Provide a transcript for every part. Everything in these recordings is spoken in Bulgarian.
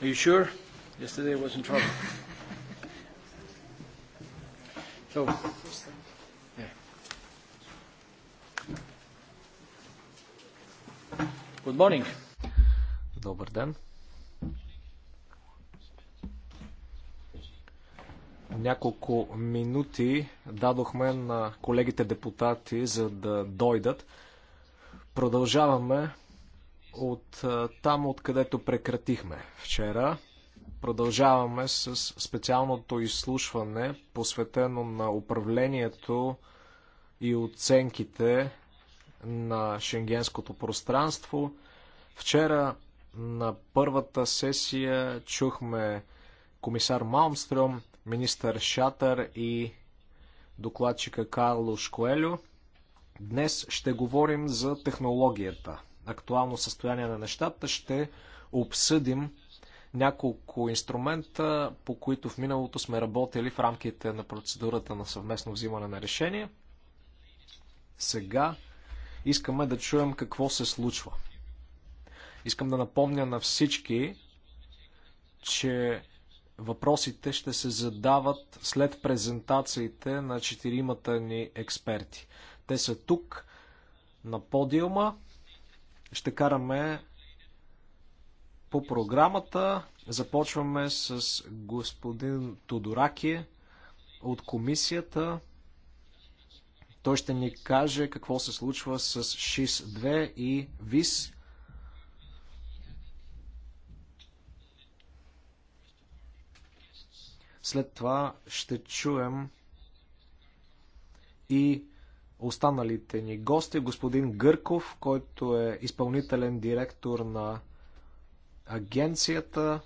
Are you sure? Yesterday I was in trouble. So, yeah. Good morning. Добър ден. Няколко минути дадохме на колегите депутати, за да дойдат. Продължаваме от там, откъдето прекратихме вчера. Продължаваме с специалното изслушване, посветено на управлението и оценките на шенгенското пространство. Вчера на първата сесия чухме комисар Малмстрюм, министър Шатър и докладчика Карло Шкоелю. Днес ще говорим за технологията актуално състояние на нещата, ще обсъдим няколко инструмента, по които в миналото сме работили в рамките на процедурата на съвместно взимане на решение. Сега искаме да чуем какво се случва. Искам да напомня на всички, че въпросите ще се задават след презентациите на четиримата ни експерти. Те са тук на подиума ще караме по програмата. Започваме с господин Тодораки от комисията. Той ще ни каже какво се случва с ШИС-2 и ВИС. След това ще чуем и останалите ни гости. Господин Гърков, който е изпълнителен директор на агенцията.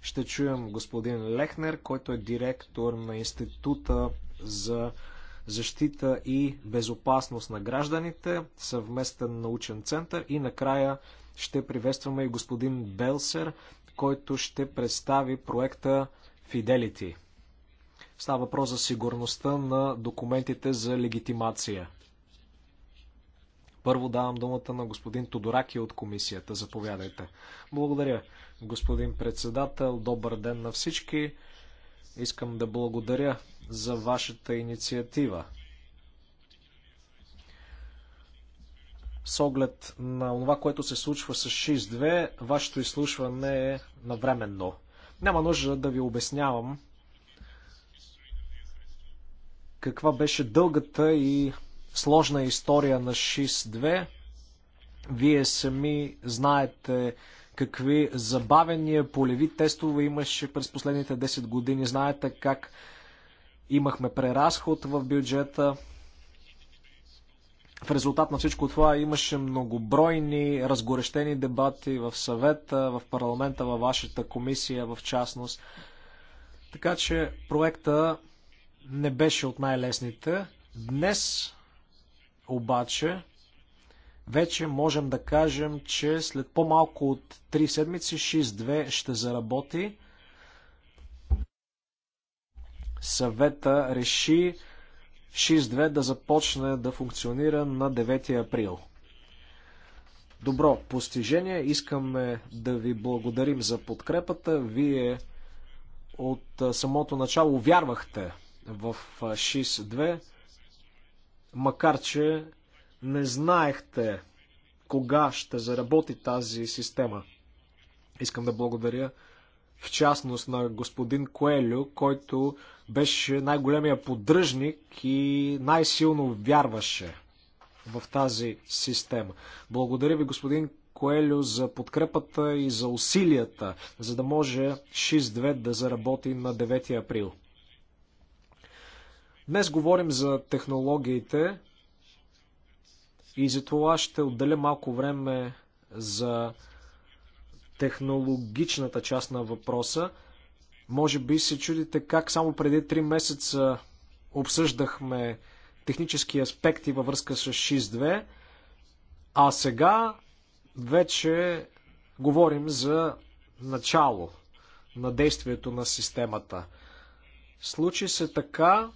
Ще чуем господин Лехнер, който е директор на Института за защита и безопасност на гражданите, съвместен научен център и накрая ще приветстваме и господин Белсер, който ще представи проекта Fidelity. Става въпрос за сигурността на документите за легитимация. Първо давам думата на господин Тодораки от комисията. Заповядайте. Благодаря, господин председател. Добър ден на всички. Искам да благодаря за вашата инициатива. С оглед на това, което се случва с 6.2, вашето изслушване е навременно. Няма нужда да ви обяснявам каква беше дългата и сложна история на ШИС-2. Вие сами знаете какви забавения, полеви тестове имаше през последните 10 години. Знаете как имахме преразход в бюджета. В резултат на всичко това имаше многобройни разгорещени дебати в съвета, в парламента, във вашата комисия в частност. Така че проекта не беше от най-лесните. Днес обаче вече можем да кажем, че след по-малко от 3 седмици 6.2 ще заработи. Съвета реши 6.2 да започне да функционира на 9 април. Добро постижение. Искаме да ви благодарим за подкрепата. Вие от самото начало вярвахте в 6.2, 2 макар че не знаехте кога ще заработи тази система. Искам да благодаря в частност на господин Коелю, който беше най-големия поддръжник и най-силно вярваше в тази система. Благодаря ви, господин Коелю, за подкрепата и за усилията, за да може 6-2 да заработи на 9 април. Днес говорим за технологиите и за това ще отделя малко време за технологичната част на въпроса. Може би се чудите как само преди 3 месеца обсъждахме технически аспекти във връзка с 6.2, а сега вече говорим за начало на действието на системата. Случи се така,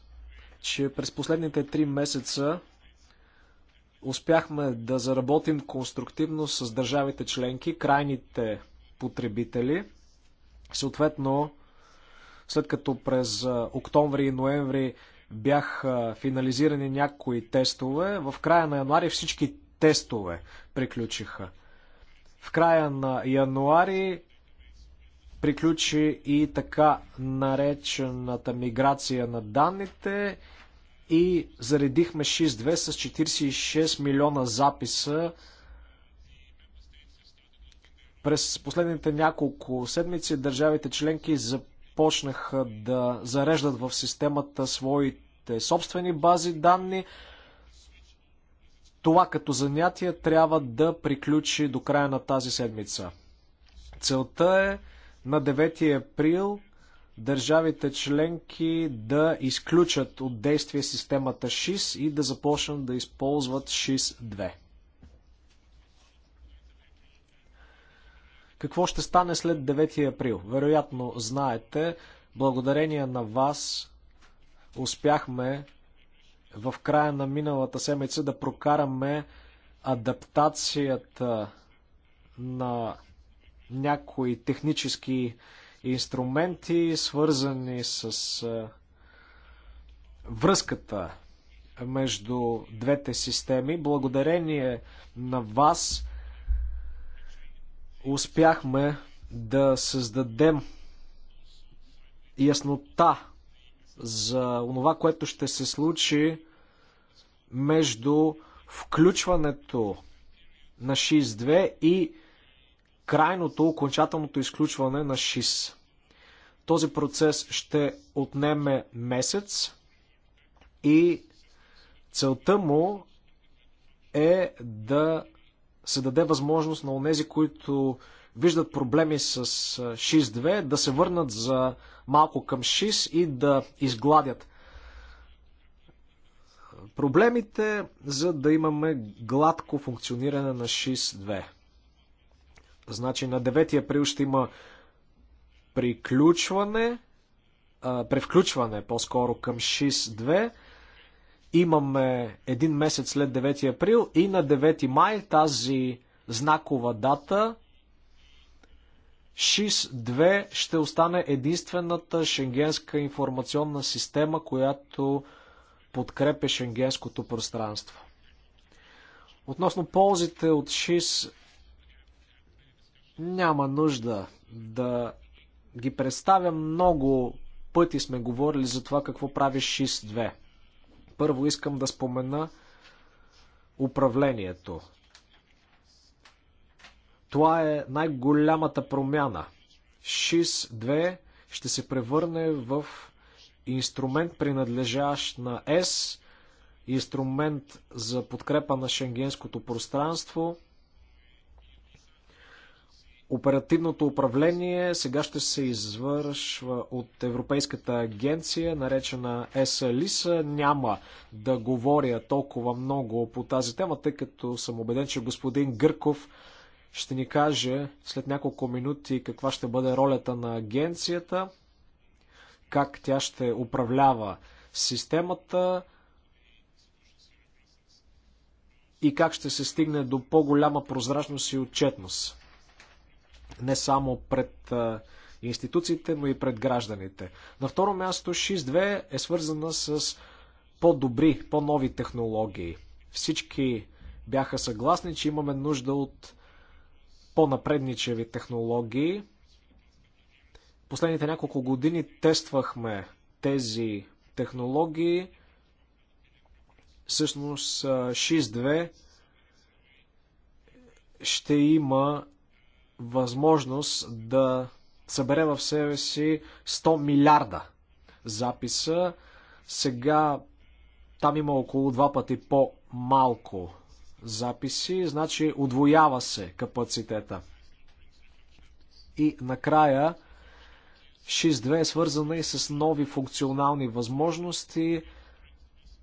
че през последните три месеца успяхме да заработим конструктивно с държавите членки, крайните потребители. Съответно, след като през октомври и ноември бяха финализирани някои тестове, в края на януари всички тестове приключиха. В края на януари приключи и така наречената миграция на данните и заредихме 6-2 с 46 милиона записа. През последните няколко седмици държавите членки започнаха да зареждат в системата своите собствени бази данни. Това като занятие трябва да приключи до края на тази седмица. Целта е на 9 април държавите членки да изключат от действие системата ШИС и да започнат да използват ШИС-2. Какво ще стане след 9 април? Вероятно знаете, благодарение на вас успяхме в края на миналата седмица да прокараме адаптацията на някои технически инструменти, свързани с връзката между двете системи. Благодарение на вас успяхме да създадем яснота за това, което ще се случи между включването на 6.2 и крайното, окончателното изключване на ШИС. Този процес ще отнеме месец и целта му е да се даде възможност на онези, които виждат проблеми с ШИС-2, да се върнат за малко към ШИС и да изгладят проблемите, за да имаме гладко функциониране на ШИС-2. Значи на 9 април ще има приключване, а, превключване по-скоро към 6-2. Имаме един месец след 9 април и на 9 май тази знакова дата 6-2 ще остане единствената шенгенска информационна система, която подкрепя шенгенското пространство. Относно ползите от 6 няма нужда да ги представя. Много пъти сме говорили за това какво прави ШИС-2. Първо искам да спомена управлението. Това е най-голямата промяна. ШИС-2 ще се превърне в инструмент, принадлежащ на ЕС, инструмент за подкрепа на шенгенското пространство – Оперативното управление сега ще се извършва от Европейската агенция, наречена ЕСАЛИСА. Няма да говоря толкова много по тази тема, тъй като съм убеден, че господин Гърков ще ни каже след няколко минути каква ще бъде ролята на агенцията, как тя ще управлява системата и как ще се стигне до по-голяма прозрачност и отчетност не само пред институциите, но и пред гражданите. На второ място, ШИС-2 е свързана с по-добри, по-нови технологии. Всички бяха съгласни, че имаме нужда от по-напредничеви технологии. Последните няколко години тествахме тези технологии. Всъщност, 2 ще има възможност да събере в себе си 100 милиарда записа. Сега там има около два пъти по-малко записи, значи удвоява се капацитета. И накрая SIS-2 е свързана и с нови функционални възможности.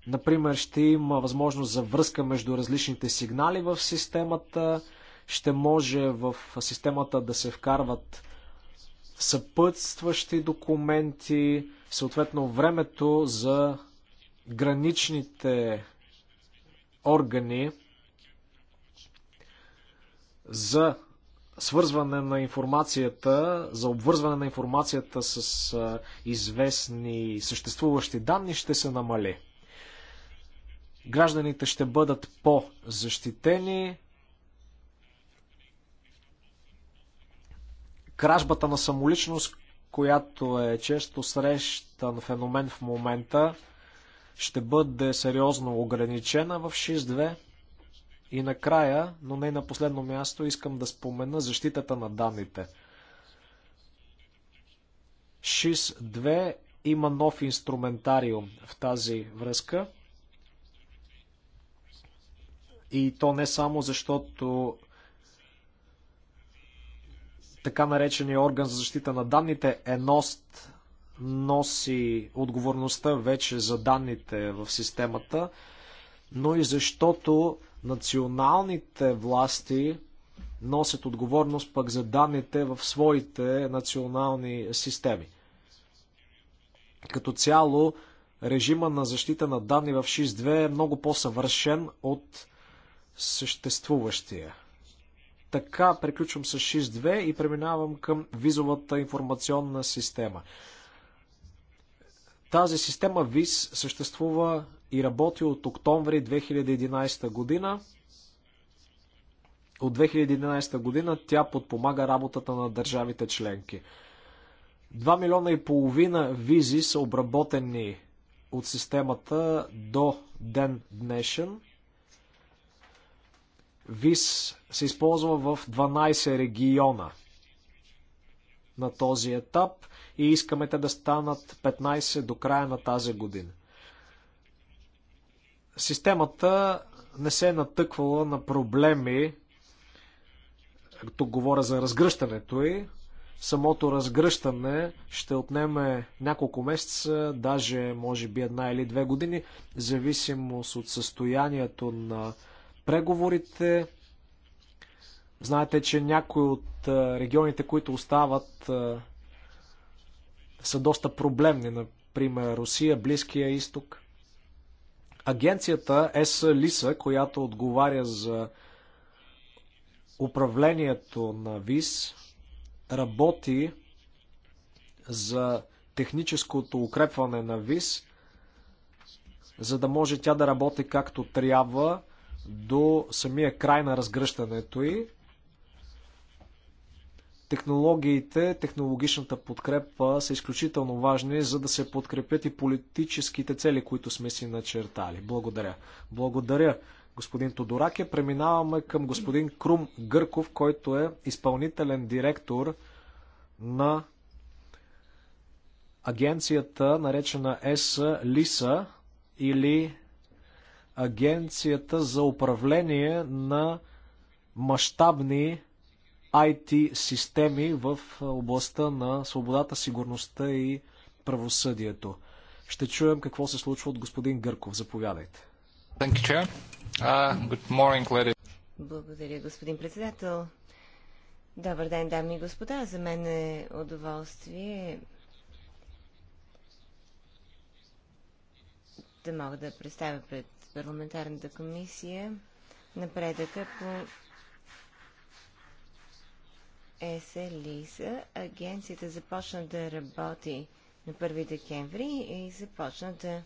Например, ще има възможност за връзка между различните сигнали в системата ще може в системата да се вкарват съпътстващи документи, съответно времето за граничните органи за свързване на информацията, за обвързване на информацията с известни съществуващи данни ще се намали. Гражданите ще бъдат по-защитени, кражбата на самоличност, която е често срещан феномен в момента, ще бъде сериозно ограничена в 6.2. И накрая, но не на последно място, искам да спомена защитата на данните. 6.2 има нов инструментариум в тази връзка. И то не само защото така наречения орган за защита на данните, ЕНОСТ носи отговорността вече за данните в системата, но и защото националните власти носят отговорност пък за данните в своите национални системи. Като цяло, режима на защита на данни в 6.2 е много по-съвършен от съществуващия така приключвам с 6.2 и преминавам към визовата информационна система. Тази система ВИС съществува и работи от октомври 2011 година. От 2011 година тя подпомага работата на държавите членки. 2 милиона и половина визи са обработени от системата до ден днешен. ВИС се използва в 12 региона на този етап и искаме те да станат 15 до края на тази година. Системата не се е натъквала на проблеми, като говоря за разгръщането й. Самото разгръщане ще отнеме няколко месеца, даже може би една или две години, зависимост от състоянието на преговорите. Знаете, че някои от регионите, които остават, са доста проблемни. Например, Русия, Близкия изток. Агенцията ЕС Лиса, която отговаря за управлението на ВИС, работи за техническото укрепване на ВИС, за да може тя да работи както трябва до самия край на разгръщането и Технологиите, технологичната подкрепа са изключително важни, за да се подкрепят и политическите цели, които сме си начертали. Благодаря. Благодаря, господин Тодораке. Преминаваме към господин Крум Гърков, който е изпълнителен директор на агенцията, наречена ЕС ЛИСА или Агенцията за управление на мащабни IT системи в областта на свободата, сигурността и правосъдието. Ще чуем какво се случва от господин Гърков. Заповядайте. Uh, Благодаря, господин председател. Добър ден, дами и господа. За мен е удоволствие да мога да представя пред парламентарната комисия напредъка по ЕСЕЛИСА. Агенцията започна да работи на 1 декември и започна да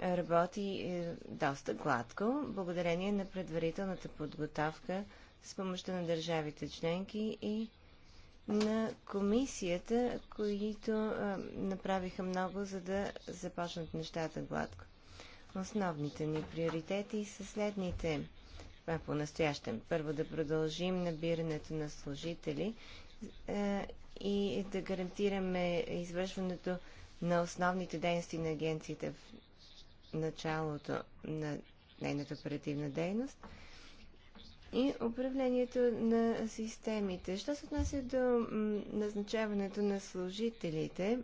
работи е, доста гладко, благодарение на предварителната подготовка с помощта на държавите членки и на комисията, които е, направиха много, за да започнат нещата гладко. Основните ни приоритети са следните. Това е по-настоящем. Първо да продължим набирането на служители е, и да гарантираме извършването на основните дейности на агенцията в началото на нейната оперативна дейност и управлението на системите. Що се отнася до назначаването на служителите,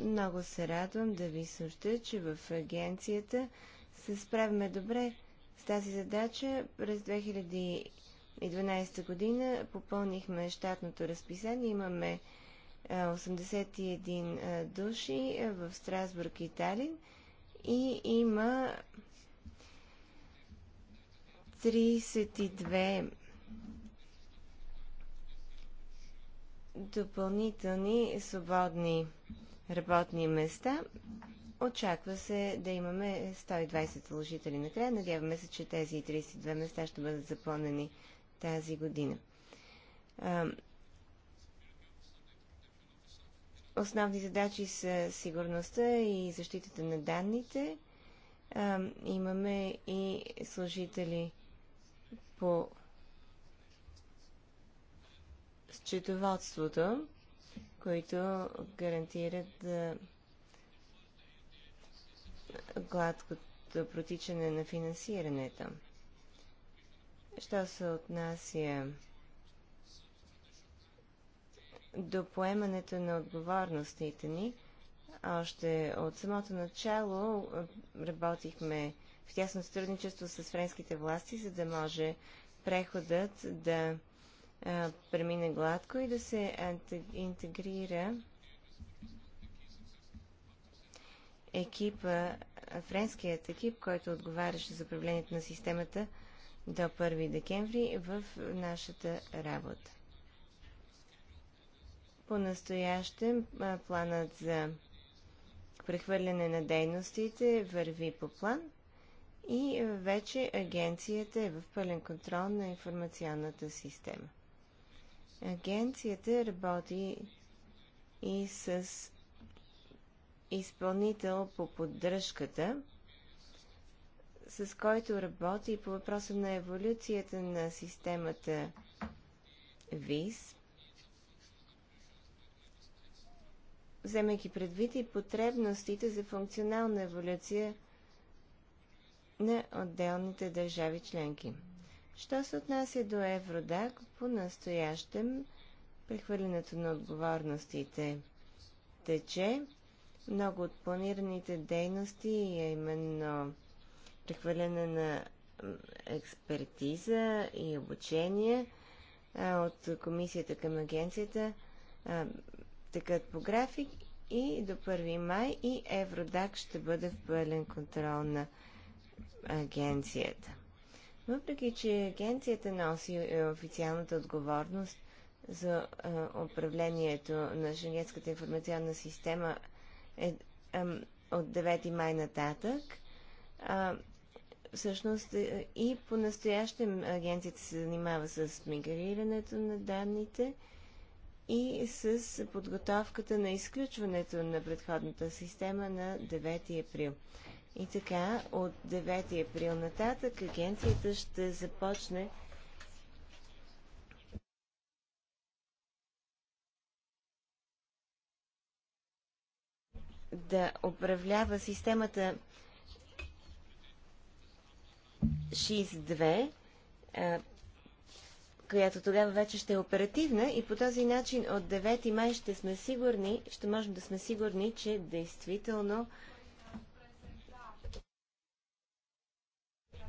много се радвам да ви съобща, че в агенцията се справяме добре с тази задача. През 2012 година попълнихме щатното разписание. Имаме 81 души в Страсбург и Талин и има 32 допълнителни свободни работни места. Очаква се да имаме 120 служители накрая. Надяваме се, че тези 32 места ще бъдат запълнени тази година. Основни задачи са сигурността и защитата на данните. Имаме и служители по счетоводството, които гарантират гладкото протичане на финансирането. Що се отнася до поемането на отговорностите ни, още от самото начало работихме в тясно сътрудничество с френските власти, за да може преходът да а, премине гладко и да се интегрира екипа, френският екип, който отговаряше за управлението на системата до 1 декември в нашата работа. по настоящен планът за прехвърляне на дейностите върви по план и вече агенцията е в пълен контрол на информационната система. Агенцията работи и с изпълнител по поддръжката, с който работи по въпроса на еволюцията на системата ВИС, вземайки предвид и потребностите за функционална еволюция на отделните държави членки. Що се отнася до Евродак, по-настоящем прехвърлянето на отговорностите тече. Много от планираните дейности, а именно прехвърляне на експертиза и обучение от комисията към агенцията, текат по график и до 1 май и Евродак ще бъде в пълен контрол на агенцията. Въпреки, че агенцията носи е, официалната отговорност за е, управлението на Женевската информационна система е, е, от 9 май нататък, всъщност е, и по-настоящем агенцията се занимава с мигрирането на данните и с подготовката на изключването на предходната система на 9 април. И така, от 9 април нататък агенцията ще започне да управлява системата 6.2, която тогава вече ще е оперативна и по този начин от 9 май ще сме сигурни, ще можем да сме сигурни, че действително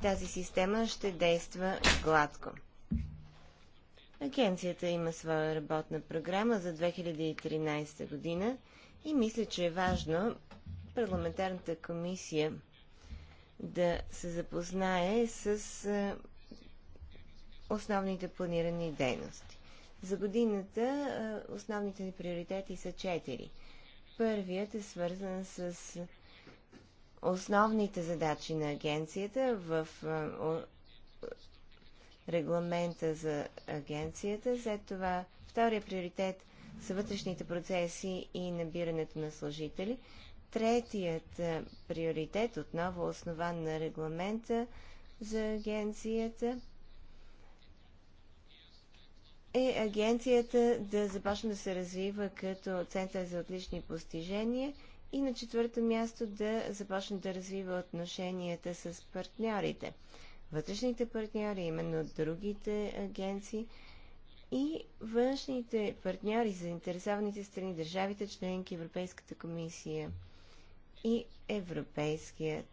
тази система ще действа гладко. Агенцията има своя работна програма за 2013 година и мисля, че е важно парламентарната комисия да се запознае с основните планирани дейности. За годината основните ни приоритети са четири. Първият е свързан с основните задачи на агенцията в е, регламента за агенцията. След това втория приоритет са вътрешните процеси и набирането на служители. Третият е, приоритет, отново основан на регламента за агенцията, е агенцията да започне да се развива като център за отлични постижения и на четвърто място да започне да развива отношенията с партньорите. Вътрешните партньори, именно другите агенции и външните партньори, заинтересованите страни, държавите членки, Европейската комисия и Европейския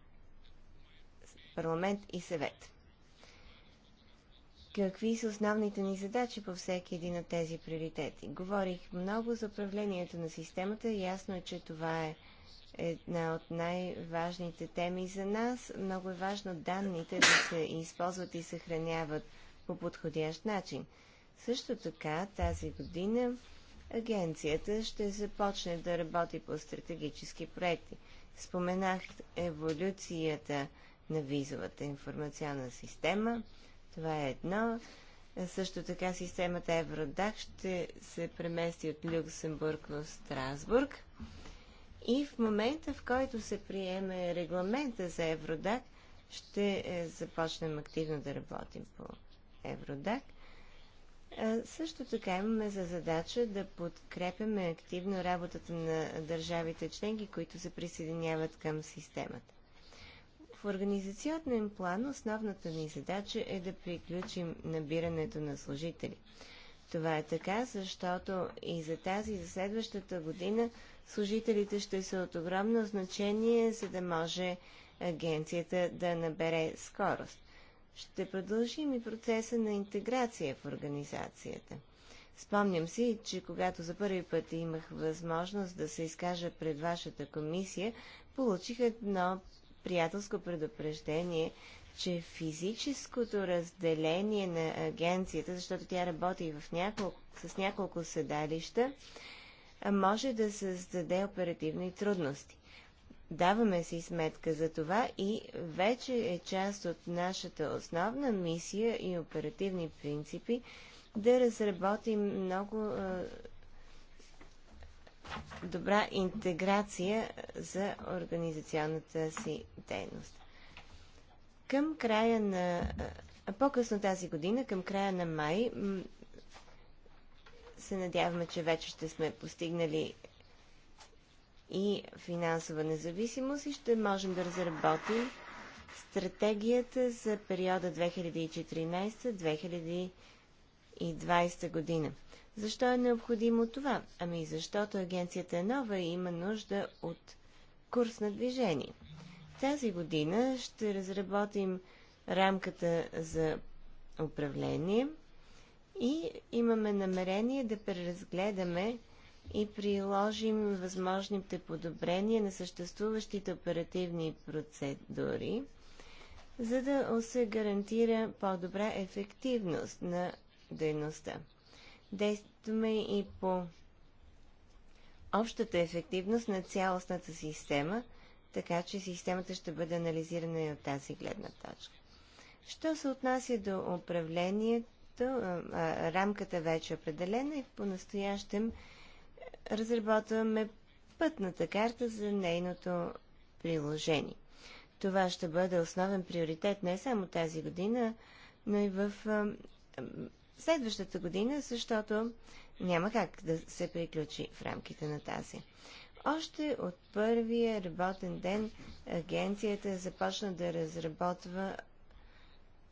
парламент и съвет какви са основните ни задачи по всеки един от тези приоритети. Говорих много за управлението на системата. Ясно е, че това е една от най-важните теми за нас. Много е важно данните да се използват и съхраняват по подходящ начин. Също така, тази година агенцията ще започне да работи по стратегически проекти. Споменах еволюцията на визовата информационна система – това е едно. Също така системата Евродак ще се премести от Люксембург в Страсбург. И в момента, в който се приеме регламента за Евродак, ще е, започнем активно да работим по Евродак. Също така имаме за задача да подкрепяме активно работата на държавите членки, които се присъединяват към системата. В организационен план основната ни задача е да приключим набирането на служители. Това е така, защото и за тази, и за следващата година служителите ще са от огромно значение, за да може агенцията да набере скорост. Ще продължим и процеса на интеграция в организацията. Спомням си, че когато за първи път имах възможност да се изкажа пред вашата комисия, получих едно приятелско предупреждение, че физическото разделение на агенцията, защото тя работи в няколко, с няколко седалища, може да създаде оперативни трудности. Даваме си сметка за това и вече е част от нашата основна мисия и оперативни принципи да разработим много добра интеграция за организационната си дейност. Към края на... По-късно тази година, към края на май, се надяваме, че вече ще сме постигнали и финансова независимост и ще можем да разработим стратегията за периода 2014-2020 година. Защо е необходимо това? Ами защото агенцията е нова и има нужда от курс на движение. Тази година ще разработим рамката за управление и имаме намерение да преразгледаме и приложим възможните подобрения на съществуващите оперативни процедури, за да се гарантира по-добра ефективност на дейността действаме и по общата ефективност на цялостната система, така че системата ще бъде анализирана и от тази гледна точка. Що се отнася до управлението, рамката вече е определена и по-настоящем разработваме пътната карта за нейното приложение. Това ще бъде основен приоритет не само тази година, но и в следващата година, защото няма как да се приключи в рамките на тази. Още от първия работен ден агенцията започна да разработва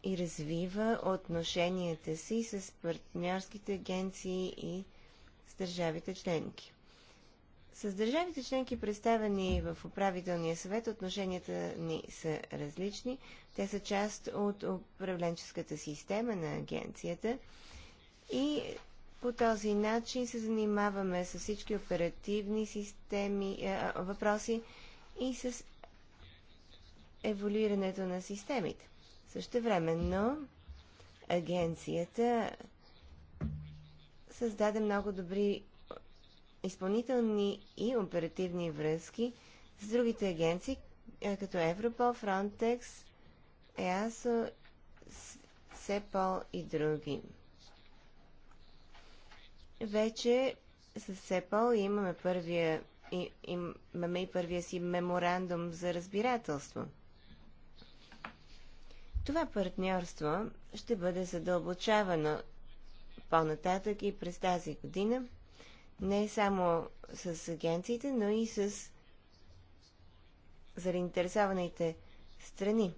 и развива отношенията си с партньорските агенции и с държавите членки. С държавите членки, представени в управителния съвет, отношенията ни са различни. Те са част от управленческата система на агенцията и по този начин се занимаваме с всички оперативни системи, е, въпроси и с еволюирането на системите. Също времено агенцията създаде много добри изпълнителни и оперативни връзки с другите агенции, като Европол, Frontex, EASO, СЕПОЛ и други. Вече с СЕПОЛ имаме, първия, и, имаме и първия си меморандум за разбирателство. Това партньорство ще бъде задълбочавано по-нататък и през тази година – не само с агенциите, но и с заинтересованите страни.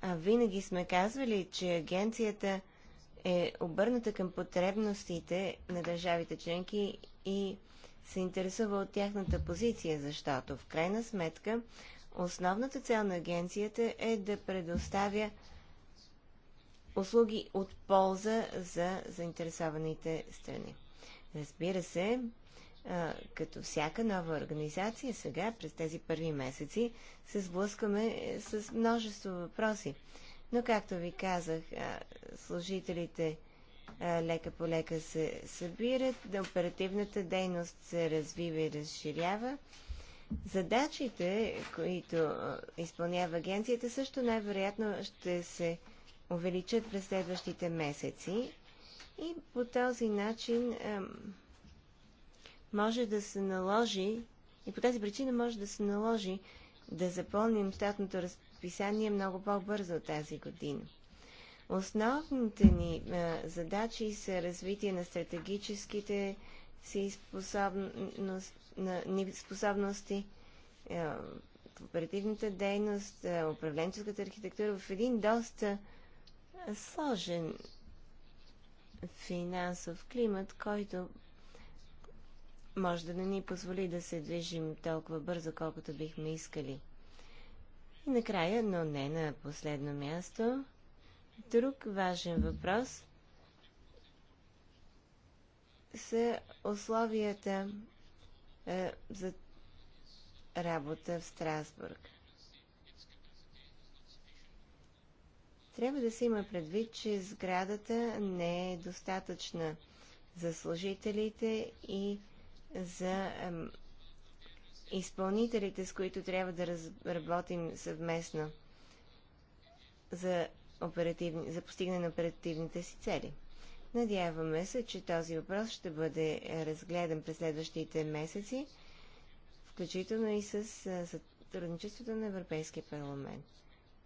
А винаги сме казвали, че агенцията е обърната към потребностите на държавите членки и се интересува от тяхната позиция, защото в крайна сметка основната цел на агенцията е да предоставя услуги от полза за заинтересованите страни. Разбира се, като всяка нова организация, сега, през тези първи месеци, се сблъскваме е, с множество въпроси. Но, както ви казах, служителите лека по лека се събират, оперативната дейност се развива и разширява. Задачите, които изпълнява агенцията, също най-вероятно ще се увеличат през следващите месеци и по този начин е, може да се наложи и по тази причина може да се наложи да запълним щатното разписание много по-бързо тази година. Основните ни е, задачи са развитие на стратегическите си способност, на, на, способности, е, оперативната дейност, е, управленческата архитектура в един доста сложен финансов климат, който може да не ни позволи да се движим толкова бързо, колкото бихме искали. И накрая, но не на последно място, друг важен въпрос са условията е, за работа в Страсбург. Трябва да се има предвид, че сградата не е достатъчна за служителите и за ем, изпълнителите, с които трябва да работим съвместно за, оперативни, за постигане на оперативните си цели. Надяваме се, че този въпрос ще бъде разгледан през следващите месеци, включително и с сътрудничеството на Европейския парламент.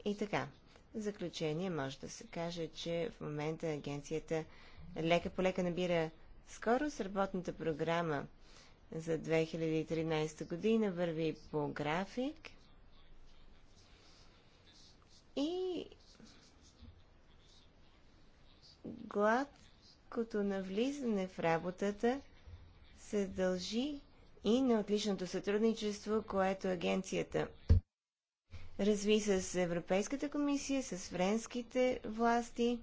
И така, в заключение може да се каже, че в момента агенцията лека по лека набира скорост. Работната програма за 2013 година върви по график. И гладкото навлизане в работата се дължи и на отличното сътрудничество, което агенцията разви с Европейската комисия, с френските власти.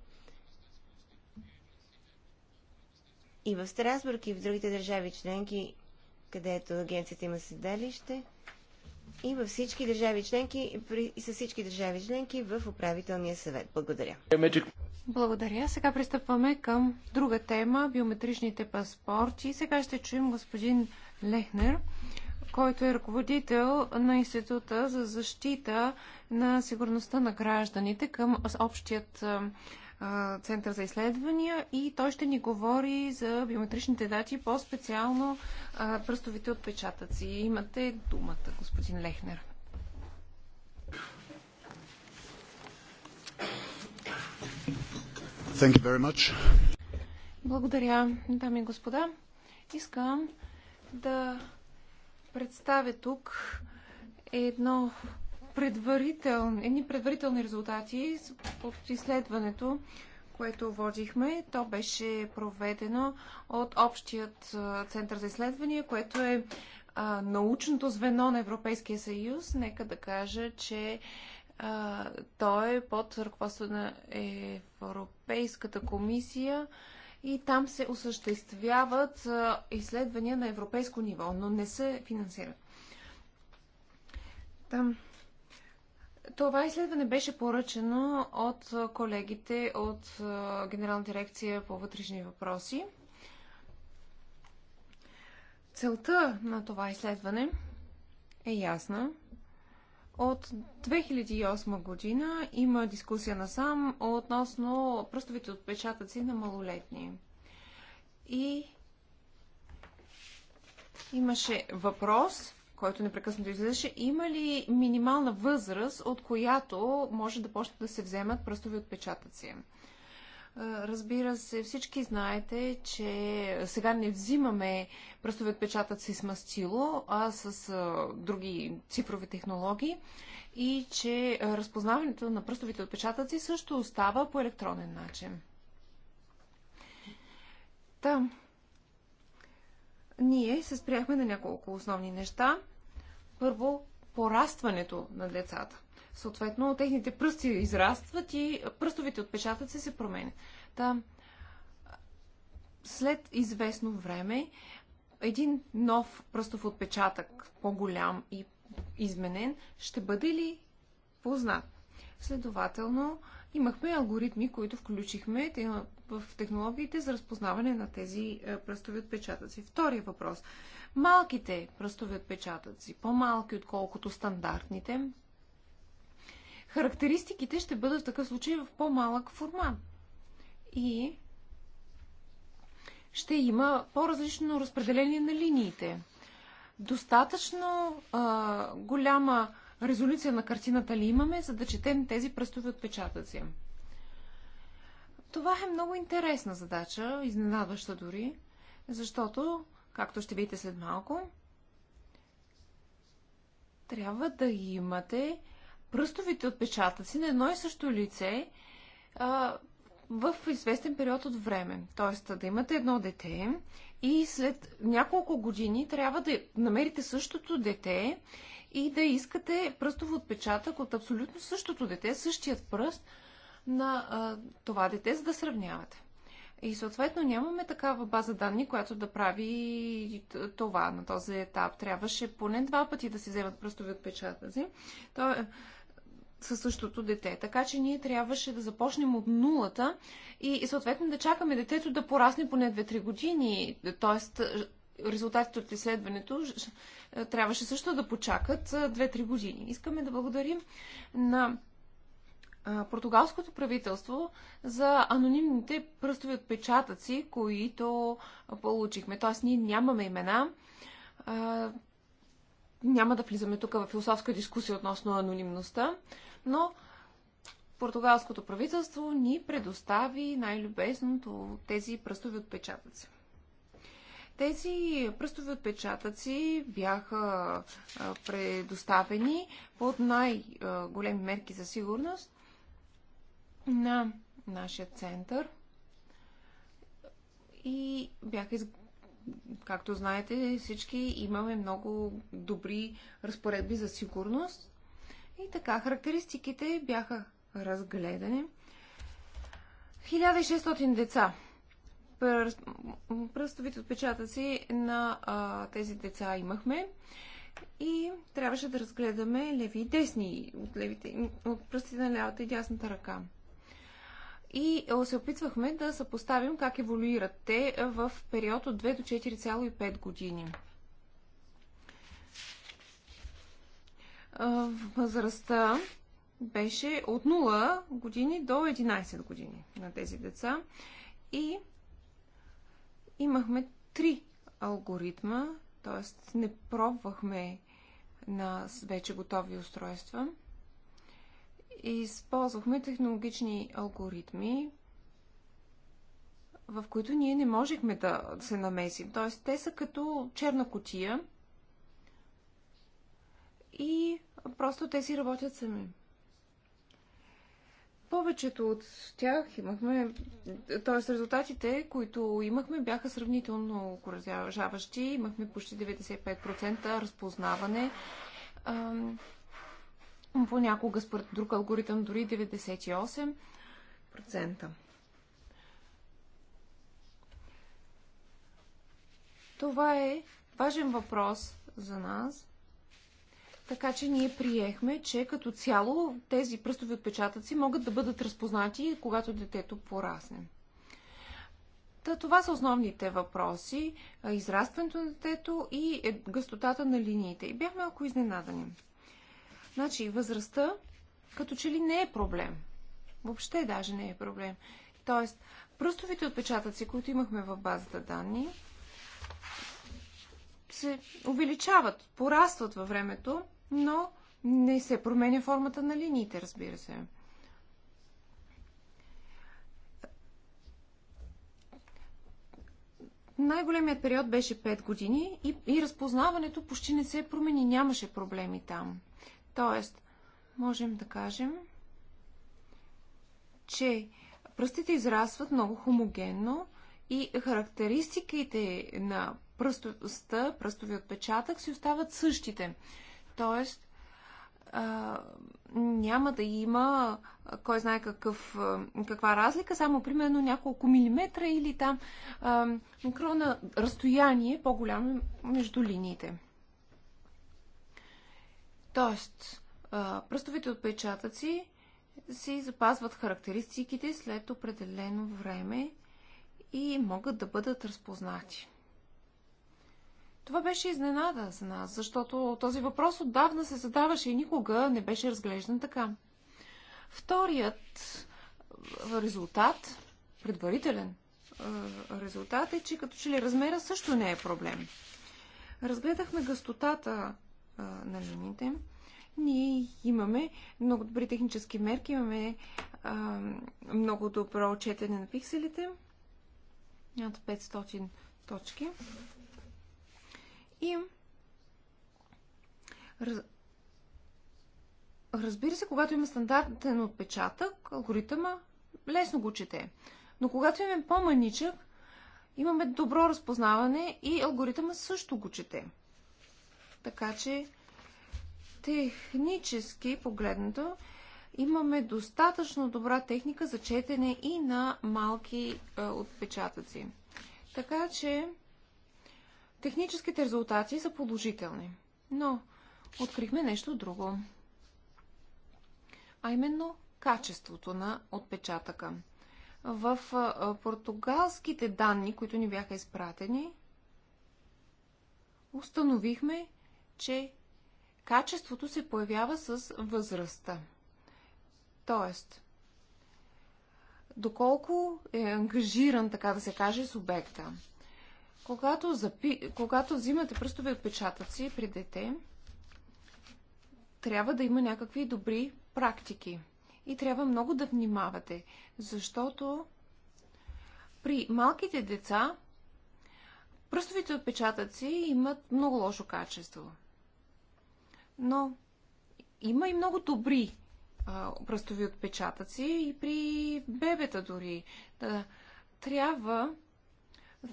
И в Страсбург и в другите държави членки, където агенцията има седалище, и във всички държави членки, и с всички държави членки в управителния съвет. Благодаря. Благодаря. Сега пристъпваме към друга тема биометричните паспорти. Сега ще чуем господин Лехнер който е ръководител на Института за защита на сигурността на гражданите към общият Център за изследвания и той ще ни говори за биометричните дати, по-специално пръстовите отпечатъци. Имате думата, господин Лехнер. Thank you very much. Благодаря, дами и господа. Искам да представя тук едно предварител, едни предварителни резултати от изследването, което водихме. То беше проведено от Общият център за изследвания, което е а, научното звено на Европейския съюз. Нека да кажа, че а, той е под ръководство на Европейската комисия и там се осъществяват изследвания на европейско ниво, но не се финансират. Там. Това изследване беше поръчено от колегите от Генерална дирекция по вътрешни въпроси. Целта на това изследване е ясна. От 2008 година има дискусия на сам относно пръстовите отпечатъци на малолетни. И имаше въпрос, който непрекъснато излизаше, има ли минимална възраст, от която може да почне да се вземат пръстови отпечатъци? Разбира се, всички знаете, че сега не взимаме пръстови отпечатъци с мастило, а с а, други цифрови технологии и че разпознаването на пръстовите отпечатъци също остава по електронен начин. Та, ние се спряхме на няколко основни неща. Първо, порастването на децата. Съответно, техните пръсти израстват и пръстовите отпечатъци се променят. Та, след известно време, един нов пръстов отпечатък, по-голям и изменен, ще бъде ли познат? Следователно, имахме алгоритми, които включихме в технологиите за разпознаване на тези е, пръстови отпечатъци. Втория въпрос. Малките пръстови отпечатъци, по-малки отколкото стандартните, характеристиките ще бъдат в такъв случай в по-малък формат. И ще има по-различно разпределение на линиите. Достатъчно а, голяма резолюция на картината ли имаме, за да четем тези пръстови отпечатъци? Това е много интересна задача, изненадваща дори, защото, както ще видите след малко, трябва да имате пръстовите отпечатъци на едно и също лице а, в известен период от време. Тоест да имате едно дете и след няколко години трябва да намерите същото дете и да искате пръстов отпечатък от абсолютно същото дете, същият пръст на а, това дете, за да сравнявате. И съответно нямаме такава база данни, която да прави това на този етап. Трябваше поне два пъти да си вземат пръстови отпечатъци. То, със същото дете. Така че ние трябваше да започнем от нулата и, и съответно да чакаме детето да порасне поне 2-3 години. Тоест, е, резултатите от изследването е, трябваше също да почакат 2-3 е, години. Искаме да благодарим на португалското правителство за анонимните пръстови отпечатъци, които получихме. Тоест, ние нямаме имена няма да влизаме тук в философска дискусия относно анонимността, но португалското правителство ни предостави най-любезното тези пръстови отпечатъци. Тези пръстови отпечатъци бяха предоставени под най-големи мерки за сигурност на нашия център и бяха из както знаете, всички имаме много добри разпоредби за сигурност. И така, характеристиките бяха разгледани. 1600 деца. Пръстовите отпечатъци на а, тези деца имахме. И трябваше да разгледаме леви и десни от, левите, от пръстите на лявата и дясната ръка и е, се опитвахме да съпоставим как еволюират те е, в период от 2 до 4,5 години. Е, възрастта беше от 0 години до 11 години на тези деца и имахме три алгоритма, т.е. не пробвахме на вече готови устройства – използвахме технологични алгоритми, в които ние не можехме да се намесим. Т.е. те са като черна котия и просто те си работят сами. Повечето от тях имахме, т.е. резултатите, които имахме, бяха сравнително поразяващи. Имахме почти 95% разпознаване понякога според друг алгоритъм дори 98%. Това е важен въпрос за нас. Така че ние приехме, че като цяло тези пръстови отпечатъци могат да бъдат разпознати, когато детето порасне. Та, това са основните въпроси. Израстването на детето и е гъстотата на линиите. И бяхме малко изненадани. Значи възрастта като че ли не е проблем. Въобще даже не е проблем. Тоест, пръстовите отпечатъци, които имахме в базата данни, се увеличават, порастват във времето, но не се променя формата на линиите, разбира се. Най-големият период беше 5 години и, и разпознаването почти не се промени, нямаше проблеми там. Тоест, можем да кажем, че пръстите израстват много хомогенно и характеристиките на пръстовостта, пръстови отпечатък си остават същите. Тоест, а, няма да има кой знае какъв, каква разлика, само примерно няколко милиметра или там а, микрона разстояние по-голямо между линиите. Тоест, пръстовите отпечатъци си запазват характеристиките след определено време и могат да бъдат разпознати. Това беше изненада за нас, защото този въпрос отдавна се задаваше и никога не беше разглеждан така. Вторият резултат, предварителен резултат е, че като че ли размера също не е проблем. Разгледахме гъстотата а, на линиите. Ние имаме много добри технически мерки, имаме а, много добро четене на пикселите над 500 точки. И раз... разбира се, когато има стандартен отпечатък, алгоритъма лесно го чете. Но когато имаме по-маничък, имаме добро разпознаване и алгоритъма също го чете. Така че технически погледнато имаме достатъчно добра техника за четене и на малки е, отпечатъци. Така че техническите резултати са положителни. Но открихме нещо друго. А именно качеството на отпечатъка. В е, португалските данни, които ни бяха изпратени, установихме, че качеството се появява с възрастта. Тоест, доколко е ангажиран, така да се каже, субекта. Когато, запи... Когато взимате пръстови отпечатъци при дете, трябва да има някакви добри практики. И трябва много да внимавате, защото при малките деца пръстовите отпечатъци имат много лошо качество. Но има и много добри а, пръстови отпечатъци и при бебета дори. Да, трябва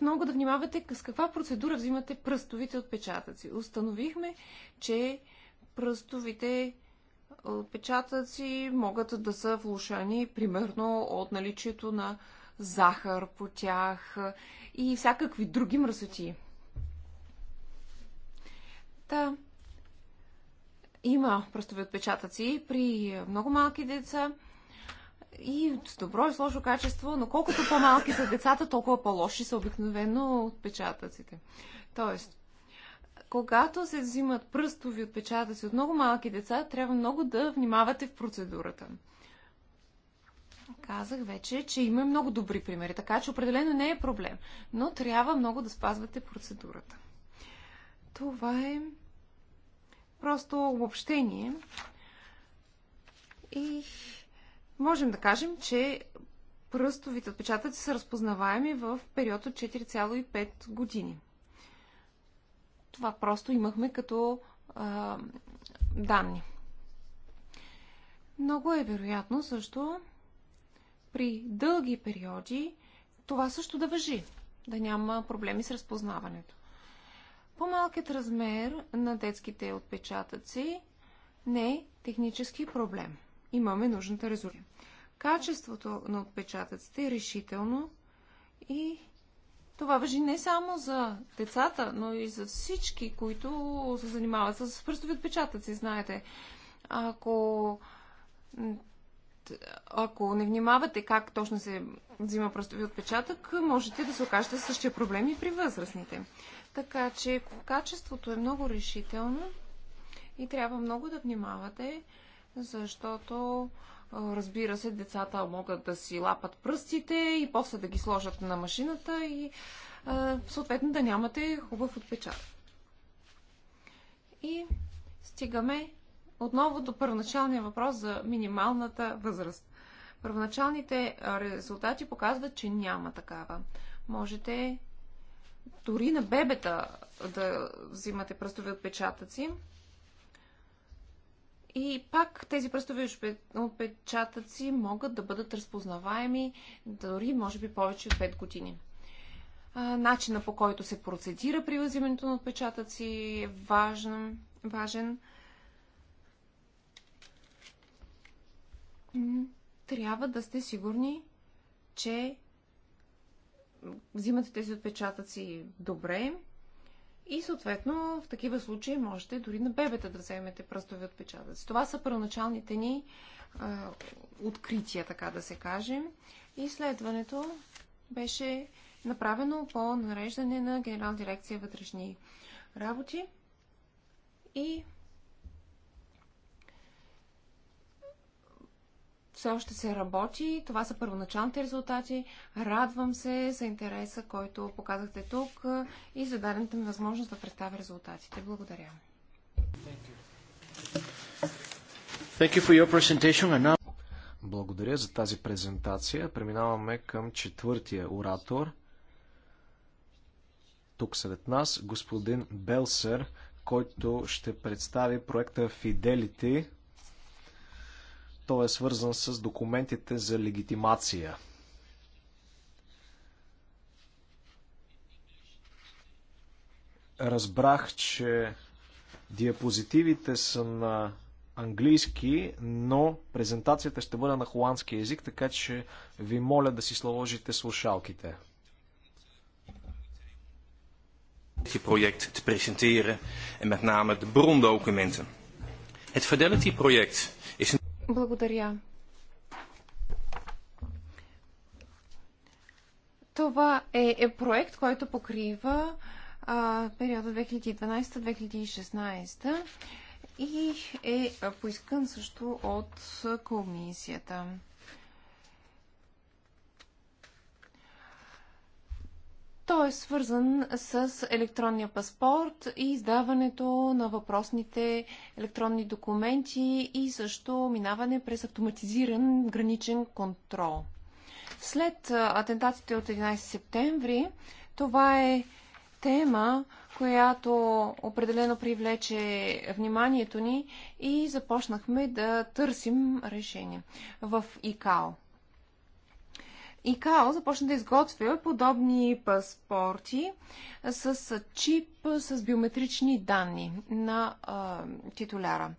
много да внимавате с каква процедура взимате пръстовите отпечатъци. Установихме, че пръстовите отпечатъци могат да са влушани, примерно, от наличието на захар по тях и всякакви други мръсоти. Та, да има пръстови отпечатъци при много малки деца и с добро и с лошо качество, но колкото по-малки са децата, толкова по-лоши са обикновено отпечатъците. Тоест, когато се взимат пръстови отпечатъци от много малки деца, трябва много да внимавате в процедурата. Казах вече, че има много добри примери, така че определено не е проблем, но трябва много да спазвате процедурата. Това е просто обобщение. И можем да кажем, че пръстовите отпечатъци са разпознаваеми в период от 4,5 години. Това просто имахме като а, данни. Много е вероятно също при дълги периоди това също да въжи, да няма проблеми с разпознаването. По-малкият размер на детските отпечатъци не е технически проблем. Имаме нужната резолюция. Качеството на отпечатъците е решително и това въжи не само за децата, но и за всички, които се занимават с пръстови отпечатъци. Знаете, ако, ако не внимавате как точно се взима пръстови отпечатък, можете да се окажете същия проблем и при възрастните. Така че качеството е много решително и трябва много да внимавате, защото разбира се, децата могат да си лапат пръстите и после да ги сложат на машината и съответно да нямате хубав отпечатък. И стигаме отново до първоначалния въпрос за минималната възраст. Първоначалните резултати показват, че няма такава. Можете дори на бебета да взимате пръстови отпечатъци. И пак тези пръстови отпечатъци могат да бъдат разпознаваеми дори, може би, повече от 5 години. Начина по който се процедира при взимането на отпечатъци е важен. важен. Трябва да сте сигурни, че взимате тези отпечатъци добре и съответно в такива случаи можете дори на бебета да вземете пръстови отпечатъци. Това са първоначалните ни а, открития, така да се каже. Изследването беше направено по нареждане на Генерална дирекция вътрешни работи и все още се работи. Това са първоначалните резултати. Радвам се за интереса, който показахте тук и за дадената ми възможност да представя резултатите. Благодаря. Thank you for your presentation and now... Благодаря за тази презентация. Преминаваме към четвъртия оратор. Тук сред нас господин Белсер, който ще представи проекта Fidelity – той е свързан с документите за легитимация. Разбрах, че диапозитивите са на английски, но презентацията ще бъде на холандски язик, така че ви моля да си сложите слушалките. project te presenteren en met name de brondocumenten. Het Fidelity project благодаря. Това е, е проект, който покрива а, периода 2012-2016 и е поискан също от комисията. Той е свързан с електронния паспорт и издаването на въпросните електронни документи и също минаване през автоматизиран граничен контрол. След атентатите от 11 септември, това е тема, която определено привлече вниманието ни и започнахме да търсим решение в ИКАО. ИКАО започна да изготвя подобни паспорти с чип, с биометрични данни на а, титуляра.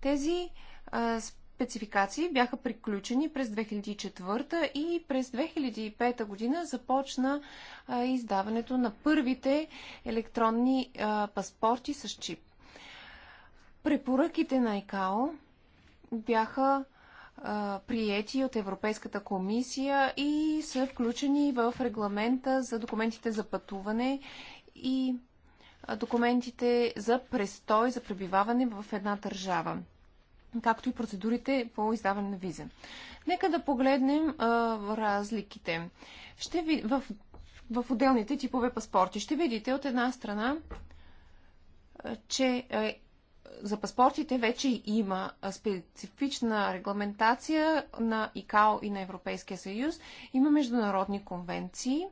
Тези а, спецификации бяха приключени през 2004 и през 2005 година започна а, издаването на първите електронни а, паспорти с чип. Препоръките на ИКАО бяха приети от Европейската комисия и са включени в регламента за документите за пътуване и документите за престой, за пребиваване в една държава, както и процедурите по издаване на виза. Нека да погледнем а, разликите. Ще ви, в, в отделните типове паспорти ще видите от една страна, че е, за паспортите вече има специфична регламентация на ИКАО и на Европейския съюз. Има международни конвенции,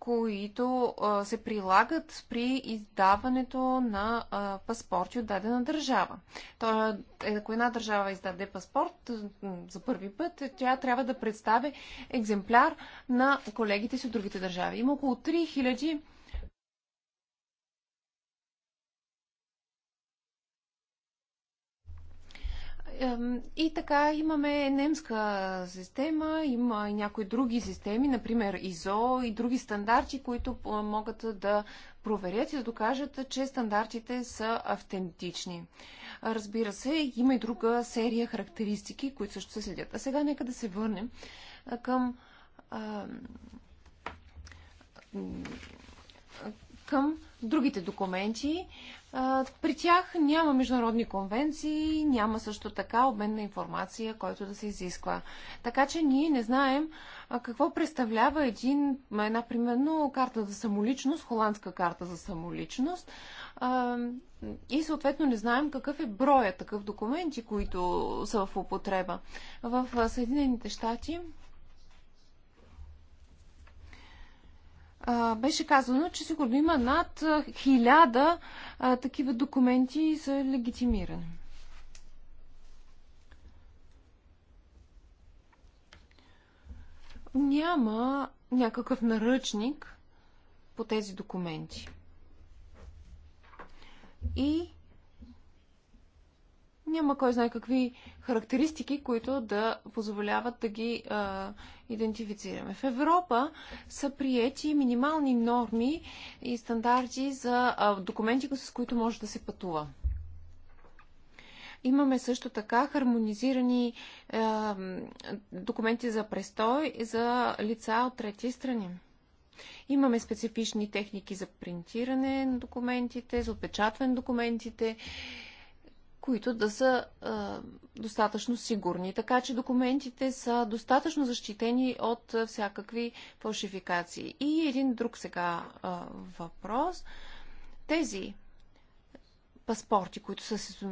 които се прилагат при издаването на паспорти от дадена държава. Тоест, ако една държава издаде паспорт за първи път, е, тя трябва да представи екземпляр на колегите си от другите държави. Има около 3000 И така имаме немска система, има и някои други системи, например ИЗО и други стандарти, които е, могат да проверят и да докажат, че стандартите са автентични. Разбира се, има и друга серия характеристики, които също се следят. А сега нека да се върнем към към другите документи. При тях няма международни конвенции, няма също така обмен на информация, който да се изисква. Така че ние не знаем какво представлява един, една примерно карта за самоличност, холандска карта за самоличност. И съответно не знаем какъв е броя такъв документи, които са в употреба. В Съединените щати беше казано, че сигурно има над хиляда такива документи за легитимиране. Няма някакъв наръчник по тези документи. И няма кой знае какви характеристики, които да позволяват да ги а, идентифицираме. В Европа са приети минимални норми и стандарти за а, документи, с които може да се пътува. Имаме също така хармонизирани е, документи за престой за лица от трети страни. Имаме специфични техники за принтиране на документите, за отпечатване на документите които да са а, достатъчно сигурни. Така че документите са достатъчно защитени от всякакви фалшификации. И един друг сега а, въпрос. Тези паспорти, които са с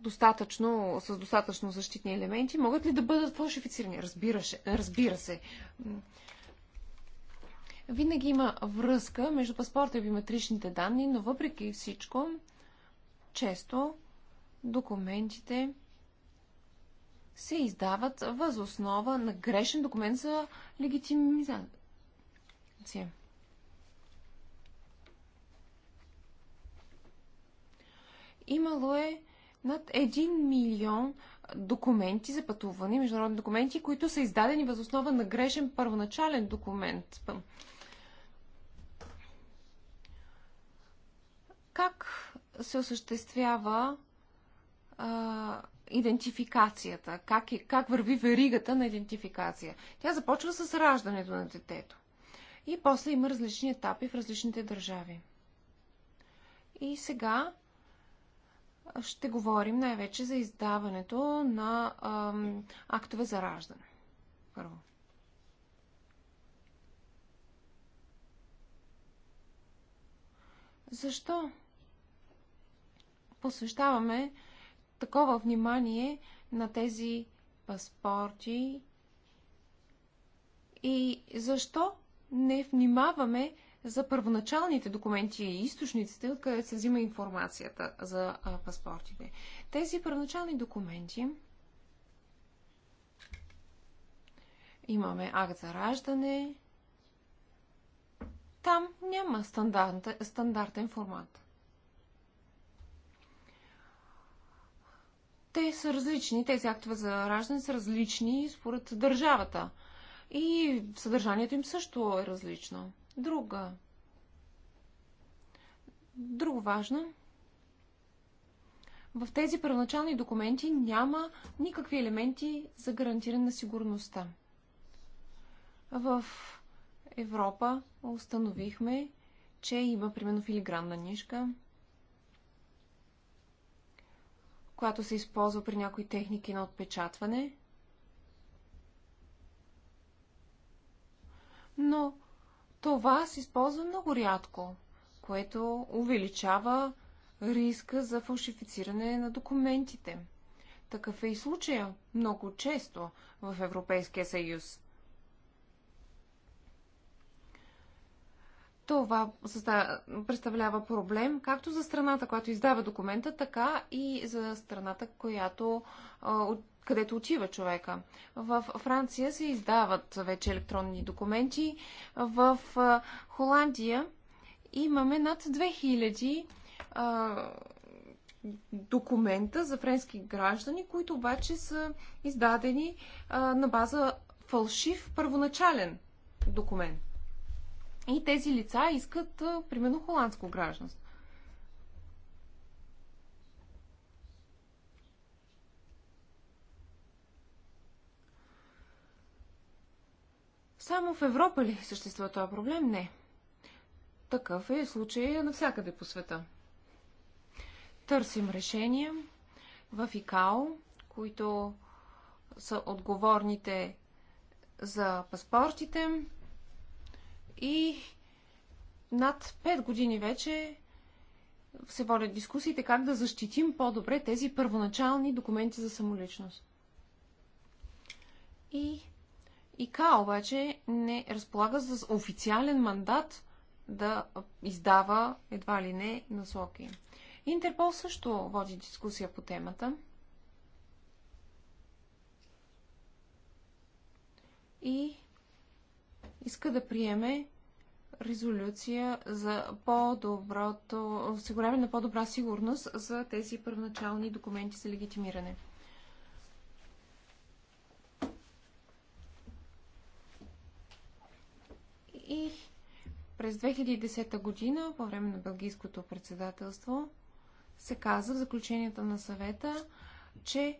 достатъчно, с достатъчно защитни елементи, могат ли да бъдат фалшифицирани? Разбира се. Разбира се. Винаги има връзка между паспорта и биометричните данни, но въпреки всичко, често документите се издават въз основа на грешен документ за легитимизация. Имало е над 1 милион документи за пътуване, международни документи, които са издадени въз основа на грешен първоначален документ. Как се осъществява а, идентификацията, как, е, как върви веригата на идентификация. Тя започва с раждането на детето. И после има различни етапи в различните държави. И сега ще говорим най-вече за издаването на а, актове за раждане. Първо. Защо посвещаваме такова внимание на тези паспорти и защо не внимаваме за първоначалните документи и източниците, откъдето се взима информацията за а, паспортите. Тези първоначални документи имаме акт за раждане. Там няма стандартен формат. те са различни, тези актове за раждане са различни според държавата. И съдържанието им също е различно. Друга. Друго важно. В тези първоначални документи няма никакви елементи за гарантиране на сигурността. В Европа установихме, че има примерно филигранна нишка – която се използва при някои техники на отпечатване. Но това се използва много рядко, което увеличава риска за фалшифициране на документите. Такъв е и случая много често в Европейския съюз. Това представлява проблем както за страната, която издава документа, така и за страната, която, където отива човека. В Франция се издават вече електронни документи. В Холандия имаме над 2000 документа за френски граждани, които обаче са издадени на база фалшив първоначален документ. И тези лица искат, примерно, холандско гражданство. Само в Европа ли съществува този проблем? Не. Такъв е случай навсякъде по света. Търсим решения в ИКАО, които са отговорните за паспортите, и над 5 години вече се водят дискусиите как да защитим по-добре тези първоначални документи за самоличност. И ИКА обаче не разполага с официален мандат да издава едва ли не насоки. Интерпол също води дискусия по темата. И иска да приеме резолюция за по-доброто, осигуряване на по-добра сигурност за тези първоначални документи за легитимиране. И през 2010 година, по време на Белгийското председателство, се каза в заключенията на съвета, че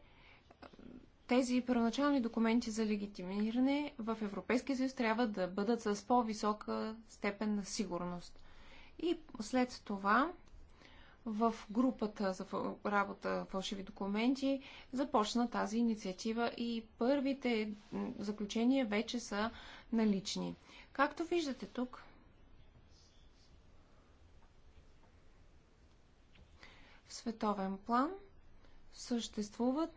тези първоначални документи за легитимиране в Европейския съюз трябва да бъдат с по-висока степен на сигурност. И след това в групата за работа фалшиви документи започна тази инициатива и първите заключения вече са налични. Както виждате тук, в световен план съществуват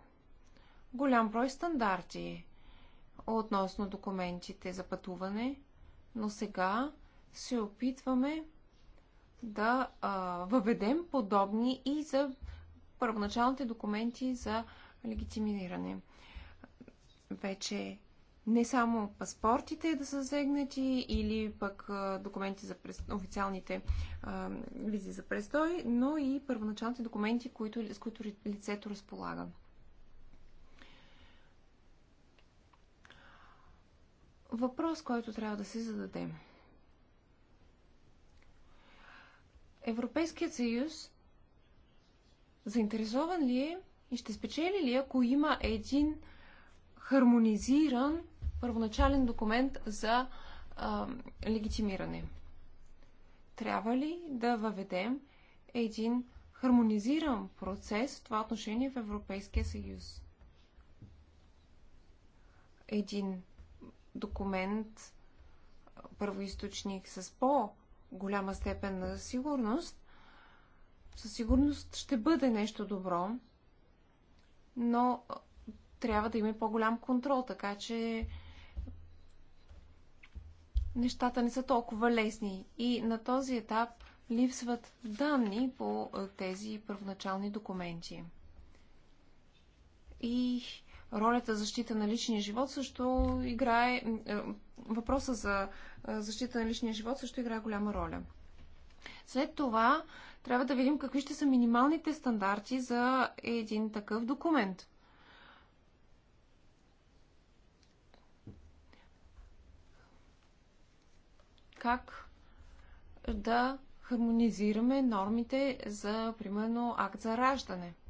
голям брой стандарти относно документите за пътуване, но сега се опитваме да а, въведем подобни и за първоначалните документи за легитимиране. Вече не само паспортите да са загнати или пък документи за прес... официалните а, визи за престой, но и първоначалните документи, които, с които лицето разполага. въпрос, който трябва да си зададем. Европейският съюз заинтересован ли е и ще спечели ли, ако има един хармонизиран първоначален документ за а, легитимиране? Трябва ли да въведем един хармонизиран процес в това отношение в Европейския съюз? Един документ, първоисточник с по-голяма степен на сигурност, със сигурност ще бъде нещо добро, но трябва да има по-голям контрол, така че нещата не са толкова лесни. И на този етап липсват данни по тези първоначални документи. И ролята защита на личния живот също играе. Е, въпроса за е, защита на личния живот също играе голяма роля. След това трябва да видим какви ще са минималните стандарти за един такъв документ. Как да хармонизираме нормите за, примерно, акт за раждане –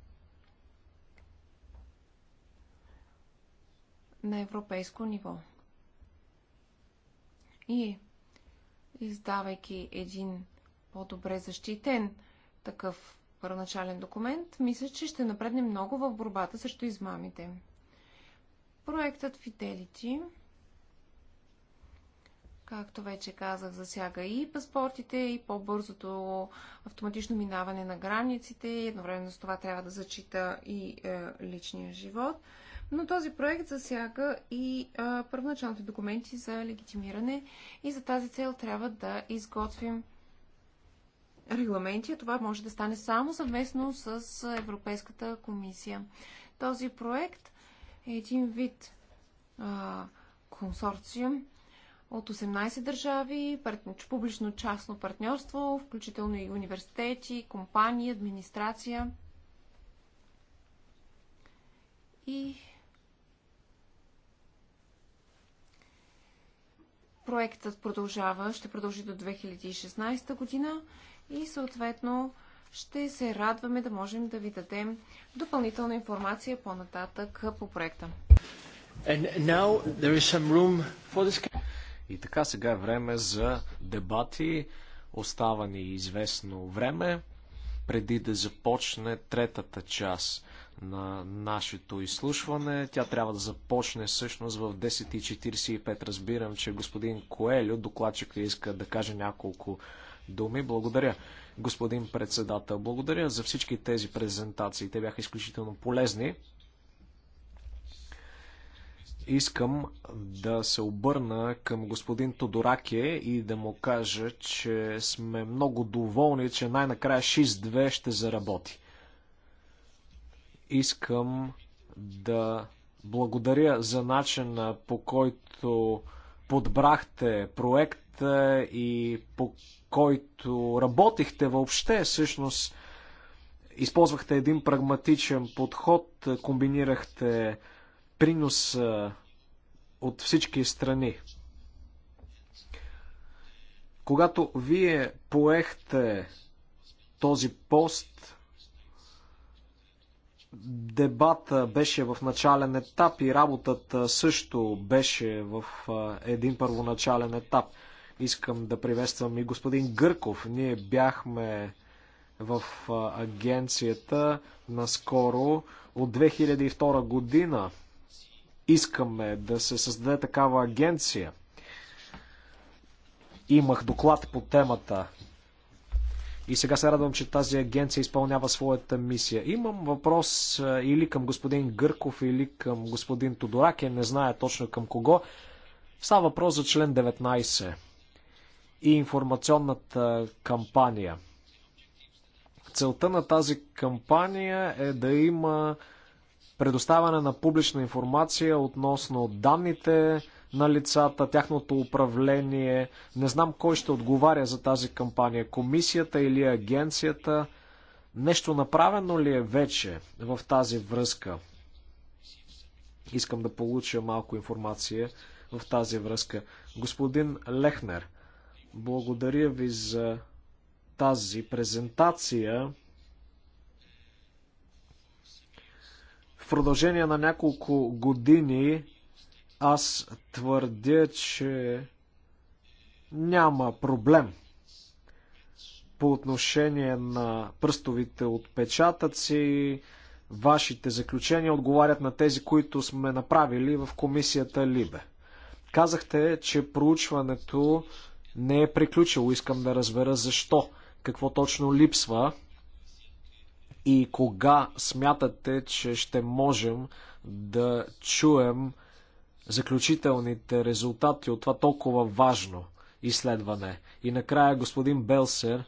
на европейско ниво. И издавайки един по-добре защитен такъв първоначален документ, мисля, че ще напредне много в борбата срещу измамите. Проектът Fidelity, както вече казах, засяга и паспортите, и по-бързото автоматично минаване на границите. Едновременно с това трябва да зачита и е, личния живот. Но този проект засяга и а, първоначалните документи за легитимиране и за тази цел трябва да изготвим регламенти. Това може да стане само съвместно с Европейската комисия. Този проект е един вид а, консорциум от 18 държави, публично-частно партньорство, включително и университети, компании, администрация. И Проектът продължава, ще продължи до 2016 година и съответно ще се радваме да можем да ви дадем допълнителна информация по-нататък по проекта. И така сега е време за дебати. Остава ни известно време преди да започне третата част на нашето изслушване. Тя трябва да започне всъщност в 10.45. Разбирам, че господин Коелю, докладчик, иска да каже няколко думи. Благодаря, господин председател. Благодаря за всички тези презентации. Те бяха изключително полезни. Искам да се обърна към господин Тодораке и да му кажа, че сме много доволни, че най-накрая 6-2 ще заработи. Искам да благодаря за начина по който подбрахте проекта и по който работихте въобще. Всъщност, използвахте един прагматичен подход, комбинирахте принос от всички страни. Когато вие поехте този пост, Дебата беше в начален етап и работата също беше в един първоначален етап. Искам да приветствам и господин Гърков. Ние бяхме в агенцията наскоро от 2002 година. Искаме да се създаде такава агенция. Имах доклад по темата и сега се радвам, че тази агенция изпълнява своята мисия. Имам въпрос или към господин Гърков, или към господин Тодораке, не знае точно към кого. Става въпрос за член 19 и информационната кампания. Целта на тази кампания е да има предоставяне на публична информация относно данните, на лицата, тяхното управление. Не знам кой ще отговаря за тази кампания. Комисията или агенцията? Нещо направено ли е вече в тази връзка? Искам да получа малко информация в тази връзка. Господин Лехнер, благодаря ви за тази презентация. В продължение на няколко години аз твърдя, че няма проблем по отношение на пръстовите отпечатъци. Вашите заключения отговарят на тези, които сме направили в комисията Либе. Казахте, че проучването не е приключило. Искам да разбера защо, какво точно липсва и кога смятате, че ще можем да чуем заключителните резултати от това толкова важно изследване. И накрая господин Белсер,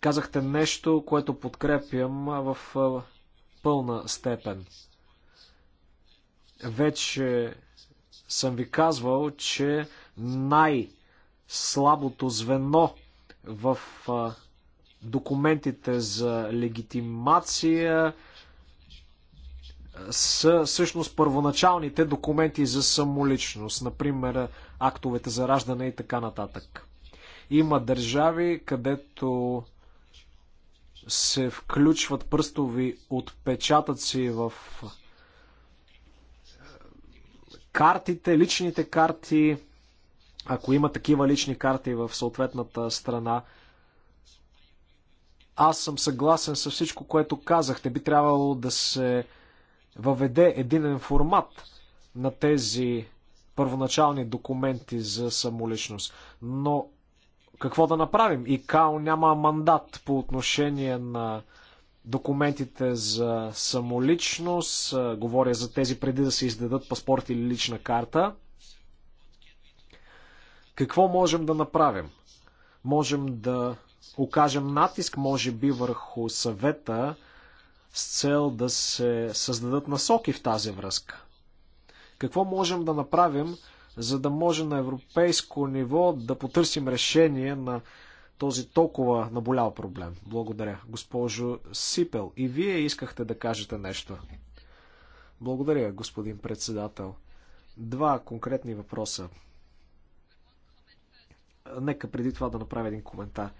казахте нещо, което подкрепям в пълна степен. Вече съм ви казвал, че най-слабото звено в документите за легитимация са всъщност първоначалните документи за самоличност, например актовете за раждане и така нататък. Има държави, където се включват пръстови отпечатъци в е, картите, личните карти, ако има такива лични карти в съответната страна. Аз съм съгласен с всичко, което казахте. Би трябвало да се въведе един формат на тези първоначални документи за самоличност. Но какво да направим? ИКАО няма мандат по отношение на документите за самоличност, говоря за тези преди да се издадат паспорт или лична карта. Какво можем да направим? Можем да окажем натиск, може би, върху съвета, с цел да се създадат насоки в тази връзка. Какво можем да направим, за да може на европейско ниво да потърсим решение на този толкова наболял проблем? Благодаря. Госпожо Сипел, и вие искахте да кажете нещо. Благодаря, господин председател. Два конкретни въпроса. Нека преди това да направя един коментар.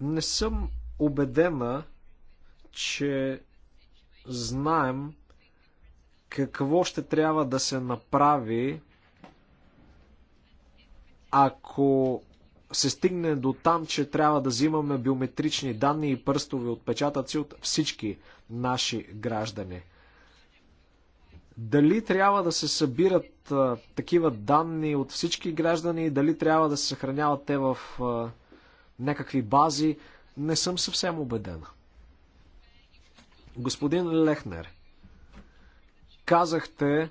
Не съм убедена, че знаем какво ще трябва да се направи, ако се стигне до там, че трябва да взимаме биометрични данни и пръстови отпечатъци от всички наши граждани. Дали трябва да се събират а, такива данни от всички граждани, дали трябва да се съхраняват те в а, някакви бази, не съм съвсем убедена. Господин Лехнер, казахте,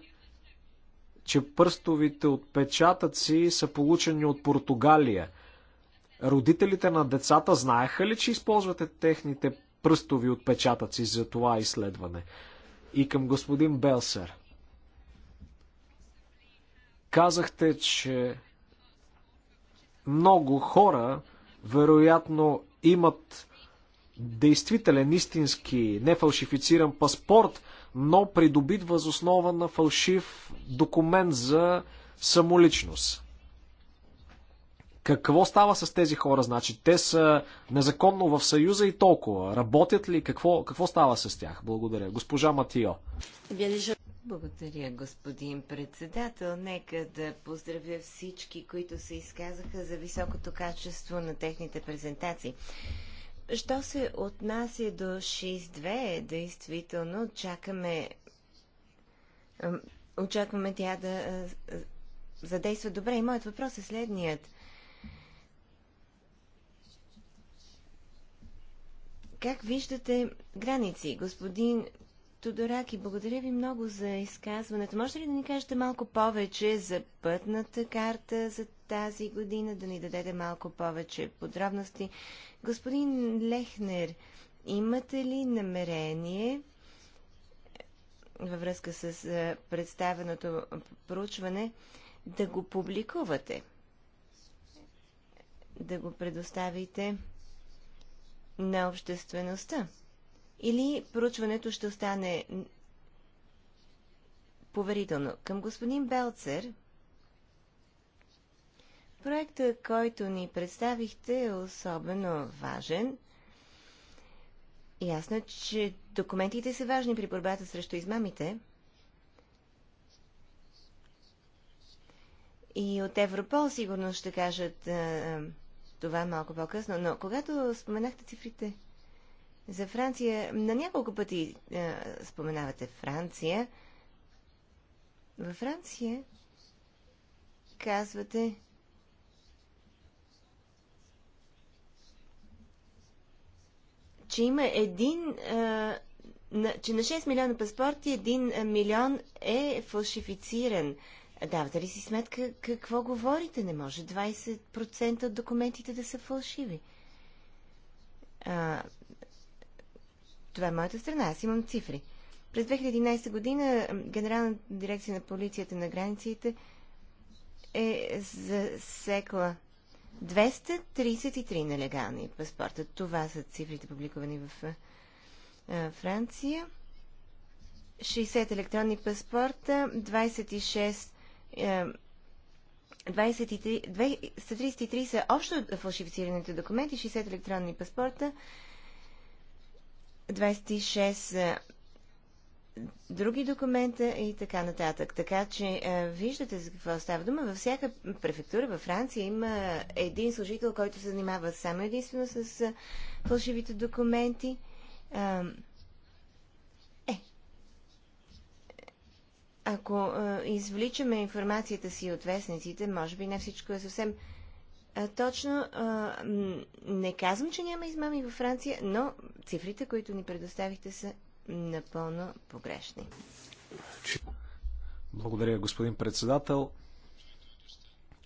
че пръстовите отпечатъци са получени от Португалия. Родителите на децата знаеха ли, че използвате техните пръстови отпечатъци за това изследване? И към господин Белсер. Казахте, че много хора вероятно имат действителен, истински, нефалшифициран паспорт, но придобит възоснова на фалшив документ за самоличност. Какво става с тези хора? Значи, те са незаконно в Съюза и толкова. Работят ли? Какво, какво става с тях? Благодаря. Госпожа Матио. Благодаря, господин председател. Нека да поздравя всички, които се изказаха за високото качество на техните презентации. Що се отнася до 6.2, действително чакаме очакваме тя да задейства добре. И моят въпрос е следният. Как виждате граници? Господин Тодораки, благодаря ви много за изказването. Може ли да ни кажете малко повече за пътната карта за тази година, да ни дадете малко повече подробности? Господин Лехнер, имате ли намерение във връзка с представеното проучване да го публикувате? Да го предоставите на обществеността? или проучването ще остане поверително. Към господин Белцер, проекта, който ни представихте е особено важен. Ясно е, че документите са важни при борбата срещу измамите. И от Европол сигурно ще кажат а, това малко по-късно, но когато споменахте цифрите за Франция. На няколко пъти е, споменавате Франция. Във Франция казвате, че има един, е, на, че на 6 милиона паспорти един е, милион е фалшифициран. Давате ли си сметка какво говорите? Не може 20% от документите да са фалшиви. А, това е моята страна. Аз имам цифри. През 2011 година Генерална дирекция на полицията на границите е засекла 233 нелегални паспорта. Това са цифрите публикувани в Франция. 60 електронни паспорта, 26 23, е, са общо фалшифицираните документи, 60 електронни паспорта, 26 други документа и така нататък. Така че виждате за какво става дума. Във всяка префектура във Франция има един служител, който се занимава само единствено с фалшивите документи. е. Ако а, извличаме информацията си от вестниците, може би не всичко е съвсем точно не казвам, че няма измами във Франция, но цифрите, които ни предоставихте, са напълно погрешни. Благодаря, господин председател.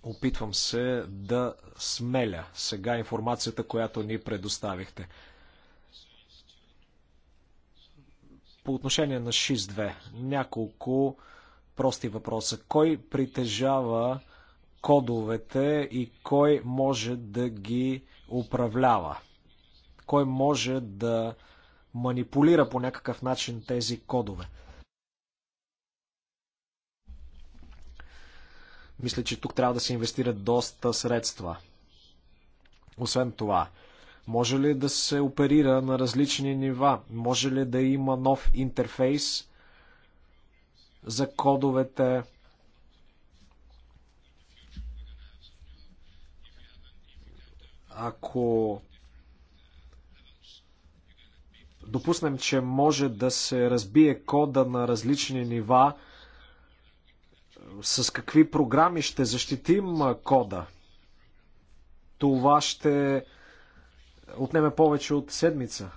Опитвам се да смеля сега информацията, която ни предоставихте. По отношение на 6-2, няколко прости въпроса. Кой притежава кодовете и кой може да ги управлява. Кой може да манипулира по някакъв начин тези кодове. Мисля, че тук трябва да се инвестират доста средства. Освен това, може ли да се оперира на различни нива? Може ли да има нов интерфейс за кодовете? Ако допуснем, че може да се разбие кода на различни нива, с какви програми ще защитим кода? Това ще отнеме повече от седмица.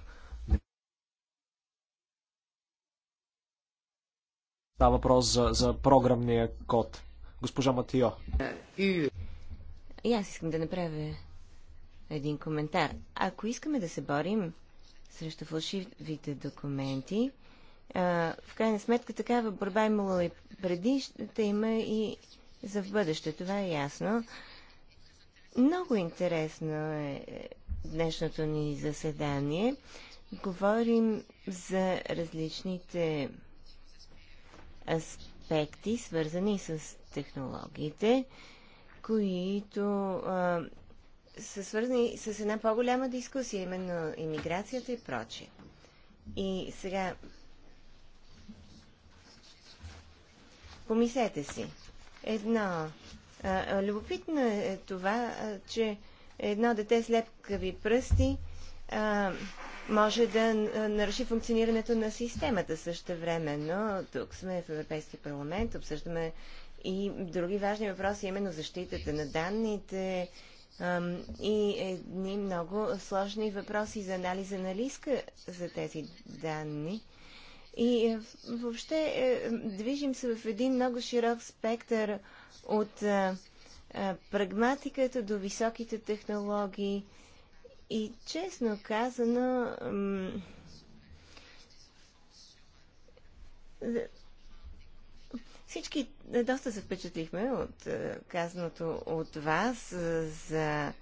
Става въпрос за, за програмния код. Госпожа Матио. И аз искам да направя един коментар. Ако искаме да се борим срещу фалшивите документи, в крайна сметка такава борба е имала и преди, ще има и за в бъдеще. Това е ясно. Много интересно е днешното ни заседание. Говорим за различните аспекти, свързани с технологиите, които а, са свързани с една по-голяма дискусия, именно иммиграцията и прочие. И сега помислете си. Едно. А, любопитно е това, а, че едно дете с лепкави пръсти а, може да наруши функционирането на системата също време, но тук сме в Европейския парламент, обсъждаме и други важни въпроси, именно защитата на данните, и едни много сложни въпроси за анализа на риска за тези данни. И е, въобще е, движим се в един много широк спектър от е, прагматиката до високите технологии. И честно казано, всички е, доста се впечатлихме от е, казаното от вас е, за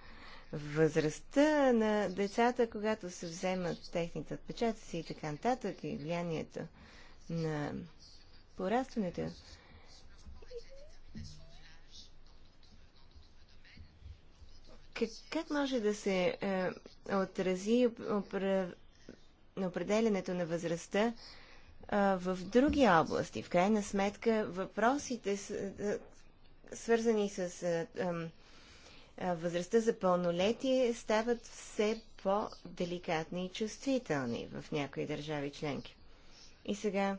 възрастта на децата, когато се вземат техните отпечатъци и така нататък и влиянието на порастването. Как, може да се е, отрази опра... определенето на възрастта в други области. В крайна сметка въпросите, свързани с възрастта за пълнолетие, стават все по-деликатни и чувствителни в някои държави членки. И сега,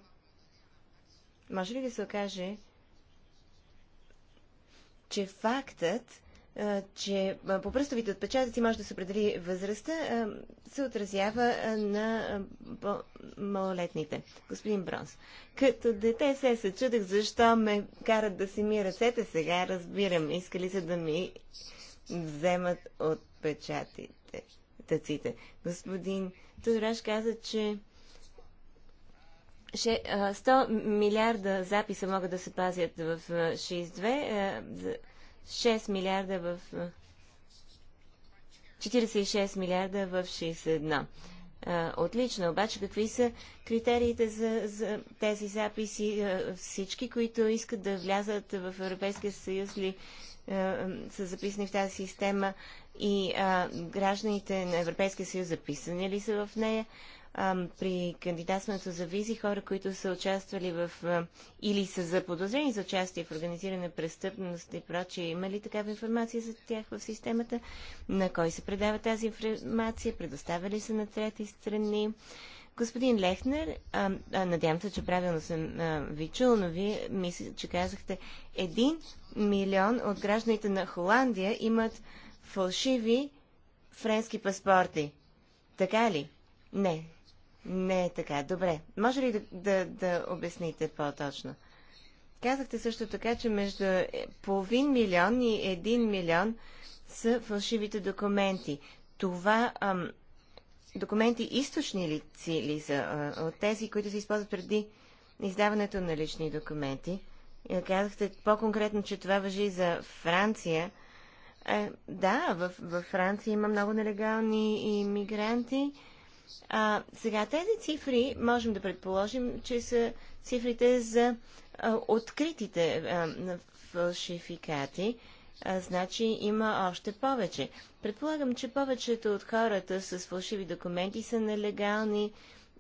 може ли да се окаже, че фактът, че по пръстовите отпечатъци може да се определи възрастта, се отразява на малолетните. Господин Бронс, като дете се се чудех защо ме карат да си ми ръцете сега, разбирам, искали се да ми вземат отпечатите. Тъците. Господин Тодораш каза, че 100 милиарда записа могат да се пазят в 6.2 6 милиарда в 46 милиарда в 61. Отлично, обаче какви са критериите за, за тези записи? Всички, които искат да влязат в Европейския съюз ли са записани в тази система и а, гражданите на Европейския съюз записани ли са в нея? при кандидатстването за визи хора, които са участвали в или са заподозрени за участие в организирана престъпност и прочие. Има ли такава информация за тях в системата? На кой се предава тази информация? Предоставя ли се на трети страни? Господин Лехнер, а, а, надявам се, че правилно съм а, ви чул, но вие мисля, че казахте, един милион от гражданите на Холандия имат фалшиви френски паспорти. Така ли? Не, не е така. Добре. Може ли да, да, да обясните по-точно? Казахте също така, че между половин милион и един милион са фалшивите документи. Това ам, документи източни лици ли са а, от тези, които се използват преди издаването на лични документи? Е, казахте по-конкретно, че това въжи за Франция. Е, да, в, в Франция има много нелегални иммигранти. мигранти а, сега тези цифри можем да предположим, че са цифрите за а, откритите а, фалшификати. А, значи има още повече. Предполагам, че повечето от хората с фалшиви документи са нелегални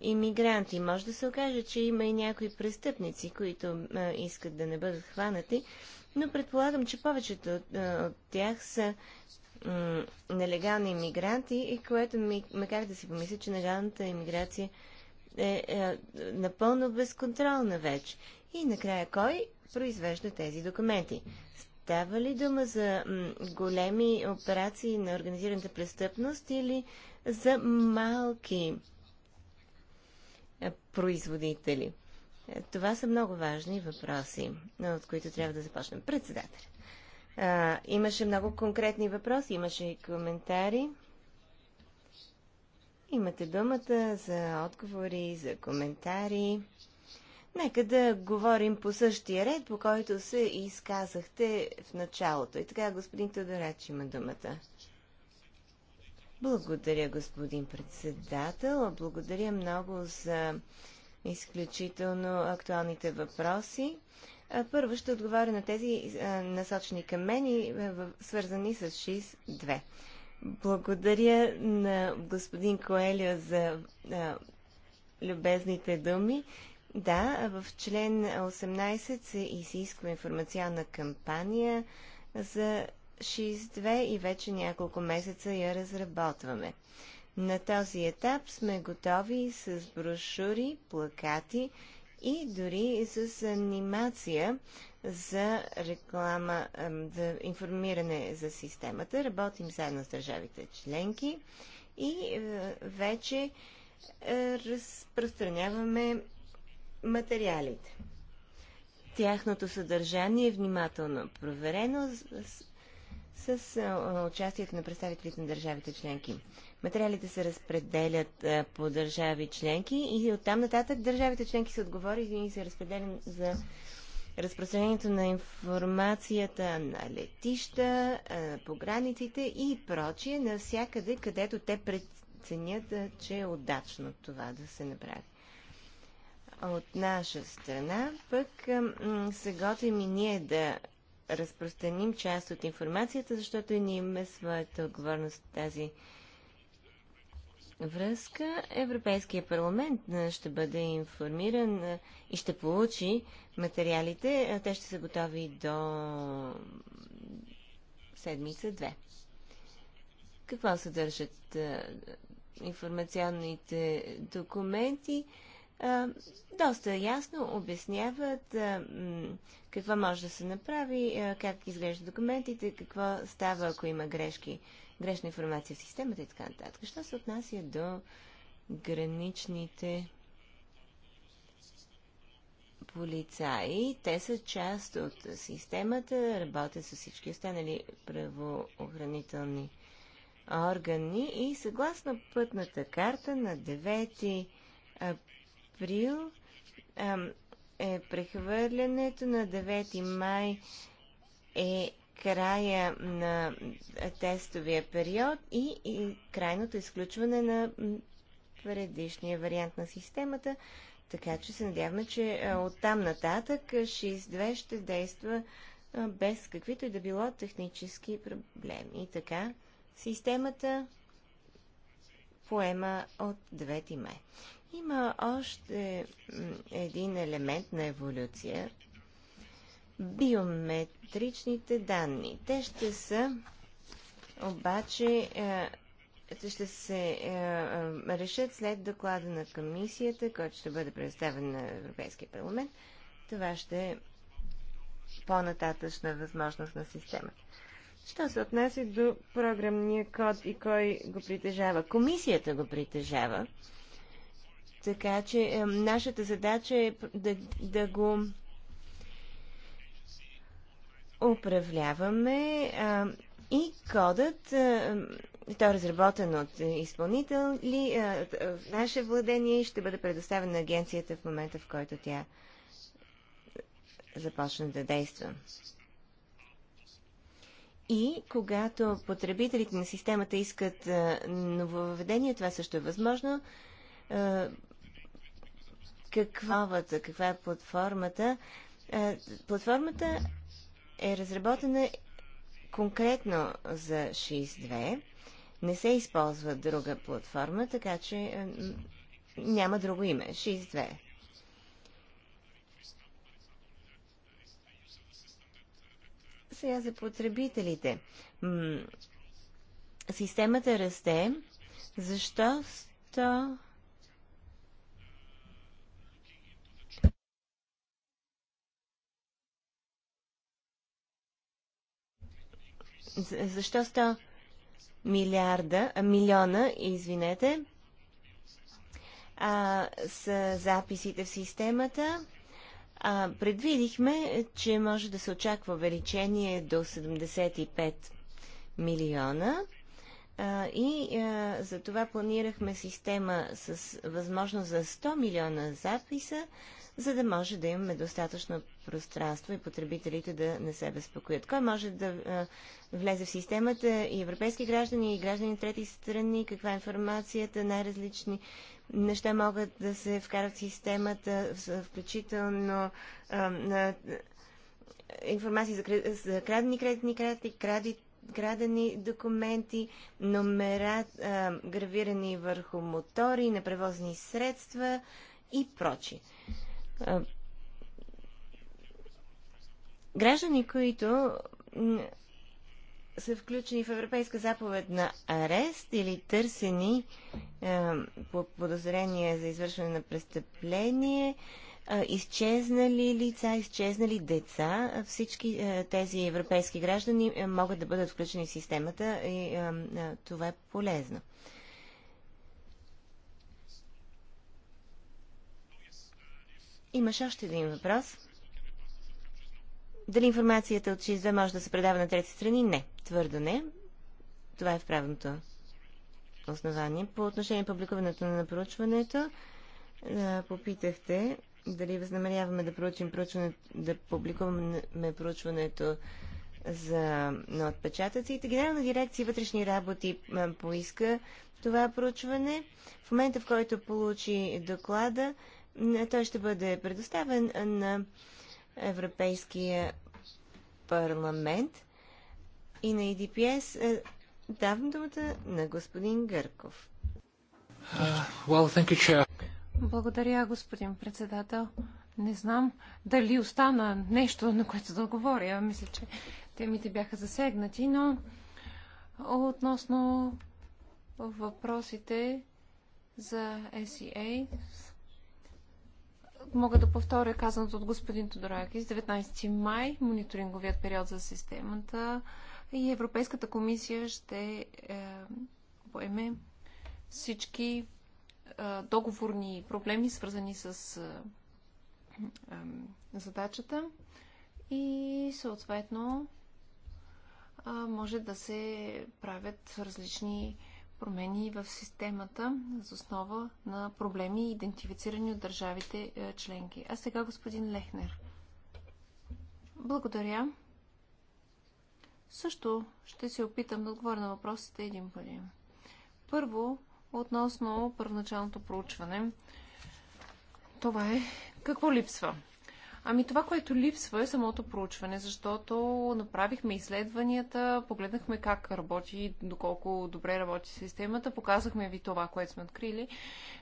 иммигранти. Може да се окаже, че има и някои престъпници, които а, искат да не бъдат хванати, но предполагам, че повечето а, от тях са нелегални иммигранти и което ми, макар да си помисля, че нелегалната иммиграция е, е напълно безконтролна вече. И накрая кой произвежда тези документи? Става ли дума за големи операции на организираната престъпност или за малки е, производители? Е, това са много важни въпроси, от които трябва да започнем. Председателя. А, имаше много конкретни въпроси, имаше и коментари. Имате думата за отговори, за коментари. Нека да говорим по същия ред, по който се изказахте в началото. И така, господин Тодорач има думата. Благодаря, господин председател. Благодаря много за изключително актуалните въпроси. Първо ще отговаря на тези насочени към мен и свързани с 6.2. 2 Благодаря на господин Коелио за любезните думи. Да, в член 18 се изисква информационна кампания за 6.2 и вече няколко месеца я разработваме. На този етап сме готови с брошури, плакати и дори с анимация за реклама, за информиране за системата. Работим заедно с държавите членки и е, вече е, разпространяваме материалите. Тяхното съдържание е внимателно проверено с, с, с е, участието на представителите на държавите членки. Материалите се разпределят по държави членки и оттам нататък държавите членки са отговорили и се разпределят за разпространението на информацията на летища, по границите и прочие, навсякъде, където те преценят, че е удачно това да се направи. От наша страна пък се готвим и ние да разпространим част от информацията, защото и ние имаме своята отговорност тази връзка Европейския парламент ще бъде информиран и ще получи материалите. Те ще са готови до седмица-две. Какво съдържат информационните документи? доста ясно обясняват какво може да се направи, как изглеждат документите, какво става, ако има грешки грешна информация в системата и така нататък. Що се отнася до граничните полицаи, те са част от системата, работят с всички останали правоохранителни органи и съгласно пътната карта на 9 април е прехвърлянето на 9 май е края на тестовия период и, и крайното изключване на предишния вариант на системата. Така че се надяваме, че е, оттам нататък 6.2 е, ще действа е, без каквито и да било технически проблеми. И така, системата поема от 9 май. Има още един елемент на еволюция, биометричните данни. Те ще са обаче е, ще се е, е, решат след доклада на комисията, който ще бъде представен на Европейския парламент. Това ще е по-нататъчна възможност на системата. Що се отнася до програмния код и кой го притежава? Комисията го притежава. Така че е, нашата задача е да, да го управляваме а, и кодът, а, той е разработен от изпълнители, а, в наше владение ще бъде предоставен на агенцията в момента, в който тя започне да действа. И когато потребителите на системата искат нововведение, това също е възможно. Каква, каква е платформата? Платформата е разработена конкретно за 6.2. Не се използва друга платформа, така че е, няма друго име. 6.2. Сега за потребителите. Системата расте. Защо 100 защо 100 милиарда, милиона, извинете, а, с записите в системата. А, предвидихме, че може да се очаква увеличение до 75 милиона. А, и а, за това планирахме система с възможност за 100 милиона записа, за да може да имаме достатъчно пространство и потребителите да не се безпокоят. Кой може да влезе в системата и европейски граждани, и граждани на трети страни, каква е информацията, най-различни неща могат да се вкарат в системата, включително на, информация за, за крадени кредитни карти, кради, крадени документи, номера, а, гравирани върху мотори, на превозни средства и прочи граждани, които са включени в Европейска заповед на арест или търсени по подозрение за извършване на престъпление, изчезнали лица, изчезнали деца, всички тези европейски граждани могат да бъдат включени в системата и това е полезно. Имаш още един въпрос. Дали информацията от 62 може да се предава на трети страни? Не. Твърдо не. Това е в правилното основание. По отношение на публикуването на проучването, попитахте дали възнамеряваме да проучим да публикуваме проучването за на отпечатъците. Генерална дирекция вътрешни работи поиска това проучване. В момента, в който получи доклада, той ще бъде предоставен на Европейския парламент и на EDPS. Е, давам думата на господин Гърков. Uh, well, thank you, chair. Благодаря, господин председател. Не знам дали остана нещо, на което да говоря. Мисля, че темите бяха засегнати, но относно въпросите за SEA, Мога да повторя казаното от господин Тодоракис. 19 май мониторинговият период за системата и Европейската комисия ще е, поеме всички е, договорни проблеми, свързани с е, е задачата и съответно е, може да се правят различни промени в системата за основа на проблеми, идентифицирани от държавите е, членки. А сега господин Лехнер. Благодаря. Също ще се опитам да отговоря на въпросите един по един. Първо, относно първоначалното проучване. Това е какво липсва. Ами това, което липсва е самото проучване, защото направихме изследванията, погледнахме как работи, доколко добре работи системата, показахме ви това, което сме открили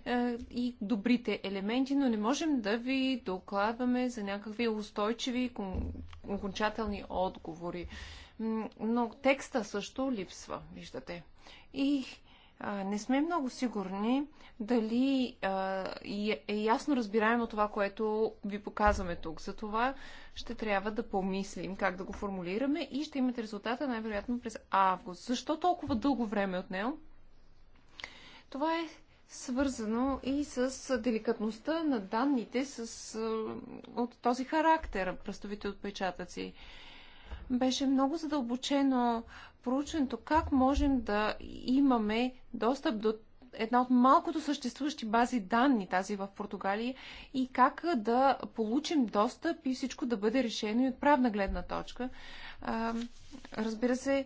е, и добрите елементи, но не можем да ви докладваме за някакви устойчиви, окончателни отговори. Но текста също липсва, виждате. И не сме много сигурни дали е ясно разбираемо това, което ви показваме тук. За това ще трябва да помислим как да го формулираме и ще имате резултата най-вероятно през август. Защо толкова дълго време от него? Това е свързано и с деликатността на данните с, от този характер, пръстовите отпечатъци. Беше много задълбочено проучването как можем да имаме достъп до една от малкото съществуващи бази данни, тази в Португалия, и как да получим достъп и всичко да бъде решено и от правна гледна точка. Разбира се,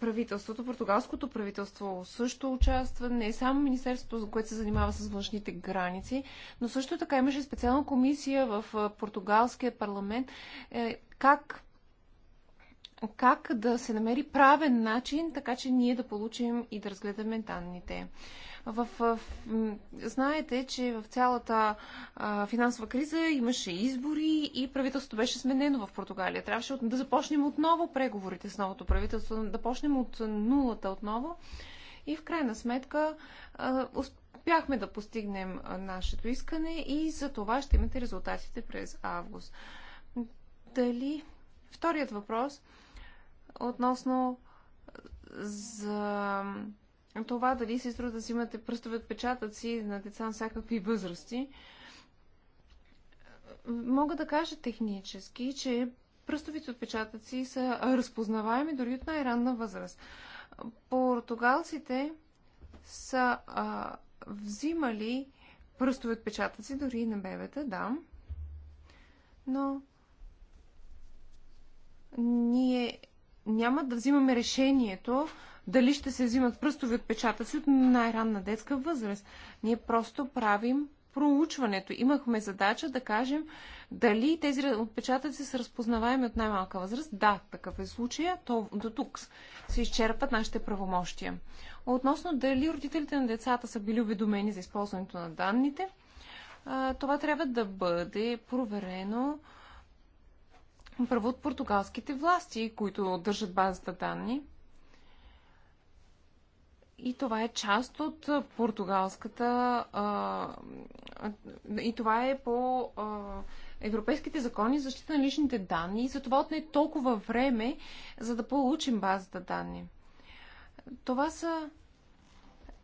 правителството, португалското правителство също участва, не само Министерството, което се занимава с външните граници, но също така имаше специална комисия в португалския парламент, е, как как да се намери правен начин, така че ние да получим и да разгледаме данните. В, в, знаете, че в цялата а, финансова криза имаше избори и правителството беше сменено в Португалия. Трябваше от, да започнем отново преговорите с новото правителство, да почнем от нулата отново. И в крайна сметка а, успяхме да постигнем нашето искане и за това ще имате резултатите през август. Дали? Вторият въпрос – относно за това дали се струва да взимате пръстови отпечатъци на деца на всякакви възрасти. Мога да кажа технически, че пръстовите отпечатъци са разпознаваеми дори от най-ранна възраст. Португалците са а, взимали пръстови отпечатъци дори и на бебета, да. Но ние няма да взимаме решението дали ще се взимат пръстови отпечатъци от най-ранна детска възраст. Ние просто правим проучването. Имахме задача да кажем дали тези отпечатъци са разпознаваеми от най-малка възраст. Да, такъв е случая. То, до тук се изчерпат нашите правомощия. Относно дали родителите на децата са били уведомени за използването на данните, това трябва да бъде проверено първо от португалските власти, които държат базата данни. И това е част от португалската. А, и това е по а, европейските закони за защита на личните данни. И затова отне толкова време, за да получим базата данни. Това са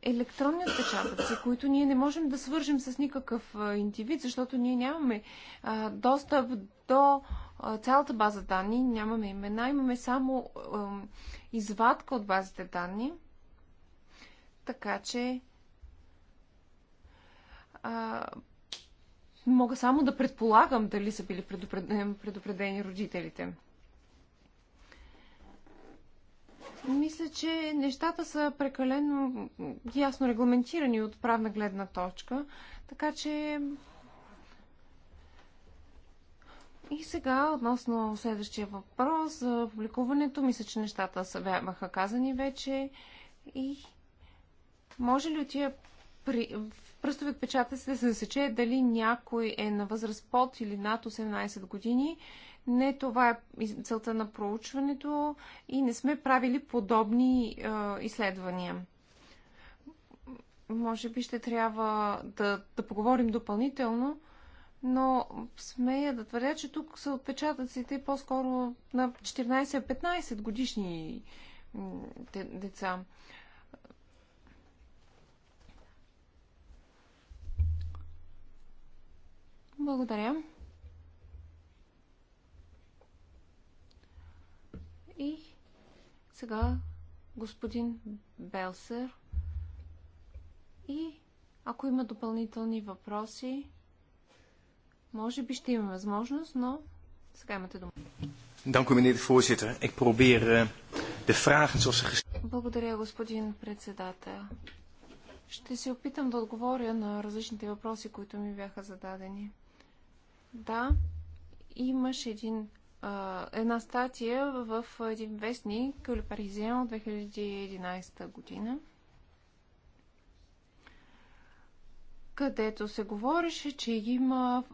електронни отпечатъци, които ние не можем да свържем с никакъв индивид, защото ние нямаме а, достъп до а, цялата база данни, нямаме имена, имаме само а, извадка от базите данни. Така че а, мога само да предполагам дали са били предупредени родителите. Мисля, че нещата са прекалено ясно регламентирани от правна гледна точка, така че и сега, относно следващия въпрос за публикуването, мисля, че нещата са бяха казани вече. И може ли от тия при... пръстови отпечатъци да се засече дали някой е на възраст под или над 18 години не това е целта на проучването и не сме правили подобни е, изследвания. Може би ще трябва да, да поговорим допълнително, но смея да твърдя, че тук са отпечатъците по-скоро на 14-15 годишни деца. Благодаря. И сега господин Белсер. И ако има допълнителни въпроси, може би ще имаме възможност, но сега имате дума. Dank u, meneer de voorzitter. Ik probeer eh, de vragen zoals ze Благодаря, господин председател. Ще се опитам да отговоря на различните въпроси, които ми бяха зададени. Да, имаш един една статия в един вестник Le Parisien от 2011 година, където се говореше, че има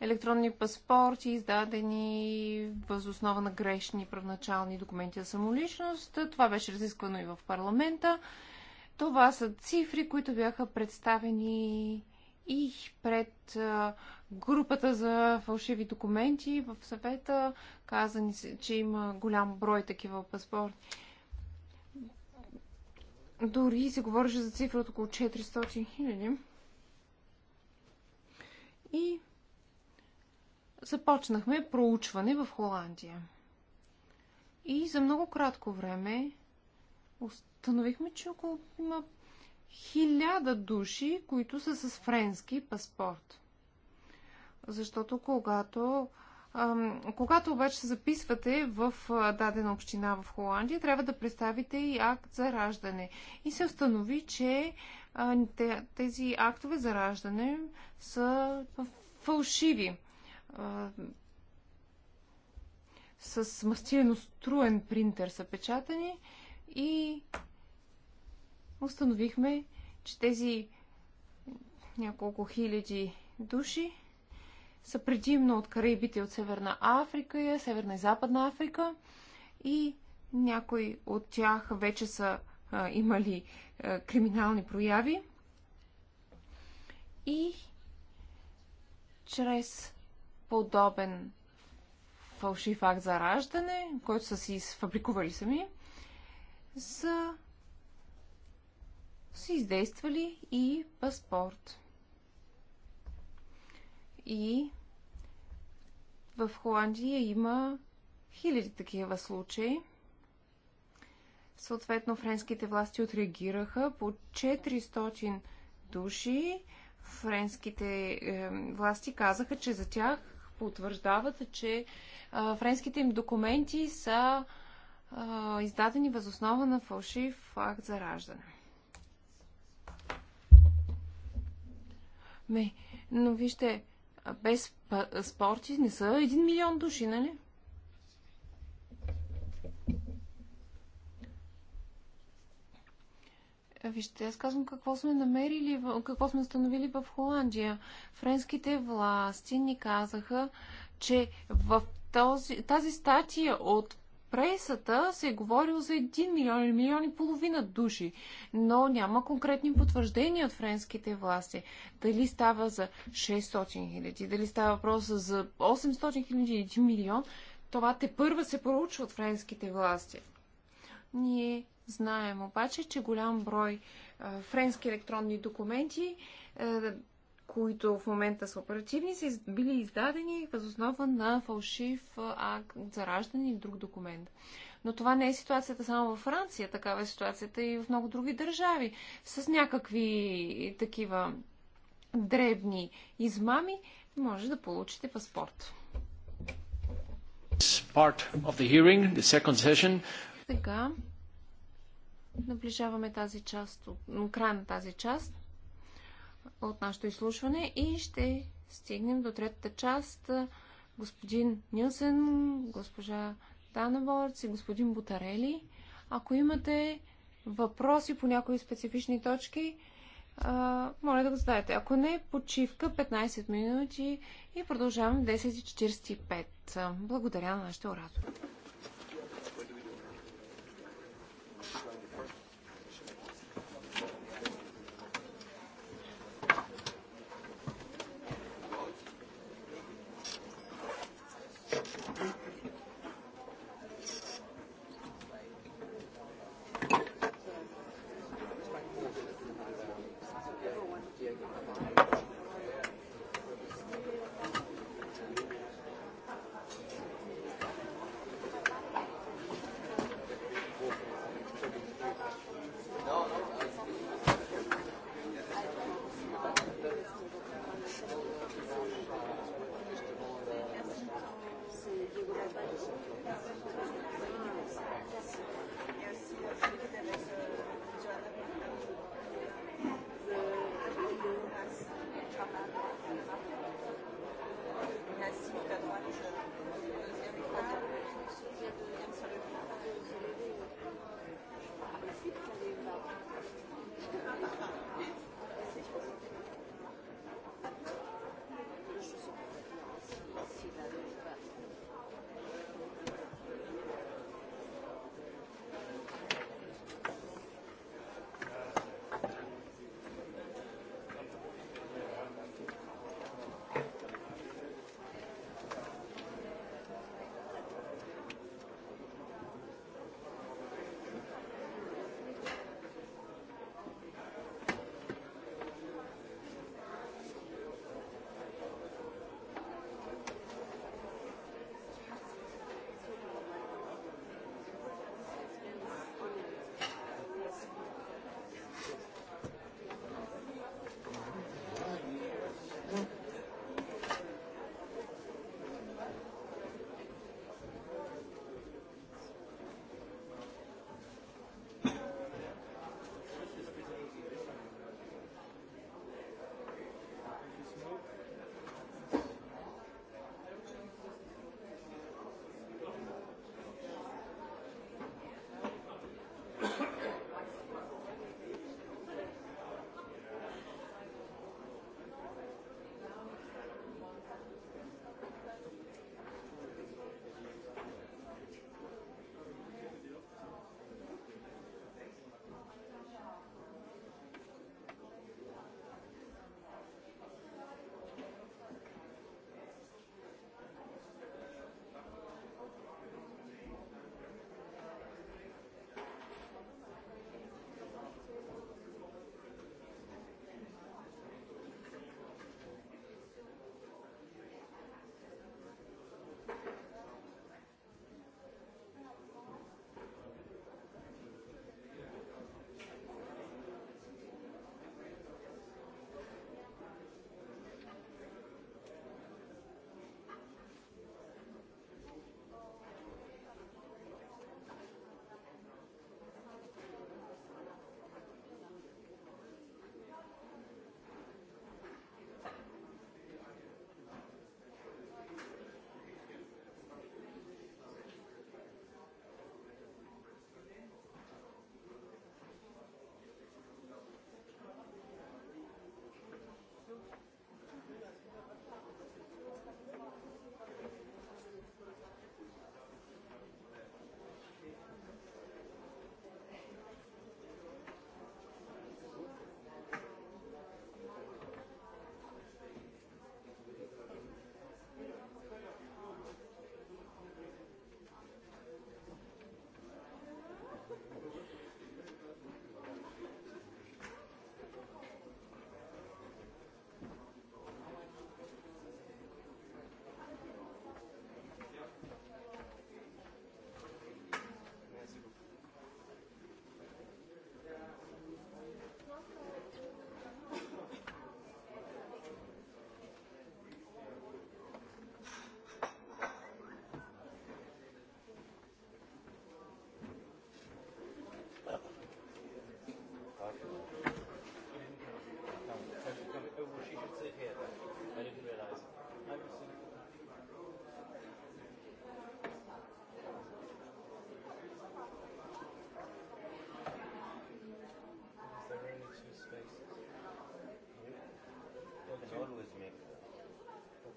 електронни паспорти, издадени въз основа на грешни правначални документи за самоличност. Това беше разисквано и в парламента. Това са цифри, които бяха представени и пред групата за фалшиви документи в съвета. Каза ни се, че има голям брой такива паспорти. Дори се говореше за цифра от около 400 хиляди. И започнахме проучване в Холандия. И за много кратко време установихме, че около има хиляда души, които са с френски паспорт. Защото когато когато обаче се записвате в дадена община в Холандия, трябва да представите и акт за раждане. И се установи, че тези актове за раждане са фалшиви. С мастилено струен принтер са печатани и установихме, че тези няколко хиляди души са предимно от Карибите от Северна Африка, Северна и Западна Африка и някои от тях вече са а, имали а, криминални прояви и чрез подобен фалшив акт за раждане, който са си сфабрикували сами, са са издействали и паспорт. И в Холандия има хиляди такива случаи. Съответно, френските власти отреагираха по 400 души. Френските е, власти казаха, че за тях потвърждават, че е, френските им документи са е, издадени възоснова на фалшив акт за раждане. Не, но вижте, без спорти не са един милион души, нали? Вижте, аз казвам какво сме намерили, какво сме установили в Холандия. Френските власти ни казаха, че в този, тази статия от пресата се е говорил за 1 милион или милион и половина души, но няма конкретни потвърждения от френските власти. Дали става за 600 хиляди, дали става въпрос за 800 хиляди, 1 милион, това те първа се проучва от френските власти. Ние знаем обаче, че голям брой френски електронни документи които в момента са оперативни, са били издадени възоснова на фалшив акт за раждане и друг документ. Но това не е ситуацията само във Франция, такава е ситуацията и в много други държави. С някакви такива дребни измами може да получите паспорт. Сега наближаваме тази част, края на тази част от нашето изслушване и ще стигнем до третата част. Господин Нилсен, госпожа Данаворц и господин Бутарели. Ако имате въпроси по някои специфични точки, моля да го зададете. Ако не, почивка 15 минути и продължавам 10.45. Благодаря на нашите оратори.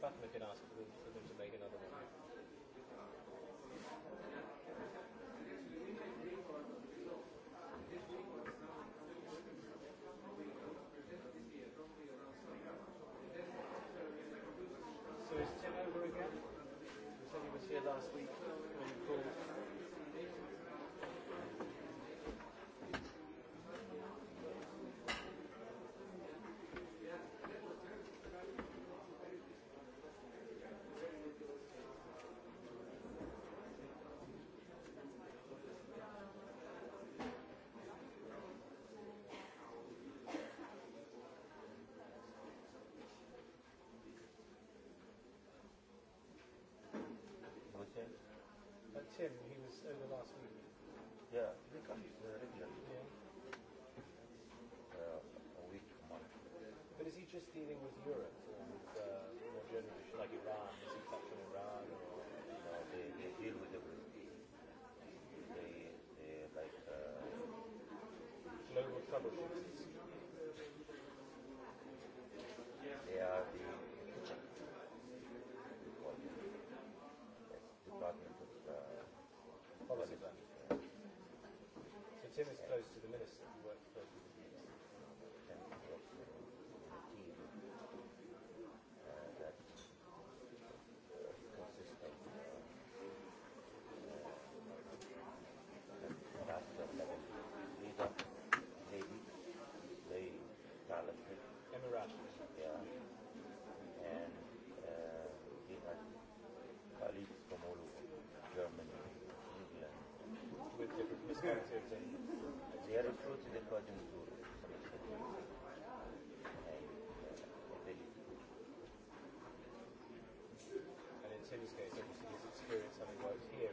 for them, to make another one. So is Tim over again? said he was here last week. Tim, he was over last week. Yeah, they come they're Indian. Yeah. Uh, a week, month. But is he just dealing with Europe or with uh, more generally like Iran? Is he touching Iran? Or, you know, they, they deal with everything. They, they like uh, global troubleshooters. Tim is close to the minister. works closely with And uh, had colleagues from all over Germany, England, with different and era il frutto del tuo aggiuntura. And in Tim's case, obviously his experience having worked here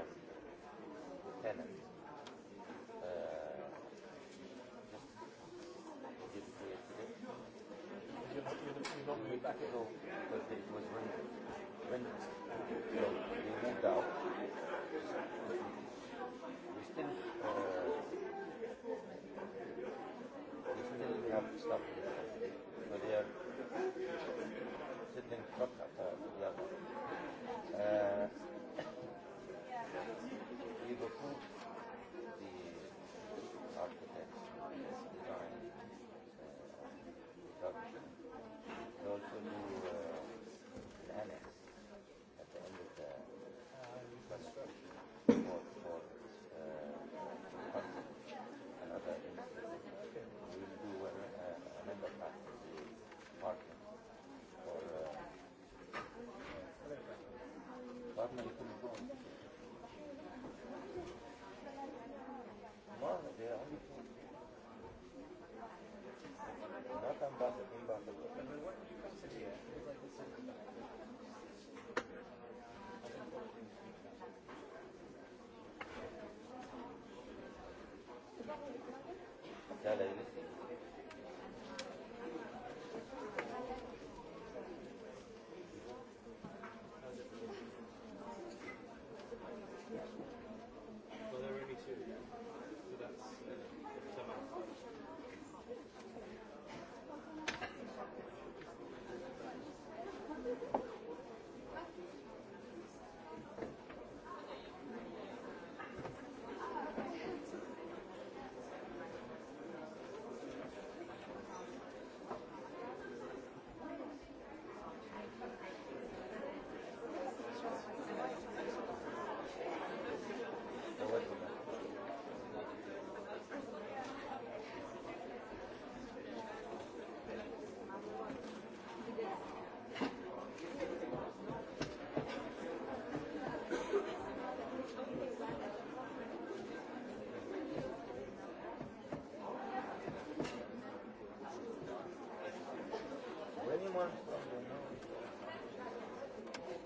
състав.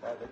Thank you.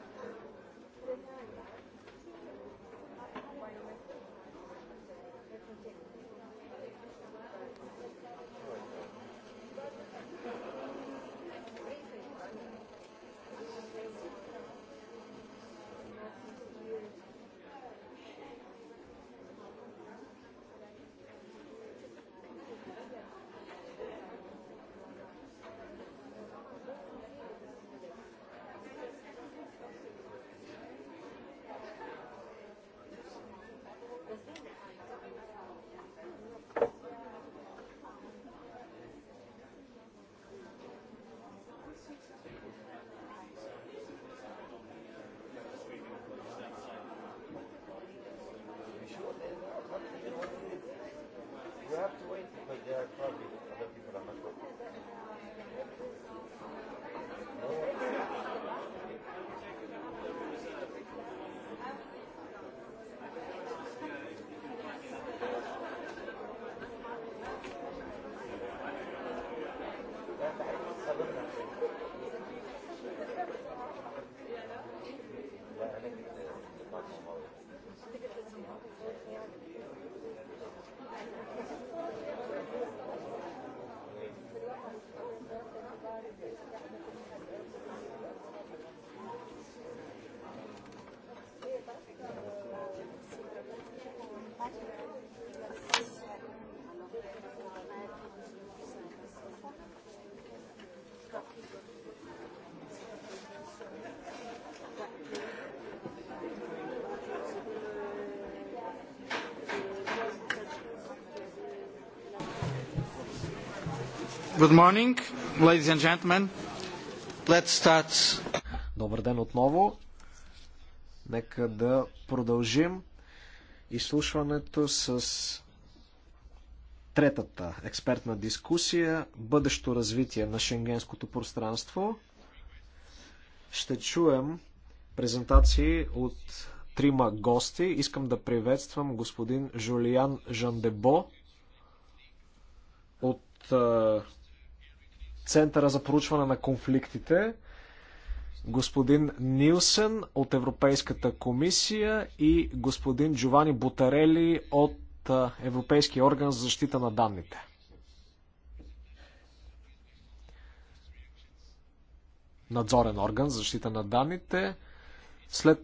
Good morning, ladies and gentlemen. Let's start. Добър ден отново. Нека да продължим изслушването с третата експертна дискусия бъдещо развитие на шенгенското пространство. Ще чуем презентации от трима гости. Искам да приветствам господин Жулиан Жандебо от Центъра за проучване на конфликтите, господин Нилсен от Европейската комисия и господин Джовани Бутарели от Европейския орган за защита на данните. Надзорен орган за защита на данните. След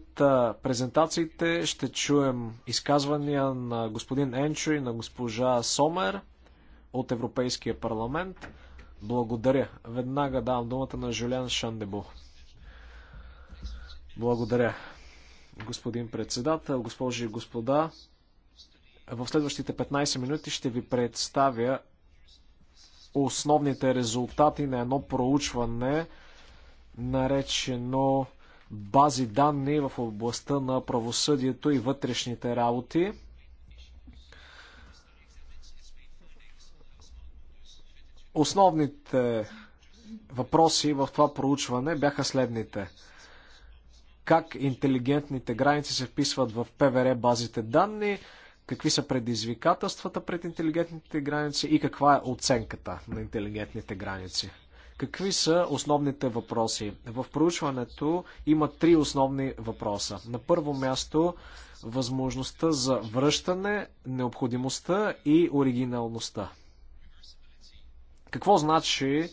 презентациите ще чуем изказвания на господин Енчо и на госпожа Сомер от Европейския парламент. Благодаря. Веднага давам думата на Жулян Шандебо. Благодаря. Господин председател, госпожи и господа, в следващите 15 минути ще ви представя основните резултати на едно проучване, наречено бази данни в областта на правосъдието и вътрешните работи. Основните въпроси в това проучване бяха следните. Как интелигентните граници се вписват в ПВР базите данни, какви са предизвикателствата пред интелигентните граници и каква е оценката на интелигентните граници. Какви са основните въпроси? В проучването има три основни въпроса. На първо място възможността за връщане, необходимостта и оригиналността. Какво значи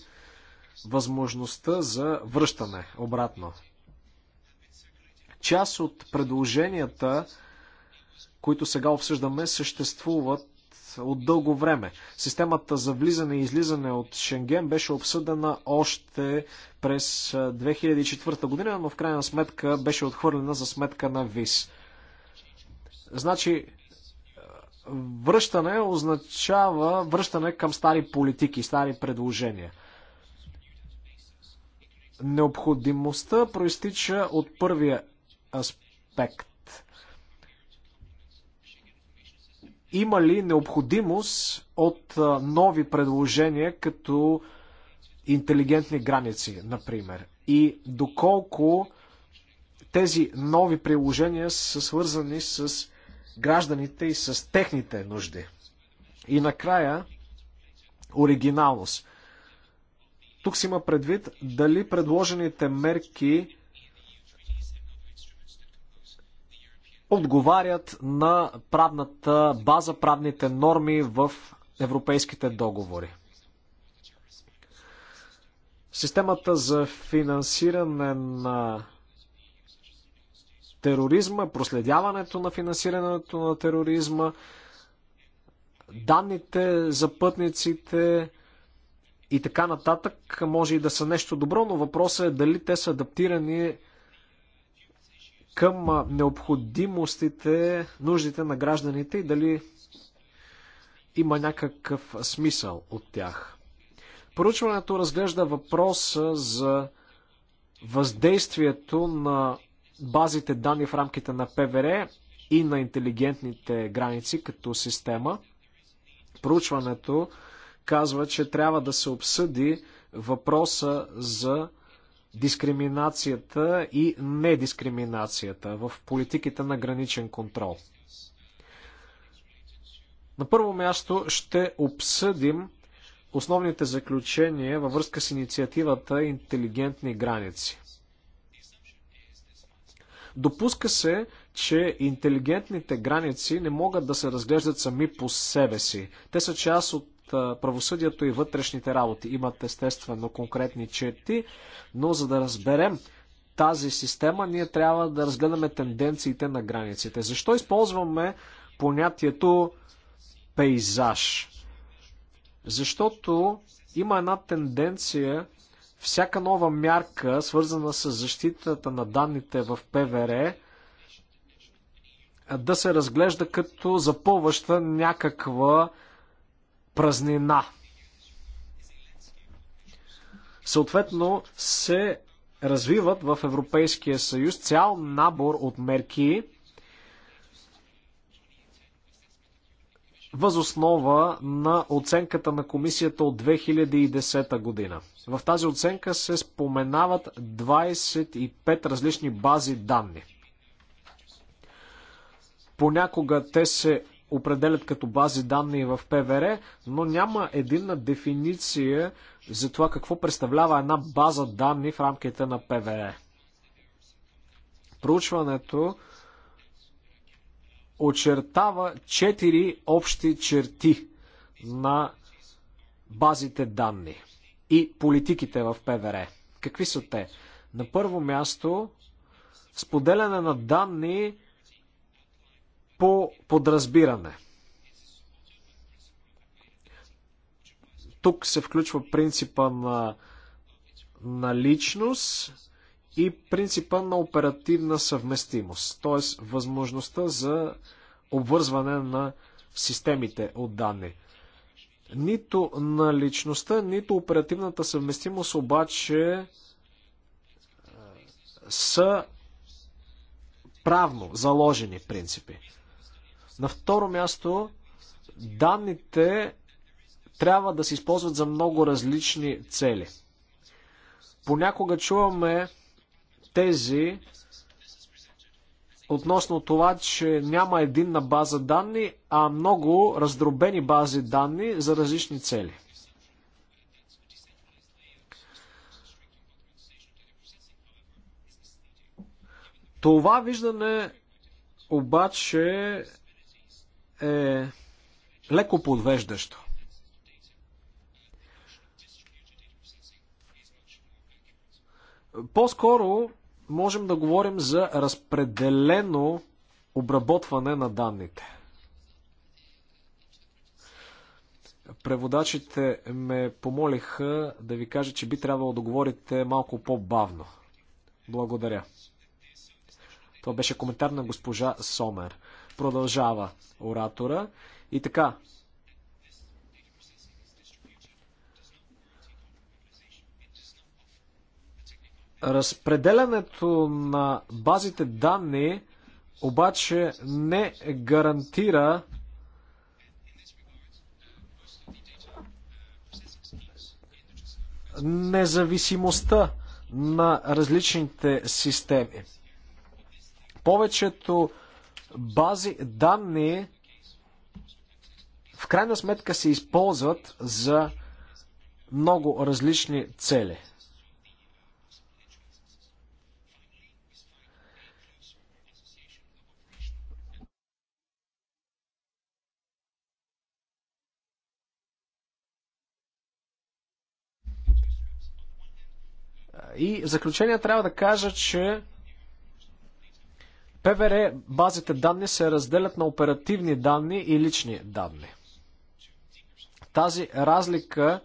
възможността за връщане обратно? Част от предложенията, които сега обсъждаме, съществуват от дълго време. Системата за влизане и излизане от Шенген беше обсъдена още през 2004 година, но в крайна сметка беше отхвърлена за сметка на ВИС. Значи, връщане означава връщане към стари политики, стари предложения. Необходимостта проистича от първия аспект. Има ли необходимост от нови предложения като интелигентни граници, например? И доколко тези нови приложения са свързани с гражданите и с техните нужди. И накрая, оригиналност. Тук си има предвид дали предложените мерки отговарят на правната база, правните норми в европейските договори. Системата за финансиране на тероризма, проследяването на финансирането на тероризма, данните за пътниците и така нататък може и да са нещо добро, но въпросът е дали те са адаптирани към необходимостите, нуждите на гражданите и дали има някакъв смисъл от тях. Поручването разглежда въпроса за въздействието на базите данни в рамките на ПВР и на интелигентните граници като система. Проучването казва, че трябва да се обсъди въпроса за дискриминацията и недискриминацията в политиките на граничен контрол. На първо място ще обсъдим основните заключения във връзка с инициативата Интелигентни граници. Допуска се, че интелигентните граници не могат да се разглеждат сами по себе си. Те са част от правосъдието и вътрешните работи. Имат естествено конкретни черти, но за да разберем тази система, ние трябва да разгледаме тенденциите на границите. Защо използваме понятието пейзаж? Защото има една тенденция всяка нова мярка, свързана с защитата на данните в ПВР, да се разглежда като запълваща някаква празнина. Съответно се развиват в Европейския съюз цял набор от мерки, възоснова на оценката на комисията от 2010 година. В тази оценка се споменават 25 различни бази данни. Понякога те се определят като бази данни в ПВР, но няма единна дефиниция за това какво представлява една база данни в рамките на ПВР. Проучването очертава четири общи черти на базите данни и политиките в ПВР. Какви са те? На първо място, споделяне на данни по подразбиране. Тук се включва принципа на, на личност и принципа на оперативна съвместимост, т.е. възможността за обвързване на системите от данни. Нито на личността, нито оперативната съвместимост обаче е, са правно заложени принципи. На второ място, данните трябва да се използват за много различни цели. Понякога чуваме тези относно това, че няма на база данни, а много раздробени бази данни за различни цели. Това виждане обаче е леко подвеждащо. По-скоро можем да говорим за разпределено обработване на данните. Преводачите ме помолиха да ви кажа, че би трябвало да говорите малко по-бавно. Благодаря. Това беше коментар на госпожа Сомер. Продължава оратора. И така, Разпределянето на базите данни обаче не гарантира независимостта на различните системи. Повечето бази данни в крайна сметка се използват за много различни цели – И в заключение трябва да кажа, че ПВР базите данни се разделят на оперативни данни и лични данни. Тази разлика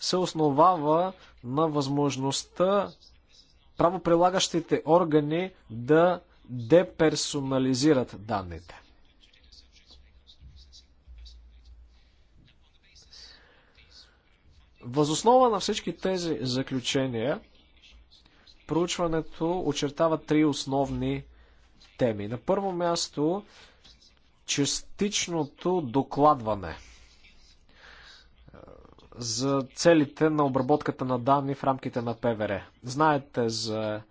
се основава на възможността правоприлагащите органи да деперсонализират данните. Възоснова на всички тези заключения, проучването очертава три основни теми. На първо място частичното докладване е, за целите на обработката на данни в рамките на ПВР. Знаете за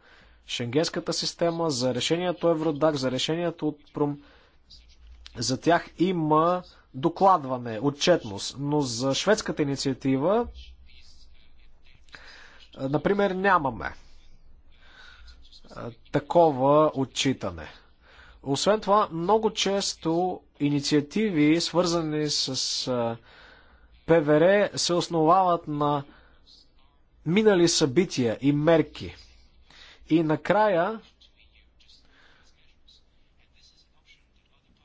Шенгенската система, за решението Евродак, за решението от Пром. За тях има докладване, отчетност, но за шведската инициатива, е, например, нямаме такова отчитане. Освен това, много често инициативи, свързани с ПВР, се основават на минали събития и мерки. И накрая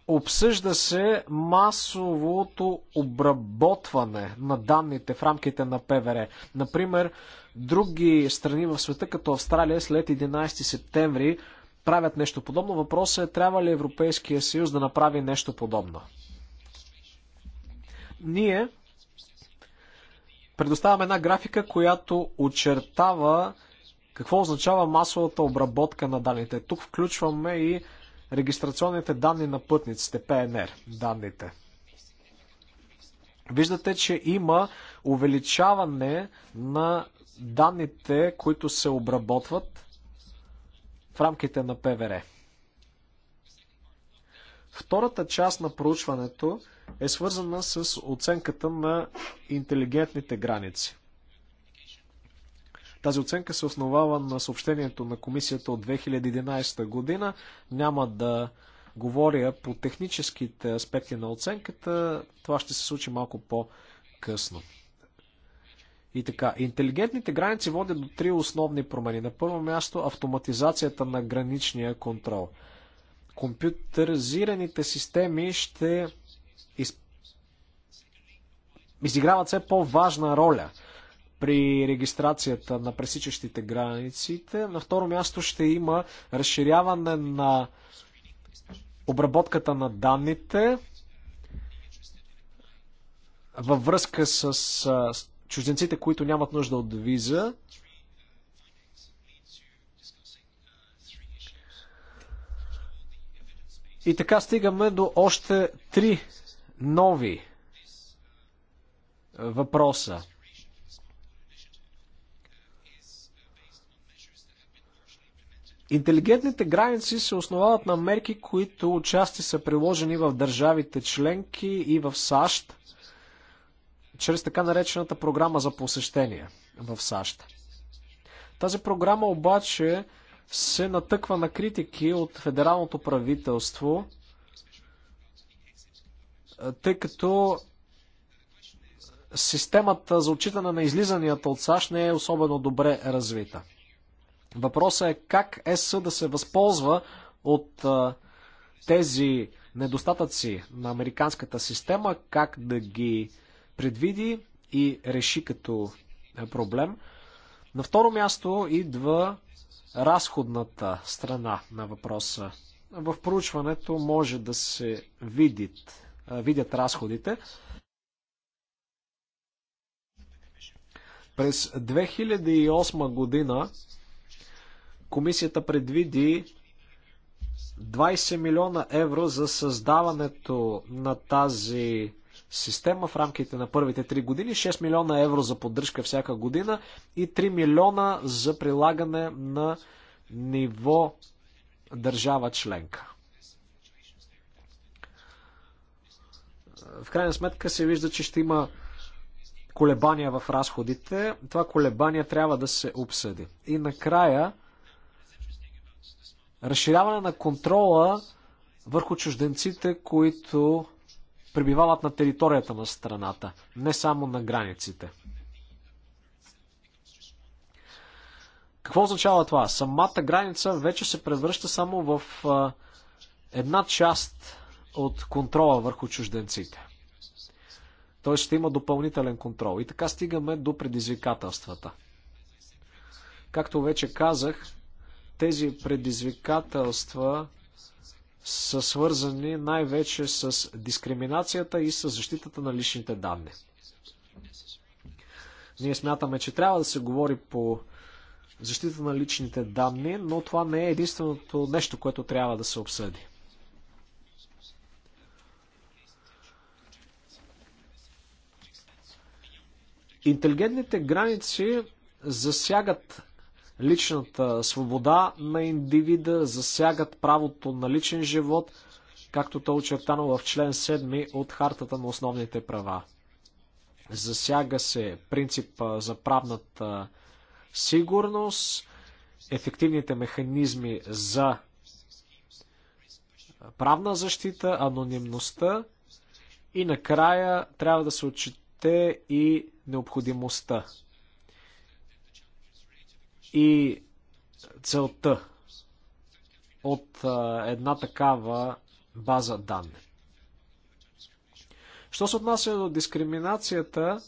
обсъжда се масовото обработване на данните в рамките на ПВР. Например, Други страни в света, като Австралия, след 11 септември правят нещо подобно. Въпросът е, трябва ли Европейския съюз да направи нещо подобно? Ние предоставяме една графика, която очертава какво означава масовата обработка на данните. Тук включваме и регистрационните данни на пътниците, ПНР данните. Виждате, че има увеличаване на данните, които се обработват в рамките на ПВР. Втората част на проучването е свързана с оценката на интелигентните граници. Тази оценка се основава на съобщението на комисията от 2011 година. Няма да говоря по техническите аспекти на оценката. Това ще се случи малко по-късно. И така, интелигентните граници водят до три основни промени. На първо място автоматизацията на граничния контрол. Компютъризираните системи ще из... изиграват все по-важна роля при регистрацията на пресичащите границите. На второ място ще има разширяване на обработката на данните във връзка с чужденците, които нямат нужда от виза. И така стигаме до още три нови въпроса. Интелигентните граници се основават на мерки, които отчасти са приложени в държавите членки и в САЩ чрез така наречената програма за посещение в САЩ. Тази програма обаче се натъква на критики от федералното правителство, тъй като системата за отчитане на излизанията от САЩ не е особено добре развита. Въпросът е как ЕС да се възползва от а, тези недостатъци на американската система, как да ги а, предвиди и реши като проблем. На второ място идва разходната страна на въпроса. В проучването може да се видят, видят разходите. През 2008 година комисията предвиди 20 милиона евро за създаването на тази система в рамките на първите 3 години, 6 милиона евро за поддръжка всяка година и 3 милиона за прилагане на ниво държава членка. В крайна сметка се вижда, че ще има колебания в разходите. Това колебание трябва да се обсъди. И накрая, разширяване на контрола върху чужденците, които пребивават на територията на страната, не само на границите. Какво означава това? Самата граница вече се превръща само в една част от контрола върху чужденците. Той ще има допълнителен контрол. И така стигаме до предизвикателствата. Както вече казах, тези предизвикателства са свързани най-вече с дискриминацията и с защитата на личните данни. Ние смятаме, че трябва да се говори по защита на личните данни, но това не е единственото нещо, което трябва да се обсъди. Интелигентните граници засягат личната свобода на индивида, засягат правото на личен живот, както то очертано в член 7 от Хартата на основните права. Засяга се принципа за правната сигурност, ефективните механизми за правна защита, анонимността и накрая трябва да се отчете и необходимостта и целта от една такава база данни. Що се отнася до дискриминацията,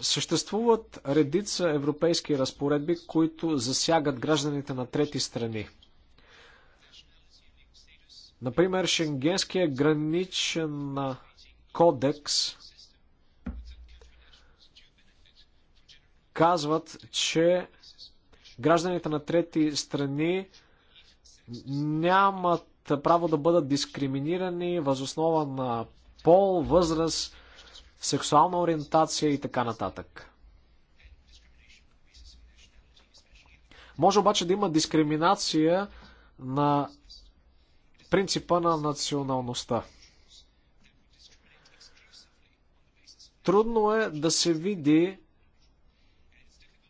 съществуват редица европейски разпоредби, които засягат гражданите на трети страни. Например, Шенгенския граничен кодекс – казват, че гражданите на трети страни нямат право да бъдат дискриминирани възоснова на пол, възраст, сексуална ориентация и така нататък. Може обаче да има дискриминация на принципа на националността. Трудно е да се види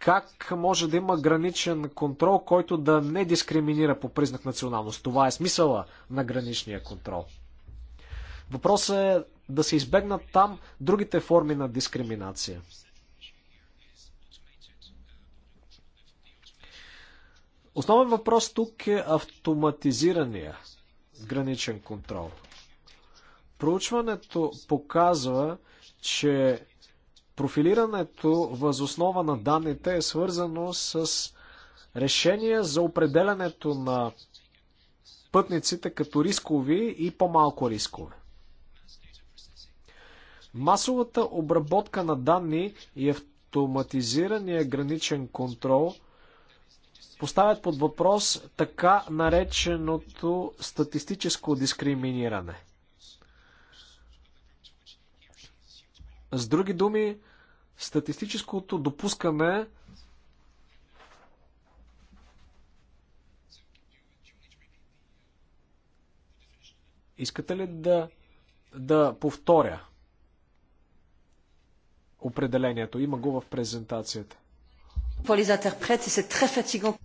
как може да има граничен контрол, който да не дискриминира по признак националност? Това е смисъла на граничния контрол. Въпросът е да се избегнат там другите форми на дискриминация. Основен въпрос тук е автоматизирания граничен контрол. Проучването показва, че Профилирането възоснова на данните е свързано с решение за определянето на пътниците като рискови и по-малко рискови. Масовата обработка на данни и автоматизирания граничен контрол поставят под въпрос така нареченото статистическо дискриминиране – С други думи, статистическото допускане Искате ли да, да повторя определението? Има го в презентацията.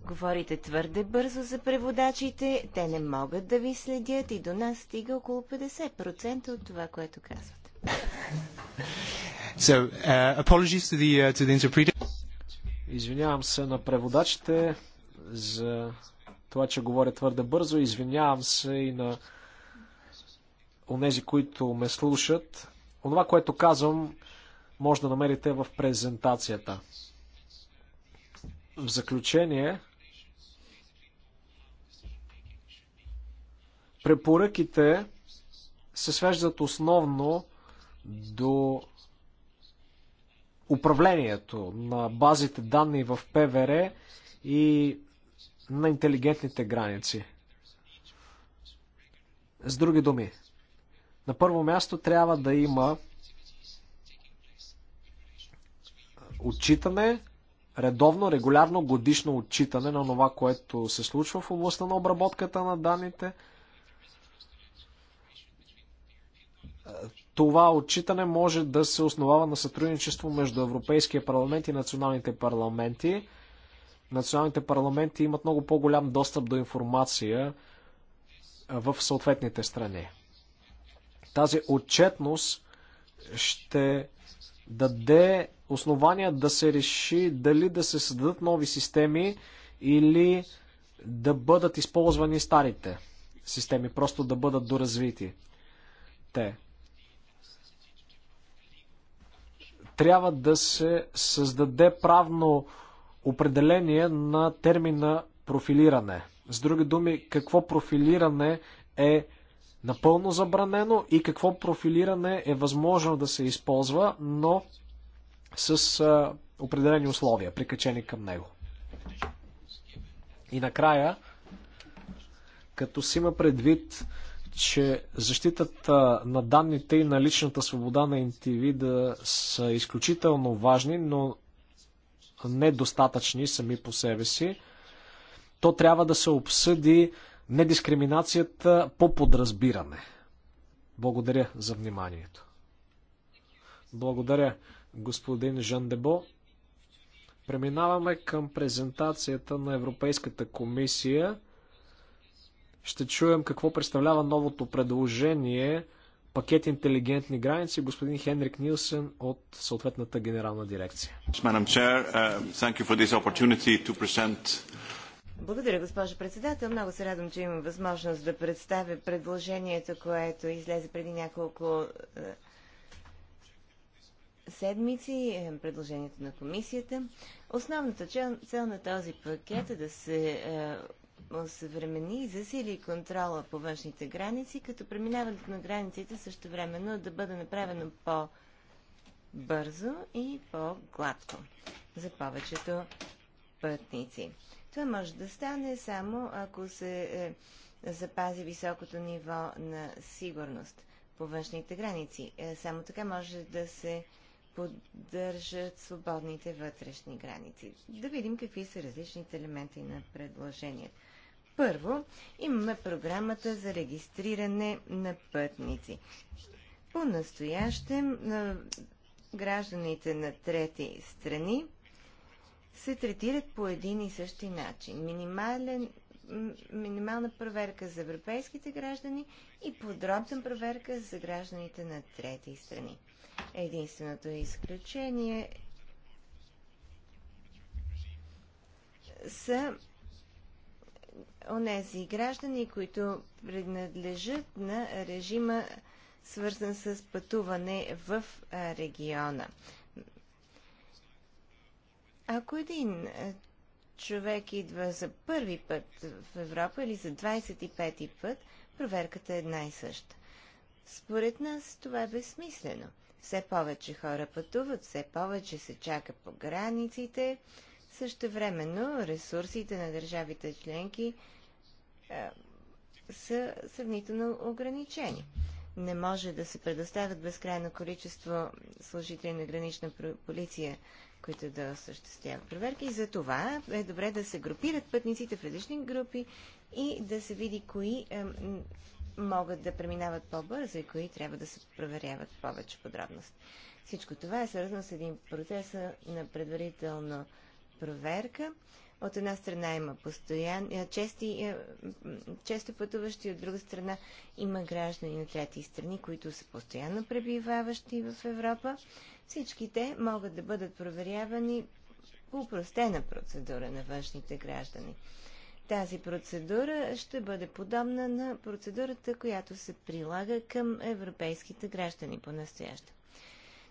Говорите твърде бързо за преводачите, те не могат да ви следят и до нас стига около 50% от това, което казват. So, uh, apologies to the, uh, to the interpreter. Извинявам се на преводачите за това, че говоря твърде бързо. Извинявам се и на онези, които ме слушат. Онова, което казвам, може да намерите в презентацията. В заключение, препоръките се свеждат основно до управлението на базите данни в ПВР и на интелигентните граници. С други думи, на първо място трябва да има отчитане, редовно, регулярно, годишно отчитане на това, което се случва в областта на обработката на данните това отчитане може да се основава на сътрудничество между Европейския парламент и националните парламенти. Националните парламенти имат много по-голям достъп до информация в съответните страни. Тази отчетност ще даде основания да се реши дали да се създадат нови системи или да бъдат използвани старите системи, просто да бъдат доразвити те. трябва да се създаде правно определение на термина профилиране. С други думи, какво профилиране е напълно забранено и какво профилиране е възможно да се използва, но с а, определени условия, прикачени към него. И накрая, като си има предвид че защитата на данните и на личната свобода на индивида са изключително важни, но недостатъчни сами по себе си. То трябва да се обсъди недискриминацията по подразбиране. Благодаря за вниманието. Благодаря, господин Жан Дебо. Преминаваме към презентацията на Европейската комисия. Ще чуем какво представлява новото предложение пакет интелигентни граници, господин Хенрик Нилсен от съответната генерална дирекция. Uh, Благодаря, госпожо председател. Много се радвам, че имам възможност да представя предложението, което излезе преди няколко е, седмици, е, предложението на комисията. Основната цел на този пакет е да се е, осъвремени и засили контрола по външните граници, като преминаването на границите също времено да бъде направено по-бързо и по-гладко за повечето пътници. Това може да стане само ако се е, запази високото ниво на сигурност по външните граници. Е, само така може да се поддържат свободните вътрешни граници. Да видим какви са различните елементи на предложението. Първо, имаме програмата за регистриране на пътници. По-настоящем гражданите на трети страни се третират по един и същи начин. Минимален, минимална проверка за европейските граждани и подробна проверка за гражданите на трети страни. Единственото изключение са онези граждани, които принадлежат на режима свързан с пътуване в региона. Ако един човек идва за първи път в Европа или за 25-ти път, проверката е една и съща. Според нас това е безсмислено. Все повече хора пътуват, все повече се чака по границите, Същевременно ресурсите на държавите членки а, са сравнително ограничени. Не може да се предоставят безкрайно количество служители на гранична полиция, които да осъществяват проверки. И за това е добре да се групират пътниците в различни групи и да се види кои е, могат да преминават по-бързо и кои трябва да се проверяват повече подробности. Всичко това е свързано с един процес на предварително проверка. От една страна има постоян, е, чести, е, често пътуващи, от друга страна има граждани от трети страни, които са постоянно пребиваващи в Европа. Всички те могат да бъдат проверявани по упростена процедура на външните граждани. Тази процедура ще бъде подобна на процедурата, която се прилага към европейските граждани по настояще.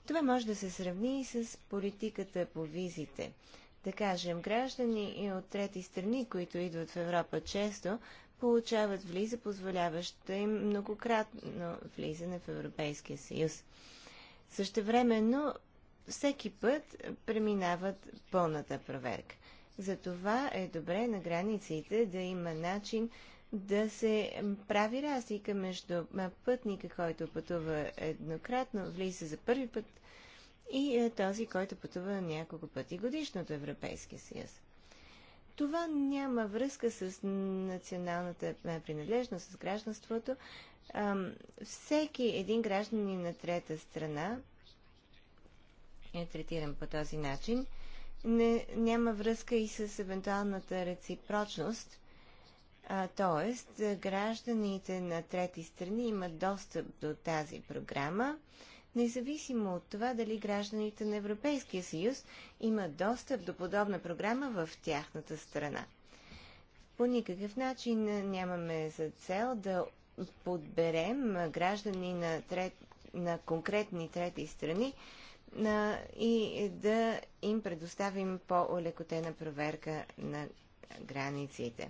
Това може да се сравни и с политиката по визите – да кажем, граждани и от трети страни, които идват в Европа често, получават влиза, позволяваща им многократно влизане в Европейския съюз. Също Същевременно всеки път преминават пълната проверка. Затова е добре на границите да има начин да се прави разлика между пътника, който пътува еднократно, влиза за първи път и е, този, който пътува няколко пъти годишно до Европейския съюз. Това няма връзка с националната е, принадлежност, с гражданството. Всеки един гражданин на трета страна е третиран по този начин. Не, няма връзка и с евентуалната реципрочност, т.е. гражданите на трети страни имат достъп до тази програма независимо от това дали гражданите на Европейския съюз имат достъп до подобна програма в тяхната страна. По никакъв начин нямаме за цел да подберем граждани на, трет, на конкретни трети страни на, и да им предоставим по-олекотена проверка на границите.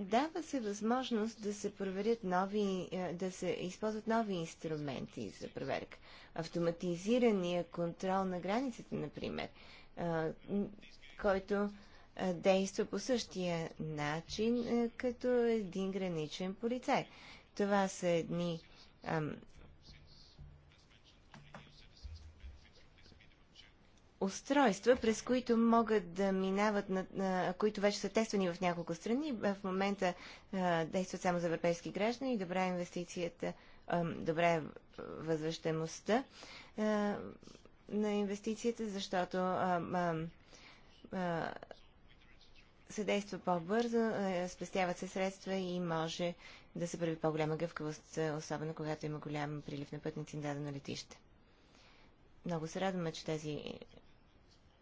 Дава се възможност да се проверят нови, е, да се използват нови инструменти за проверка. Автоматизирания контрол на границите, например, е, който е, действа по същия начин като един граничен полицай. Това са едни устройства, през които могат да минават, на, на, които вече са тествани в няколко страни. В момента а, действат само за европейски граждани. Добра е инвестицията, а, добра е възвръщаемостта а, на инвестицията, защото а, а, а, се действа по-бързо, спестяват се средства и може да се прави по-голяма гъвкавост, особено когато има голям прилив на пътници на дадено летище. Много се радваме, че тези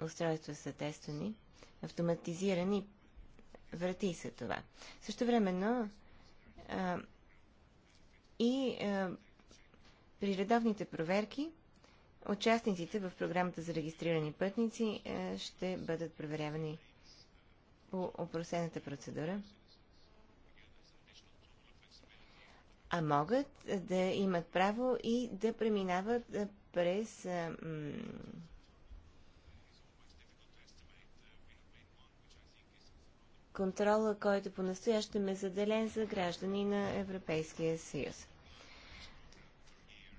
устройства са тествани, автоматизирани врати са това. Също времено а, и а, при редовните проверки участниците в програмата за регистрирани пътници а, ще бъдат проверявани по опросената процедура. А могат да имат право и да преминават през а, контрола, който по-настоящем е заделен за граждани на Европейския съюз.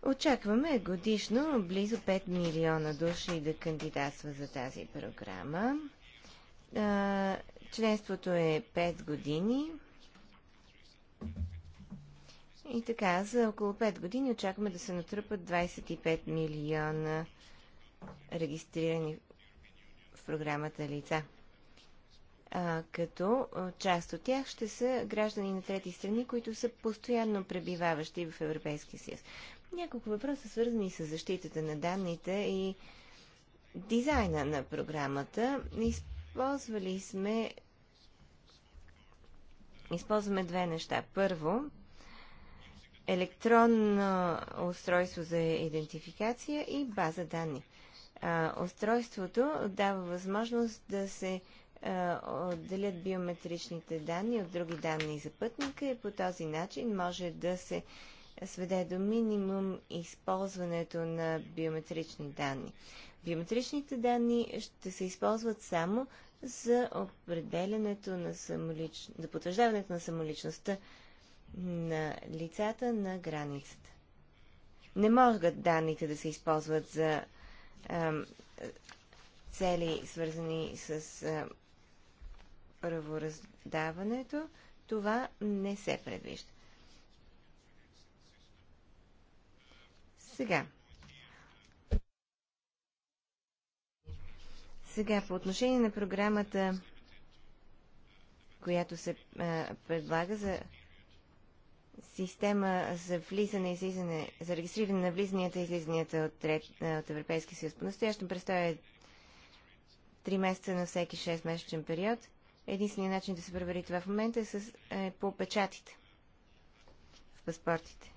Очакваме годишно близо 5 милиона души да кандидатства за тази програма. Членството е 5 години. И така, за около 5 години очакваме да се натрупат 25 милиона регистрирани в програмата лица а, като част от тях ще са граждани на трети страни, които са постоянно пребиваващи в Европейския съюз. Няколко въпроса свързани с защитата на данните и дизайна на програмата. Използвали сме използваме две неща. Първо, електронно устройство за идентификация и база данни. А, устройството дава възможност да се е, отделят биометричните данни от други данни за пътника и по този начин може да се сведе до минимум използването на биометрични данни. Биометричните данни ще се използват само за определянето на самолич... за потвърждаването на самоличността на лицата на границата. Не могат данните да се използват за ам, цели, свързани с ам, правораздаването, това не се предвижда. Сега. Сега, по отношение на програмата, която се а, предлага за система за влизане и излизане, за регистриране на влизанията и излизанията от, от Европейския съюз. По настоящем престоя 3 месеца на всеки 6 месечен период – Единственият начин да се провери това в момента е, с, е по печатите в паспортите.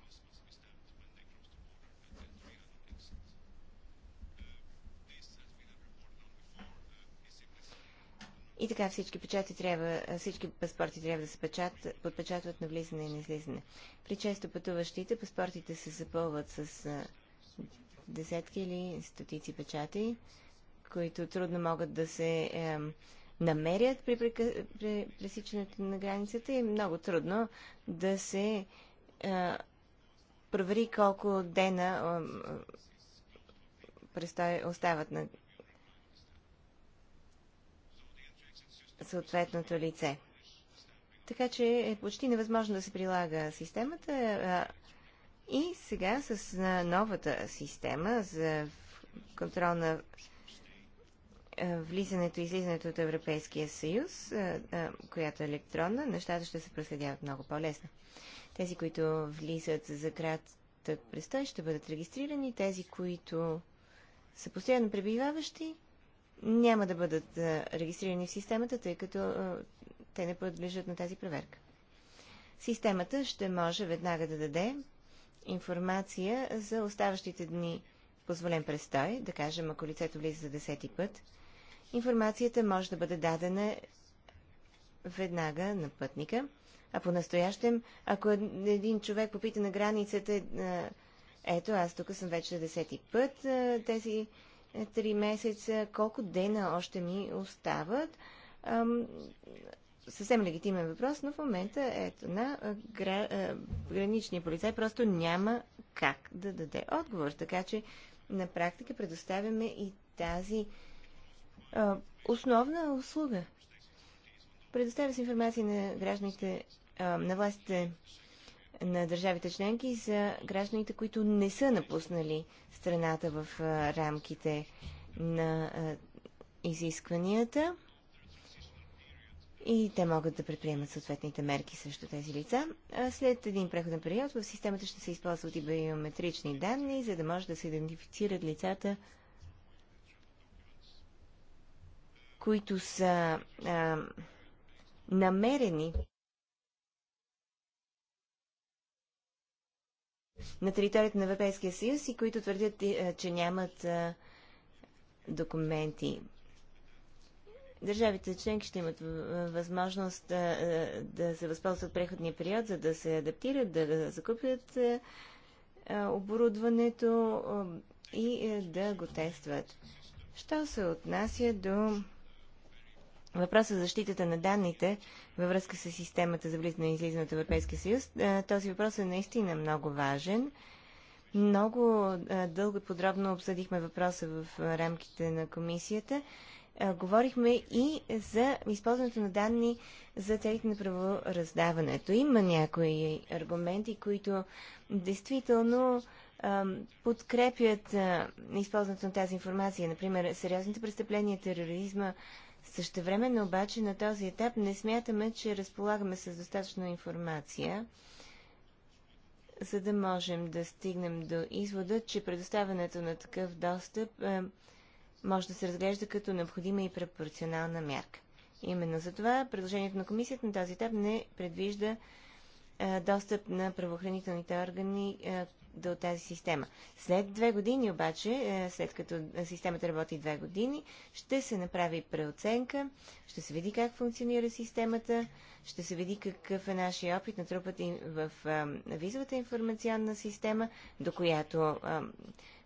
И така всички печати трябва, всички паспорти трябва да се печат, подпечатват на влизане и на излизане. При често пътуващите паспортите се запълват с десетки или стотици печати, които трудно могат да се е, намерят при пресичането на границата и е много трудно да се а, провери колко дена а, а, остават на съответното лице. Така че е почти невъзможно да се прилага системата. А, и сега с новата система за контрол на е, влизането и излизането от Европейския съюз, е, е, която е електронна, нещата ще се проследяват много по-лесно. Тези, които влизат за кратък престой, ще бъдат регистрирани. Тези, които са постоянно пребиваващи, няма да бъдат регистрирани в системата, тъй като те не подлежат на тази проверка. Системата ще може веднага да даде информация за оставащите дни позволен престой, да кажем, ако лицето влиза за десети път, Информацията може да бъде дадена веднага на пътника, а по-настоящем, ако един човек попита на границата, ето аз тук съм вече десети път, тези е, три месеца, колко дена още ми остават, съвсем легитимен въпрос, но в момента ето на гра, граничния полицай просто няма как да даде отговор. Така че на практика предоставяме и тази основна услуга. Предоставя се информация на гражданите, на властите на държавите членки за гражданите, които не са напуснали страната в рамките на изискванията и те могат да предприемат съответните мерки срещу тези лица. след един преходен период в системата ще се използват и биометрични данни, за да може да се идентифицират лицата, които са а, намерени на територията на Европейския съюз и които твърдят, че нямат а, документи. Държавите членки ще имат възможност а, да се възползват преходния период, за да се адаптират, да закупят а, оборудването а, и да го тестват. Що се отнася до Въпросът за защитата на данните във връзка с системата за влизане и излизане от Европейския съюз, е, този въпрос е наистина много важен. Много е, дълго и подробно обсъдихме въпроса в рамките на комисията. Е, говорихме и за използването на данни за целите на правораздаването. Има някои аргументи, които действително подкрепят използването на тази информация. Например, сериозните престъпления, тероризма, Същевременно обаче на този етап не смятаме, че разполагаме с достатъчно информация, за да можем да стигнем до извода, че предоставянето на такъв достъп е, може да се разглежда като необходима и пропорционална мярка. Именно за това предложението на комисията на този етап не предвижда е, достъп на правоохранителните органи, е, до тази система. След две години обаче, е, след като системата работи две години, ще се направи преоценка, ще се види как функционира системата, ще се види какъв е нашия опит на трупата в е, визовата информационна система, до която е,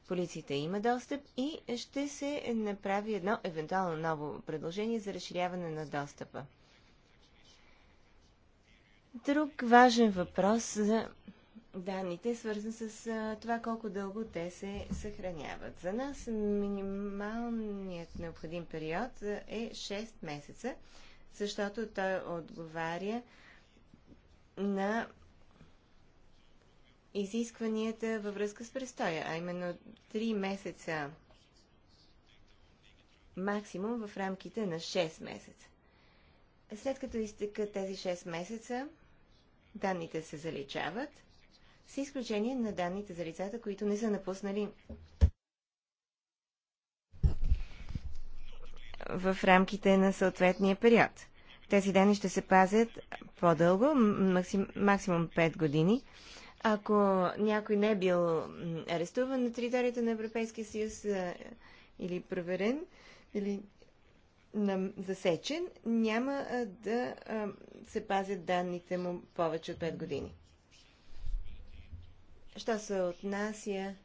полицията има достъп и ще се направи едно евентуално ново предложение за разширяване на достъпа. Друг важен въпрос за данните, свързан с а, това колко дълго те се съхраняват. За нас минималният необходим период е 6 месеца, защото той отговаря на изискванията във връзка с престоя, а именно 3 месеца максимум в рамките на 6 месеца. След като изтекат тези 6 месеца, данните се заличават – с изключение на данните за лицата, които не са напуснали в рамките на съответния период. Тези данни ще се пазят по-дълго, максим, максимум 5 години. Ако някой не е бил арестуван на територията на Европейския съюз или проверен, или засечен, няма да се пазят данните му повече от 5 години. Що се отнася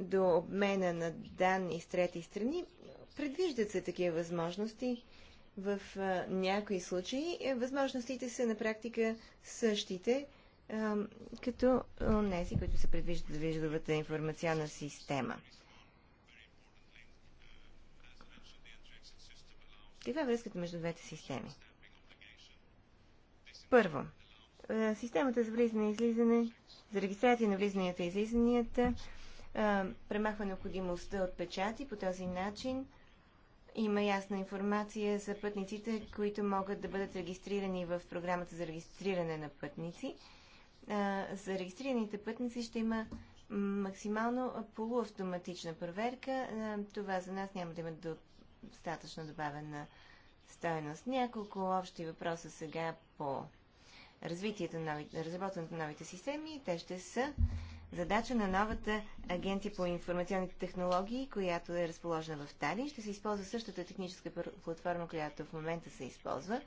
до обмена на данни с трети страни, предвиждат се такива възможности. В някои случаи е, възможностите са на практика същите, като тези, които се предвиждат в виждовата информационна система. Каква е връзката между двете системи? Първо, системата за влизане и излизане за регистрация на влизанията и излизанията, премахва необходимостта от печати. По този начин има ясна информация за пътниците, които могат да бъдат регистрирани в програмата за регистриране на пътници. За регистрираните пътници ще има максимално полуавтоматична проверка. Това за нас няма да има достатъчно добавена стоеност. Няколко общи въпроса сега по развитието на новите, разработването на новите системи и те ще са задача на новата агенция по информационните технологии, която е разположена в Талин. Ще се използва същата техническа платформа, която в момента се използва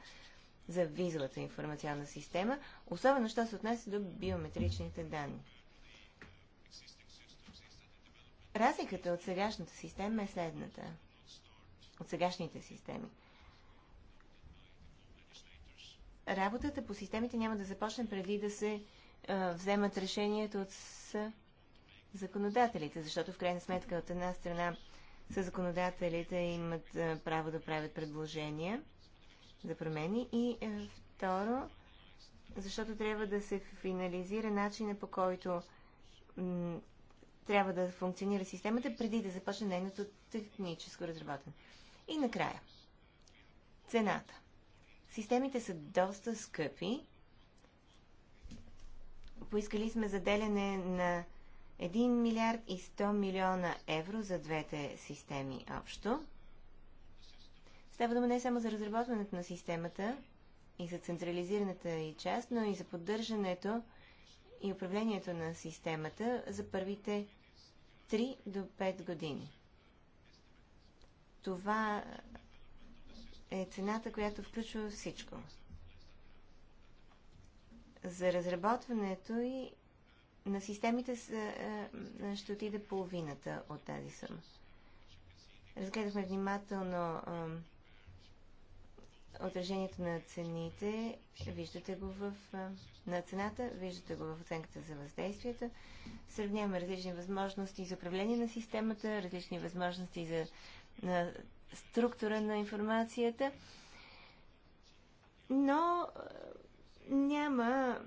за визовата информационна система, особено що се отнася до биометричните данни. Разликата от сегашната система е следната. От сегашните системи – работата по системите няма да започне преди да се а, вземат решението от с законодателите, защото в крайна сметка от една страна с законодателите имат а, право да правят предложения за промени и а, второ, защото трябва да се финализира начина по който трябва да функционира системата преди да започне нейното техническо разработване. И накрая. Цената. Системите са доста скъпи. Поискали сме заделяне на 1 милиард и 100 милиона евро за двете системи общо. Става дума не само за разработването на системата и за централизираната и част, но и за поддържането и управлението на системата за първите 3 до 5 години. Това е цената, която включва всичко. За разработването и на системите е, е, ще отиде половината от тази сума. Разгледахме внимателно е, отражението на цените, виждате го в, на цената, виждате го в оценката за въздействието. Сравняваме различни възможности за управление на системата, различни възможности за на структура на информацията, но няма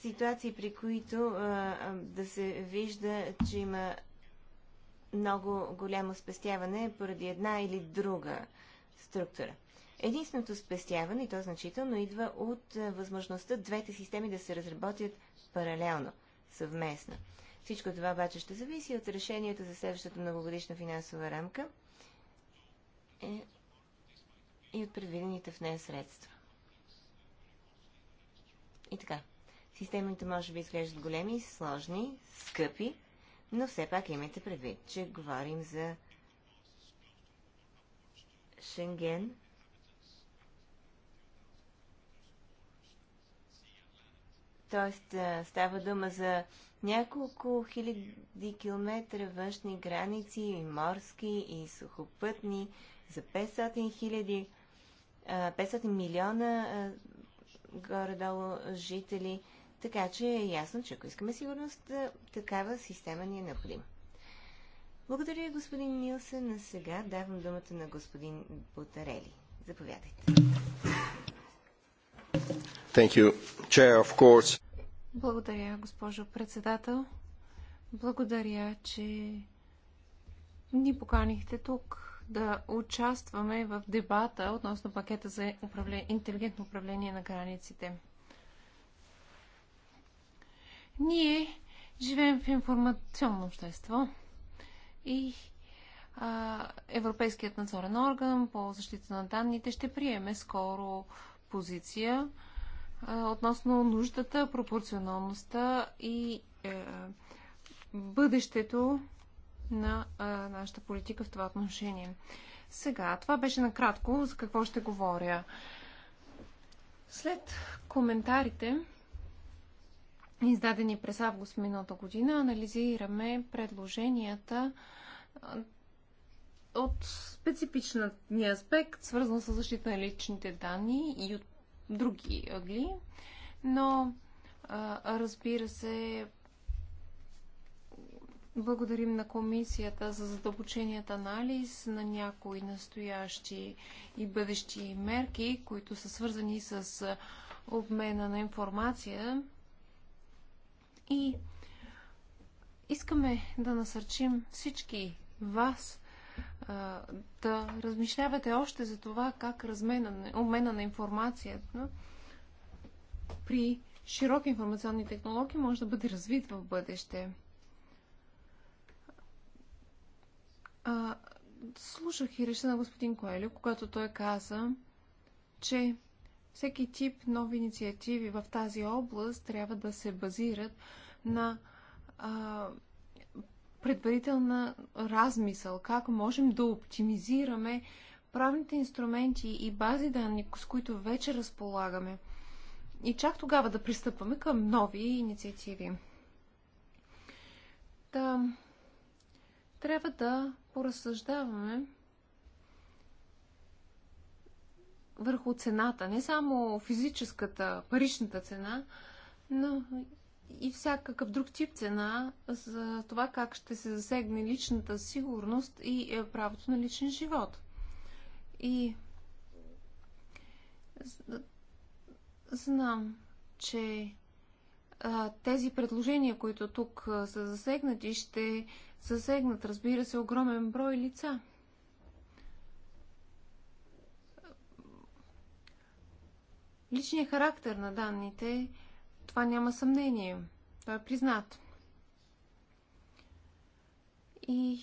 ситуации, при които да се вижда, че има много голямо спестяване поради една или друга структура. Единственото спестяване, и то значително, идва от възможността двете системи да се разработят паралелно, съвместно. Всичко това обаче ще зависи от решението за следващата многогодишна финансова рамка – е, и от предвидените в нея средства. И така, системите може би изглеждат големи, сложни, скъпи, но все пак имайте предвид, че говорим за Шенген, Тоест става дума за няколко хиляди километра външни граници, и морски, и сухопътни, за 500 хиляди, 500 милиона горе-долу жители. Така че е ясно, че ако искаме сигурност, такава система ни е необходима. Благодаря, господин Нилсен. на сега давам думата на господин Бутарели. Заповядайте. Thank you. Chair, of course. Благодаря, госпожо председател. Благодаря, че ни поканихте тук да участваме в дебата относно пакета за управление, интелигентно управление на границите. Ние живеем в информационно общество и а, Европейският надзорен орган по защита на данните ще приеме скоро позиция а, относно нуждата, пропорционалността и а, е, бъдещето на а, нашата политика в това отношение. Сега, това беше накратко за какво ще говоря. След коментарите, издадени през август миналата година, анализираме предложенията от специфичния аспект, свързан с защита на личните данни и от други ъгли, но разбира се, Благодарим на комисията за задълбоченият анализ на някои настоящи и бъдещи мерки, които са свързани с обмена на информация. И искаме да насърчим всички вас да размишлявате още за това как размена, обмена на информацията при широки информационни технологии може да бъде развит в бъдеще. А, слушах и реша на господин Коелю, когато той каза, че всеки тип нови инициативи в тази област трябва да се базират на а, предварителна размисъл, как можем да оптимизираме правните инструменти и бази данни, с които вече разполагаме. И чак тогава да пристъпваме към нови инициативи. Та, да трябва да поразсъждаваме върху цената, не само физическата, паричната цена, но и всякакъв друг тип цена за това как ще се засегне личната сигурност и е, правото на личен живот. И знам, че тези предложения, които тук са засегнати, ще засегнат, разбира се, огромен брой лица. Личният характер на данните, това няма съмнение. Това е признат. И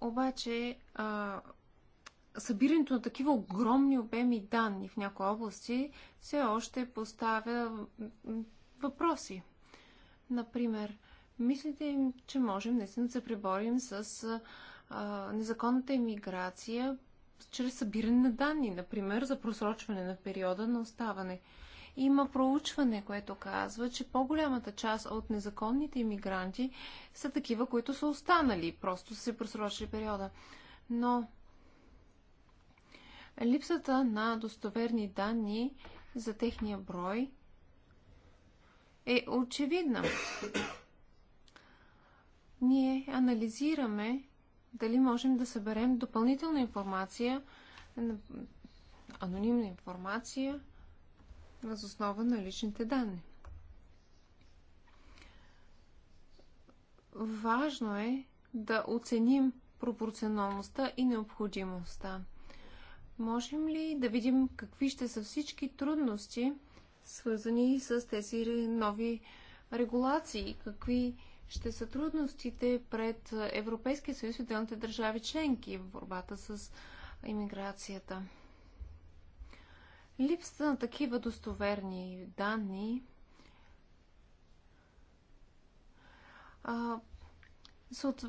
обаче а, събирането на такива огромни обеми данни в някои области все още поставя въпроси. Например, Мислите, че можем наистина да се преборим с а, незаконната иммиграция чрез събиране на данни, например, за просрочване на периода на оставане. Има проучване, което казва, че по-голямата част от незаконните иммигранти са такива, които са останали, просто са се просрочили периода. Но липсата на достоверни данни за техния брой е очевидна ние анализираме дали можем да съберем допълнителна информация, анонимна информация, въз основа на личните данни. Важно е да оценим пропорционалността и необходимостта. Можем ли да видим какви ще са всички трудности, свързани с тези нови регулации, какви ще са трудностите пред Европейския съюз и отделните държави членки в борбата с иммиграцията. Липсата на такива достоверни данни а, от...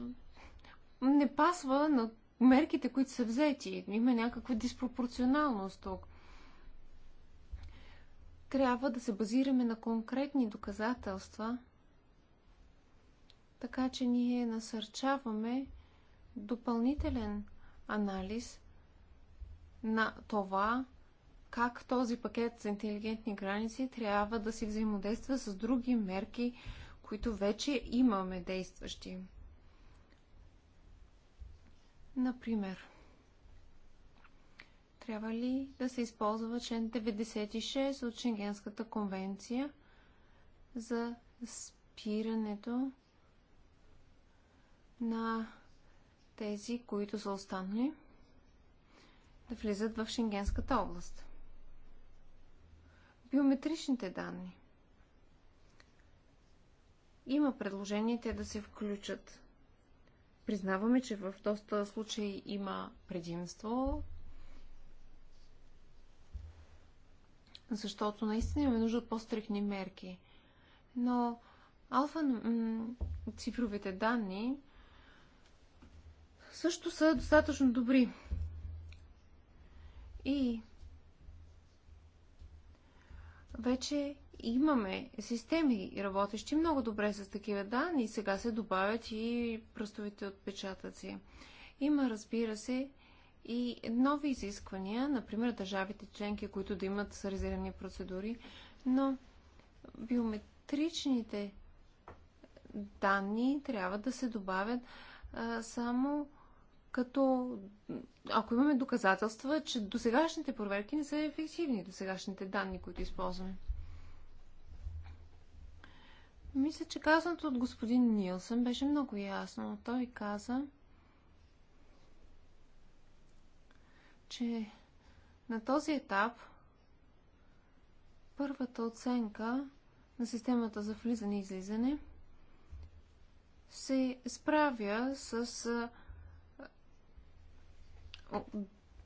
не пасва на мерките, които са взети. Има някаква диспропорционалност тук. Трябва да се базираме на конкретни доказателства – така че ние насърчаваме допълнителен анализ на това, как този пакет за интелигентни граници трябва да си взаимодейства с други мерки, които вече имаме действащи. Например, трябва ли да се използва член 96 от Шенгенската конвенция за спирането на тези, които са останали да влизат в Шенгенската област. Биометричните данни. Има предложение те да се включат. Признаваме, че в доста случаи има предимство, защото наистина имаме нужда от по-стрикни мерки. Но алфа цифровите данни също са достатъчно добри. И вече имаме системи, работещи много добре с такива данни. Сега се добавят и пръстовите отпечатъци. Има, разбира се, и нови изисквания, например, държавите членки, които да имат резервни процедури, но биометричните данни трябва да се добавят а, само като ако имаме доказателства, че досегашните проверки не са ефективни, досегашните данни, които използваме. Мисля, че казаното от господин Нилсън беше много ясно. Той каза, че на този етап първата оценка на системата за влизане и излизане се справя с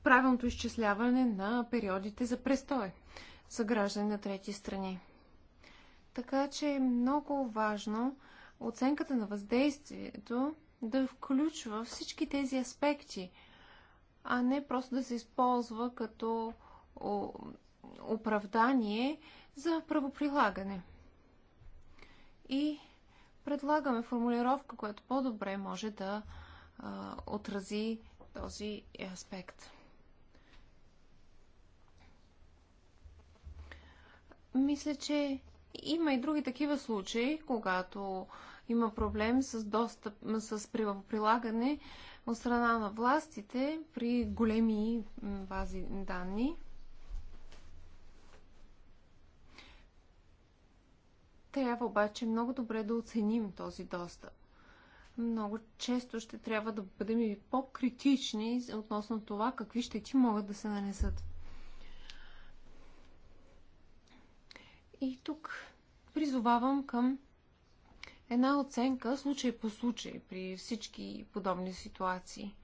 правилното изчисляване на периодите за престой за граждани на трети страни. Така че е много важно оценката на въздействието да включва всички тези аспекти, а не просто да се използва като оправдание за правоприлагане. И предлагаме формулировка, която по-добре може да а, отрази този аспект. Мисля, че има и други такива случаи, когато има проблем с, достъп, с прилагане от страна на властите при големи бази данни. Трябва обаче много добре да оценим този достъп много често ще трябва да бъдем и по-критични относно това какви ще ти могат да се нанесат. И тук призовавам към една оценка случай по случай при всички подобни ситуации.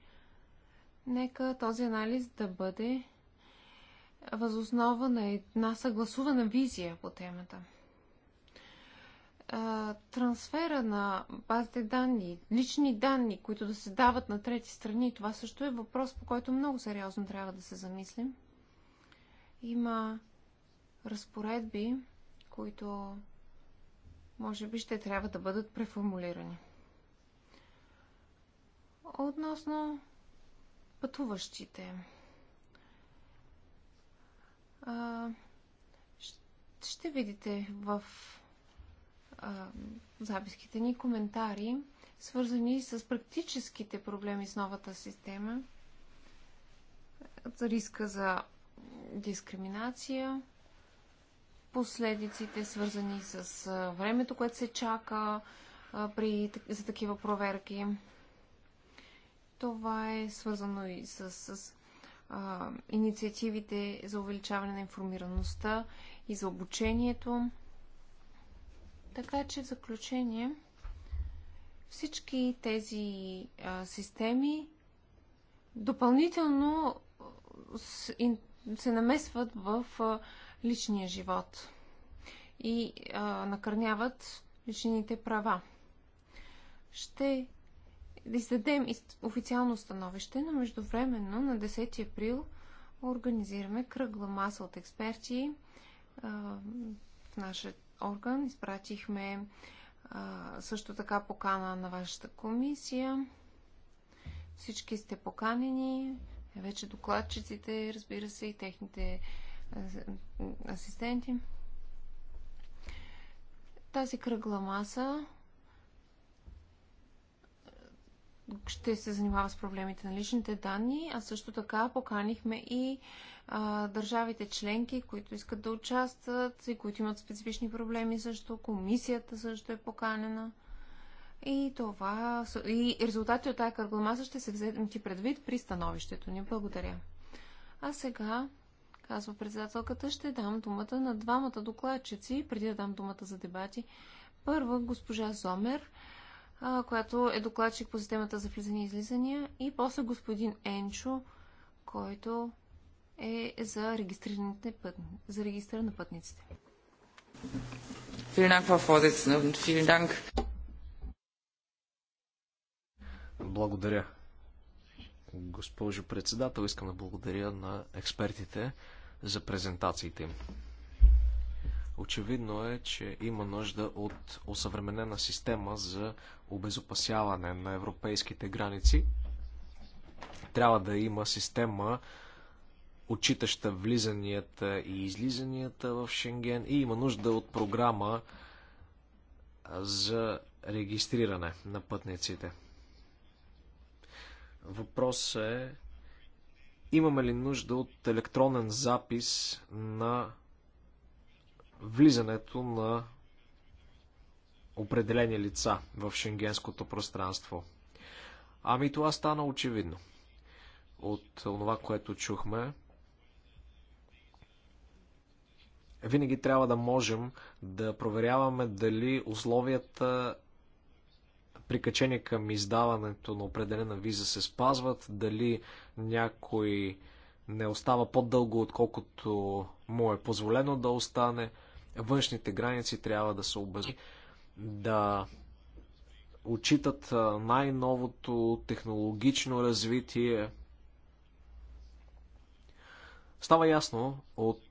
Нека този анализ да бъде възоснова на една съгласувана визия по темата – трансфера на базите данни, лични данни, които да се дават на трети страни, това също е въпрос, по който много сериозно трябва да се замислим. Има разпоредби, които може би ще трябва да бъдат преформулирани. Относно пътуващите. А, ще видите в а, записките ни коментари, свързани с практическите проблеми с новата система, риска за дискриминация, последиците, свързани с времето, което се чака а, при, за такива проверки. Това е свързано и с, с а, инициативите за увеличаване на информираността и за обучението. Така че в заключение всички тези а, системи допълнително се намесват в а, личния живот и а, накърняват личните права. Ще издадем официално становище, но междувременно на 10 април организираме кръгла маса от експерти а, в нашата орган. Изпратихме също така покана на вашата комисия. Всички сте поканени, вече докладчиците, разбира се, и техните асистенти. Тази кръгла маса ще се занимава с проблемите на личните данни, а също така поканихме и а, държавите членки, които искат да участват и които имат специфични проблеми също. Комисията също е поканена. И това, и резултати от тази маса ще се вземат и предвид при становището ни. Благодаря. А сега, казва председателката, ще дам думата на двамата докладчици, преди да дам думата за дебати. Първа, госпожа Зомер която е докладчик по системата за влизане и излизания. И после господин Енчо, който е за, регистрираните пътни, за регистрира на пътниците. Благодаря. Госпожо председател, искам да благодаря на експертите за презентациите им. Очевидно е, че има нужда от осъвременена система за обезопасяване на европейските граници. Трябва да има система, отчитаща влизанията и излизанията в Шенген и има нужда от програма за регистриране на пътниците. Въпрос е имаме ли нужда от електронен запис на влизането на определени лица в шенгенското пространство. Ами това стана очевидно от това, което чухме. Винаги трябва да можем да проверяваме дали условията прикачени към издаването на определена виза се спазват, дали някой не остава по-дълго, отколкото му е позволено да остане – външните граници трябва да се обезпечат, да отчитат най-новото технологично развитие. Става ясно от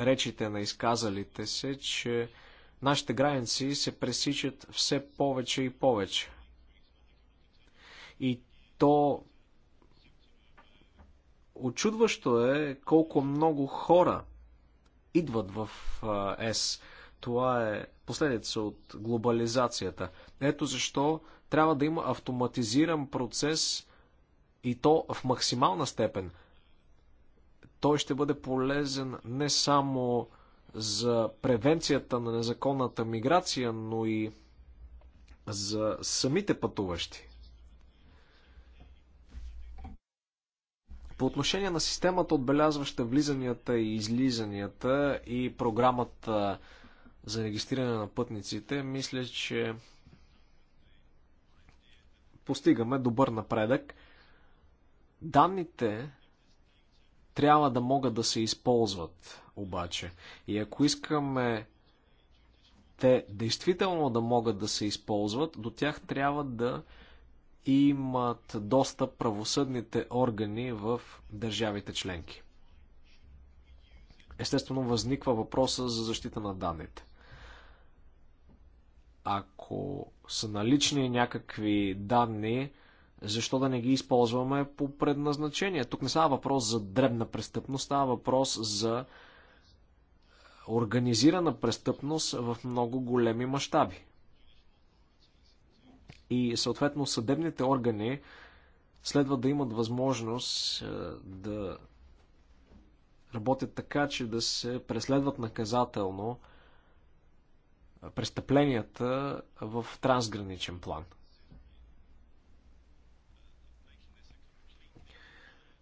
речите на изказалите се, че нашите граници се пресичат все повече и повече. И то очудващо е колко много хора идват в ЕС. Това е последица от глобализацията. Ето защо трябва да има автоматизиран процес и то в максимална степен. Той ще бъде полезен не само за превенцията на незаконната миграция, но и за самите пътуващи. По отношение на системата, отбелязваща влизанията и излизанията и програмата за регистриране на пътниците, мисля, че постигаме добър напредък. Данните трябва да могат да се използват обаче. И ако искаме те действително да могат да се използват, до тях трябва да имат доста правосъдните органи в държавите членки. Естествено възниква въпроса за защита на данните. Ако са налични някакви данни, защо да не ги използваме по предназначение? Тук не става въпрос за дребна престъпност, става въпрос за организирана престъпност в много големи мащаби и съответно съдебните органи следва да имат възможност е, да работят така, че да се преследват наказателно престъпленията в трансграничен план.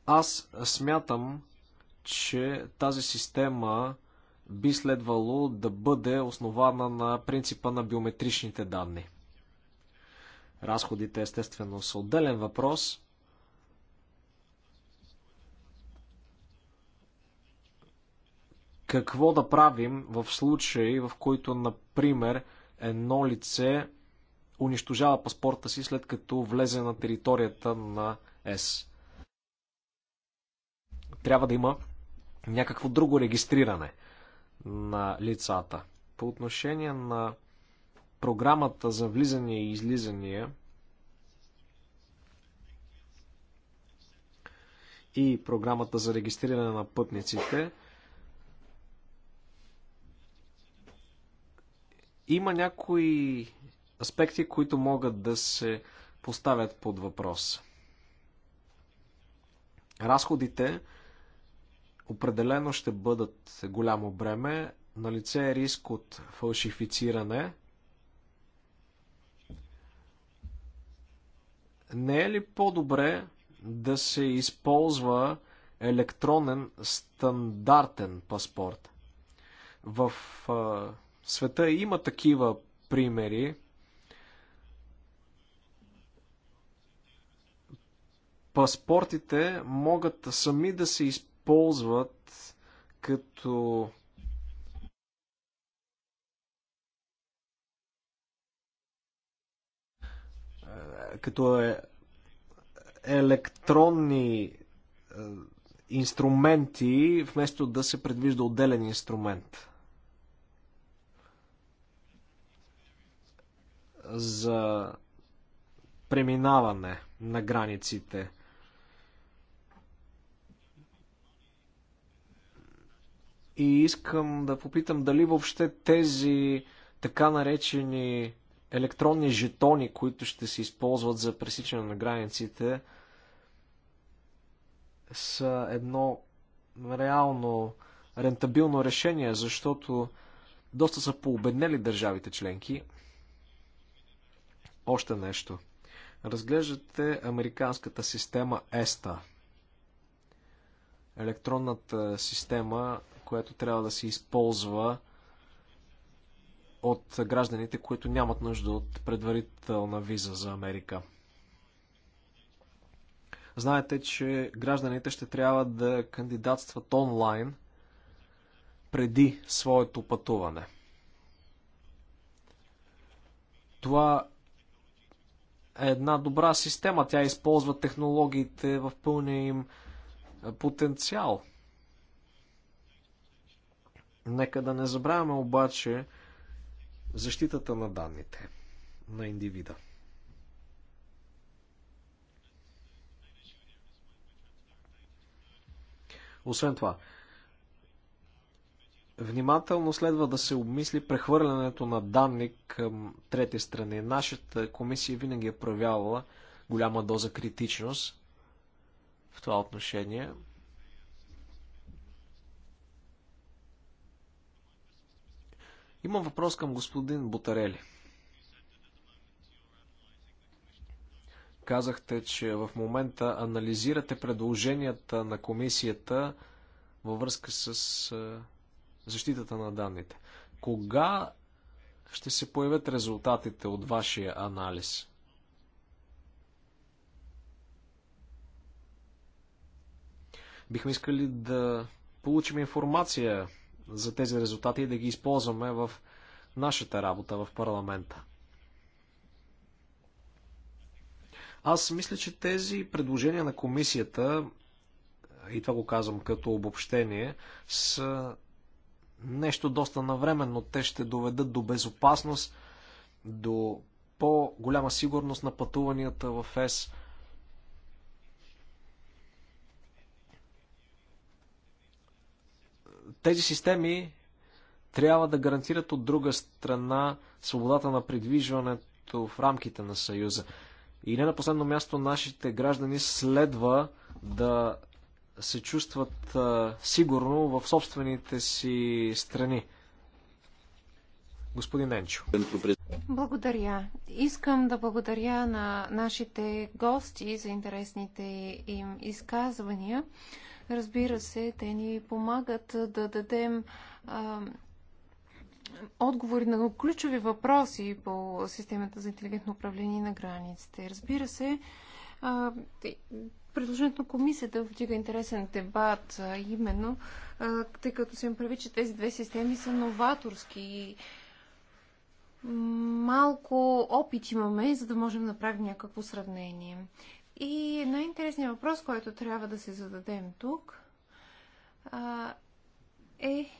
Аз смятам, че тази система би следвало да бъде основана на принципа на биометричните данни – Разходите естествено са отделен въпрос. Какво да правим в случаи, в който, например, едно лице унищожава паспорта си след като влезе на територията на ЕС? Трябва да има някакво друго регистриране на лицата. По отношение на програмата за влизания и излизания и програмата за регистриране на пътниците, има някои аспекти, които могат да се поставят под въпрос. Разходите определено ще бъдат голямо бреме. На лице е риск от фалшифициране – Не е ли по-добре да се използва електронен стандартен паспорт? В а, света има такива примери. Паспортите могат сами да се използват като като е електронни е, инструменти, вместо да се предвижда отделен инструмент. за преминаване на границите. И искам да попитам дали въобще тези така наречени електронни жетони, които ще се използват за пресичане на границите, са едно реално рентабилно решение, защото доста са пообеднели държавите членки. Още нещо. Разглеждате американската система Еста: Електронната система, която трябва да се използва от гражданите, които нямат нужда от предварителна виза за Америка. Знаете, че гражданите ще трябва да кандидатстват онлайн преди своето пътуване. Това е една добра система. Тя използва технологиите в пълния им е, потенциал. Нека да не забравяме обаче, защитата на данните на индивида. Освен това, внимателно следва да се обмисли прехвърлянето на данни към трети страни. Нашата комисия винаги е проявявала голяма доза критичност в това отношение. Имам въпрос към господин Бутарели. Казахте, че в момента анализирате предложенията на комисията във връзка с защитата на данните. Кога ще се появят резултатите от вашия анализ? Бихме искали да получим информация за тези резултати и да ги използваме в нашата работа в парламента. Аз мисля, че тези предложения на комисията, и това го казвам като обобщение, са нещо доста навременно. Те ще доведат до безопасност, до по-голяма сигурност на пътуванията в ЕС. Тези системи трябва да гарантират от друга страна свободата на придвижването в рамките на Съюза. И не на последно място нашите граждани следва да се чувстват а, сигурно в собствените си страни. Господин Енчо. Благодаря. Искам да благодаря на нашите гости за интересните им изказвания. Разбира се, те ни помагат да дадем а, отговори на ключови въпроси по системата за интелигентно управление на границите. Разбира се, а, предложението на комисията вдига интересен дебат, а, именно а, тъй като се им прави, че тези две системи са новаторски и малко опит имаме, за да можем да направим някакво сравнение. И най-интересният въпрос, който трябва да се зададем тук, а, е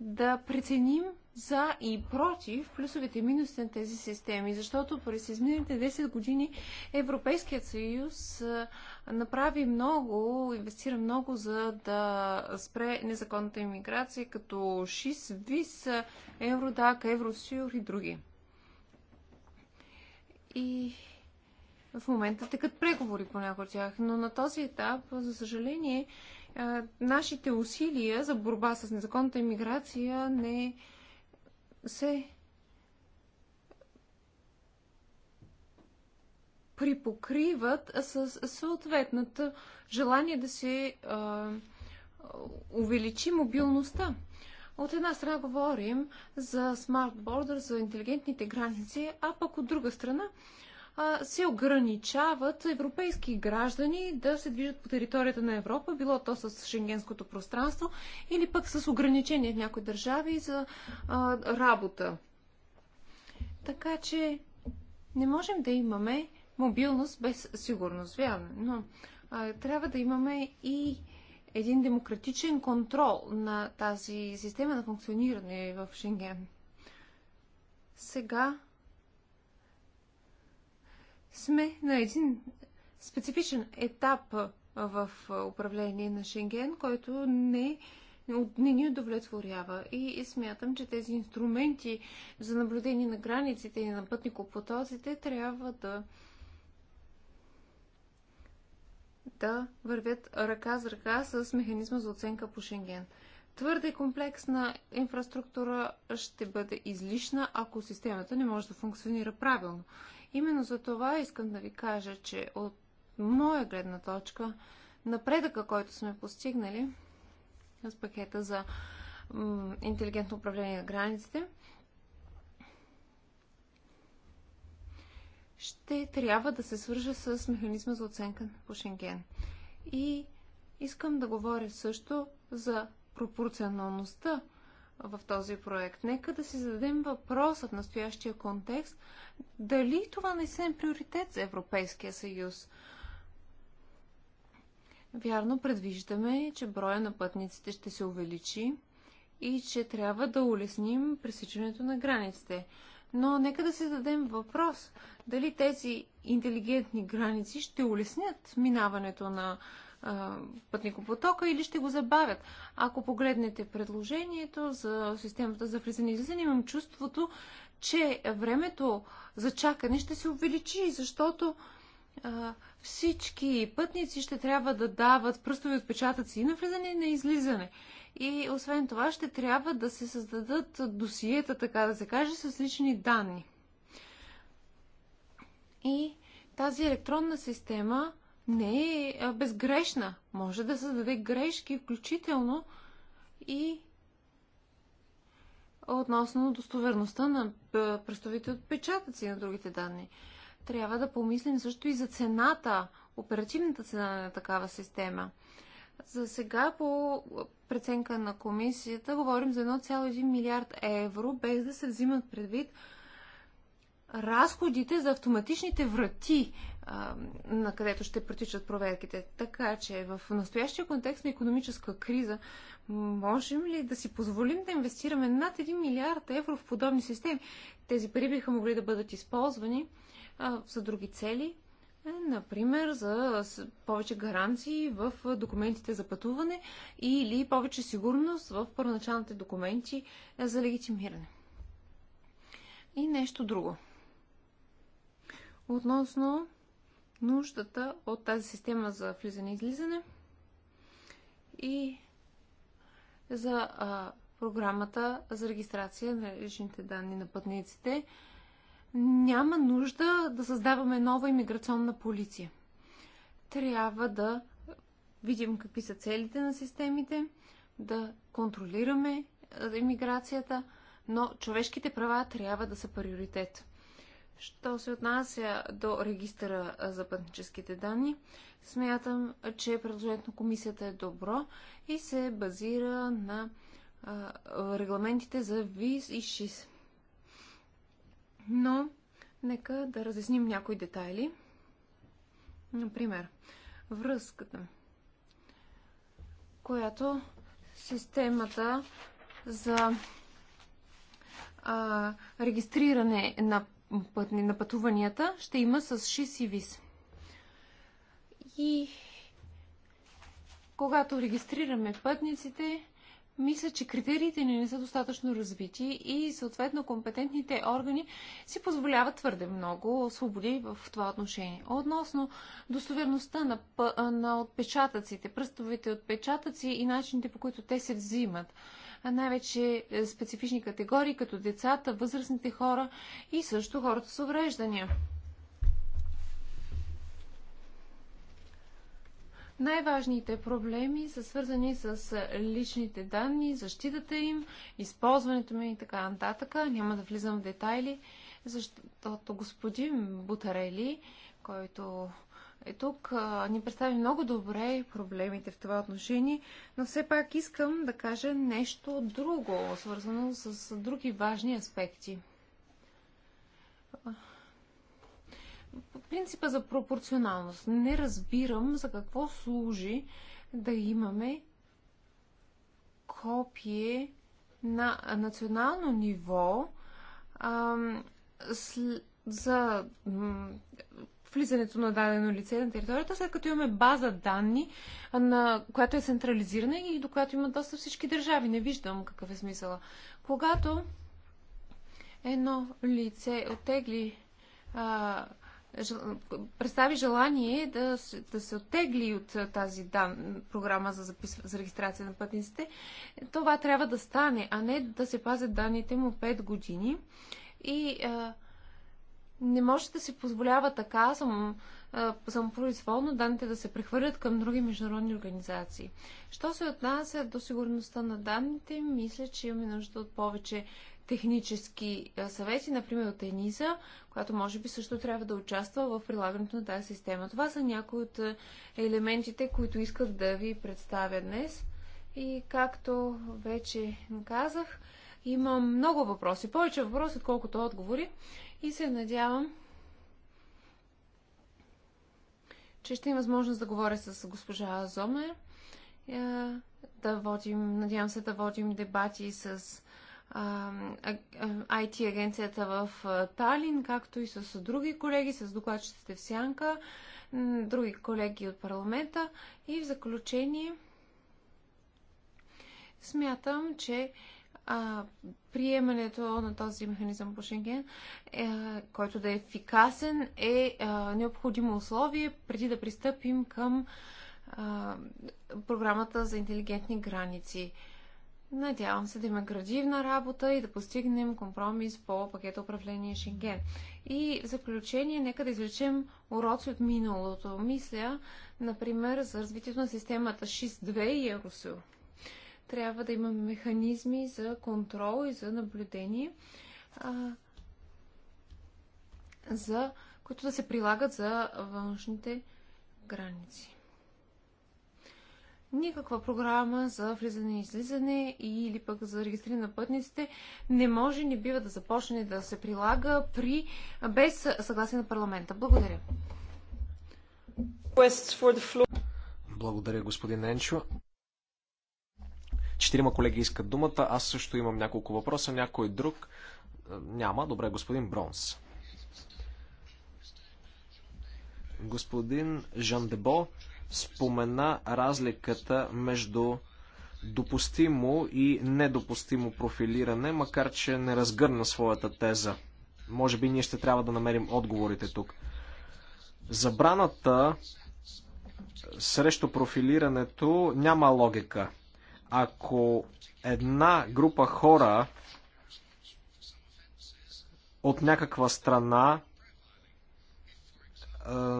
да преценим за и против плюсовете и минусите на тези системи, защото през изминалите 10 години Европейският съюз направи много, инвестира много за да спре незаконната иммиграция, като ШИС, ВИС, Евродак, Евросюр и други. И в момента текат преговори по някои от тях, но на този етап, за съжаление, нашите усилия за борба с незаконната иммиграция не се припокриват с съответната желание да се а, увеличи мобилността. От една страна говорим за Smart Border, за интелигентните граници, а пък от друга страна се ограничават европейски граждани да се движат по територията на Европа, било то с шенгенското пространство или пък с ограничения в някои държави за а, работа. Така че не можем да имаме мобилност без сигурност, вярно, но а, трябва да имаме и един демократичен контрол на тази система на функциониране в Шенген. Сега сме на един специфичен етап в управление на Шенген, който не, не ни удовлетворява. И, и смятам, че тези инструменти за наблюдение на границите и на пътникопотоците трябва да да вървят ръка с ръка с механизма за оценка по Шенген. Твърде комплексна инфраструктура ще бъде излишна, ако системата не може да функционира правилно. Именно за това искам да ви кажа, че от моя гледна точка напредъка, който сме постигнали с пакета за интелигентно управление на границите, ще трябва да се свържа с механизма за оценка по Шенген. И искам да говоря също за пропорционалността в този проект. Нека да си зададем въпросът в настоящия контекст дали това не е приоритет за Европейския съюз. Вярно, предвиждаме, че броя на пътниците ще се увеличи и че трябва да улесним пресичането на границите. Но нека да се зададем въпрос дали тези интелигентни граници ще улеснят минаването на пътникопотока или ще го забавят. Ако погледнете предложението за системата за влизане и излизане, имам чувството, че времето за чакане ще се увеличи, защото а, всички пътници ще трябва да дават пръстови отпечатъци и на влизане, и на излизане. И освен това ще трябва да се създадат досиета, така да се каже, с лични данни. И тази електронна система не е безгрешна. Може да създаде грешки, включително и относно достоверността на пръстовите отпечатъци на другите данни. Трябва да помислим също и за цената, оперативната цена на такава система. За сега по преценка на комисията говорим за 1,1 милиард евро, без да се взимат предвид разходите за автоматичните врати, а, на където ще протичат проверките. Така че в настоящия контекст на економическа криза можем ли да си позволим да инвестираме над 1 милиард евро в подобни системи? Тези пари биха могли да бъдат използвани а, за други цели, е, Например, за повече гаранции в документите за пътуване или повече сигурност в първоначалните документи е, за легитимиране. И нещо друго относно нуждата от тази система за влизане и излизане и за а, програмата за регистрация на личните данни на пътниците. Няма нужда да създаваме нова иммиграционна полиция. Трябва да видим какви са целите на системите, да контролираме иммиграцията, но човешките права трябва да са приоритет. Що се отнася до регистъра за пътническите данни, смятам, че предложението на комисията е добро и се базира на а, регламентите за ВИЗ и ШИС. Но, нека да разясним някои детайли. Например, връзката, която системата за а, регистриране на пътни, на пътуванията ще има с ШИС и ВИС. И когато регистрираме пътниците, мисля, че критериите ни не са достатъчно развити и съответно компетентните органи си позволяват твърде много свободи в това отношение. Относно достоверността на, на отпечатъците, пръстовите отпечатъци и начините по които те се взимат а най-вече е, специфични категории, като децата, възрастните хора и също хората с увреждания. Най-важните проблеми са свързани с е, личните данни, защитата им, използването ми и така нататък. Няма да влизам в детайли, защото господин Бутарели, който е тук, а, ни представи много добре проблемите в това отношение, но все пак искам да кажа нещо друго, свързано с други важни аспекти. Принципа за пропорционалност. Не разбирам за какво служи да имаме копие на национално ниво а, за влизането на дадено лице на територията, след като имаме база данни, на която е централизирана и до която има доста всички държави. Не виждам какъв е смисъла. Когато едно лице оттегли а, представи желание да, да се оттегли от тази дан, програма за, запис, за регистрация на пътниците, това трябва да стане, а не да се пазят данните му 5 години. И а, не може да се позволява така самопроизволно данните да се прехвърлят към други международни организации. Що се отнася до сигурността на данните, мисля, че имаме нужда от повече технически съвети, например от Ениза, която може би също трябва да участва в прилагането на тази система. Това са някои от елементите, които исках да ви представя днес. И както вече казах, има много въпроси, повече въпроси, отколкото отговори и се надявам, че ще има възможност да говоря с госпожа Зомер, е, да водим, надявам се да водим дебати с IT агенцията в Талин, както и с други колеги, с докладчиците в Сянка, други колеги от парламента. И в заключение смятам, че а, приемането на този механизъм по Шенген, е, който да е ефикасен, е а, е, необходимо условие преди да пристъпим към а, е, програмата за интелигентни граници. Надявам се да има градивна работа и да постигнем компромис по пакета управление Шенген. И в заключение, нека да извлечем уроци от миналото. Мисля, например, за развитието на системата ШИС-2 и Евросил. Трябва да имаме механизми за контрол и за наблюдение, а, за, които да се прилагат за външните граници. Никаква програма за влизане и излизане или пък за регистриране на пътниците не може, не бива да започне да се прилага при, без съгласие на парламента. Благодаря. Благодаря, господин Енчо. Четирима колеги искат думата. Аз също имам няколко въпроса. Някой друг? Е, няма. Добре, господин Бронс. Господин Жан Дебо спомена разликата между допустимо и недопустимо профилиране, макар че не разгърна своята теза. Може би ние ще трябва да намерим отговорите тук. Забраната срещу профилирането няма логика. Ако една група хора от някаква страна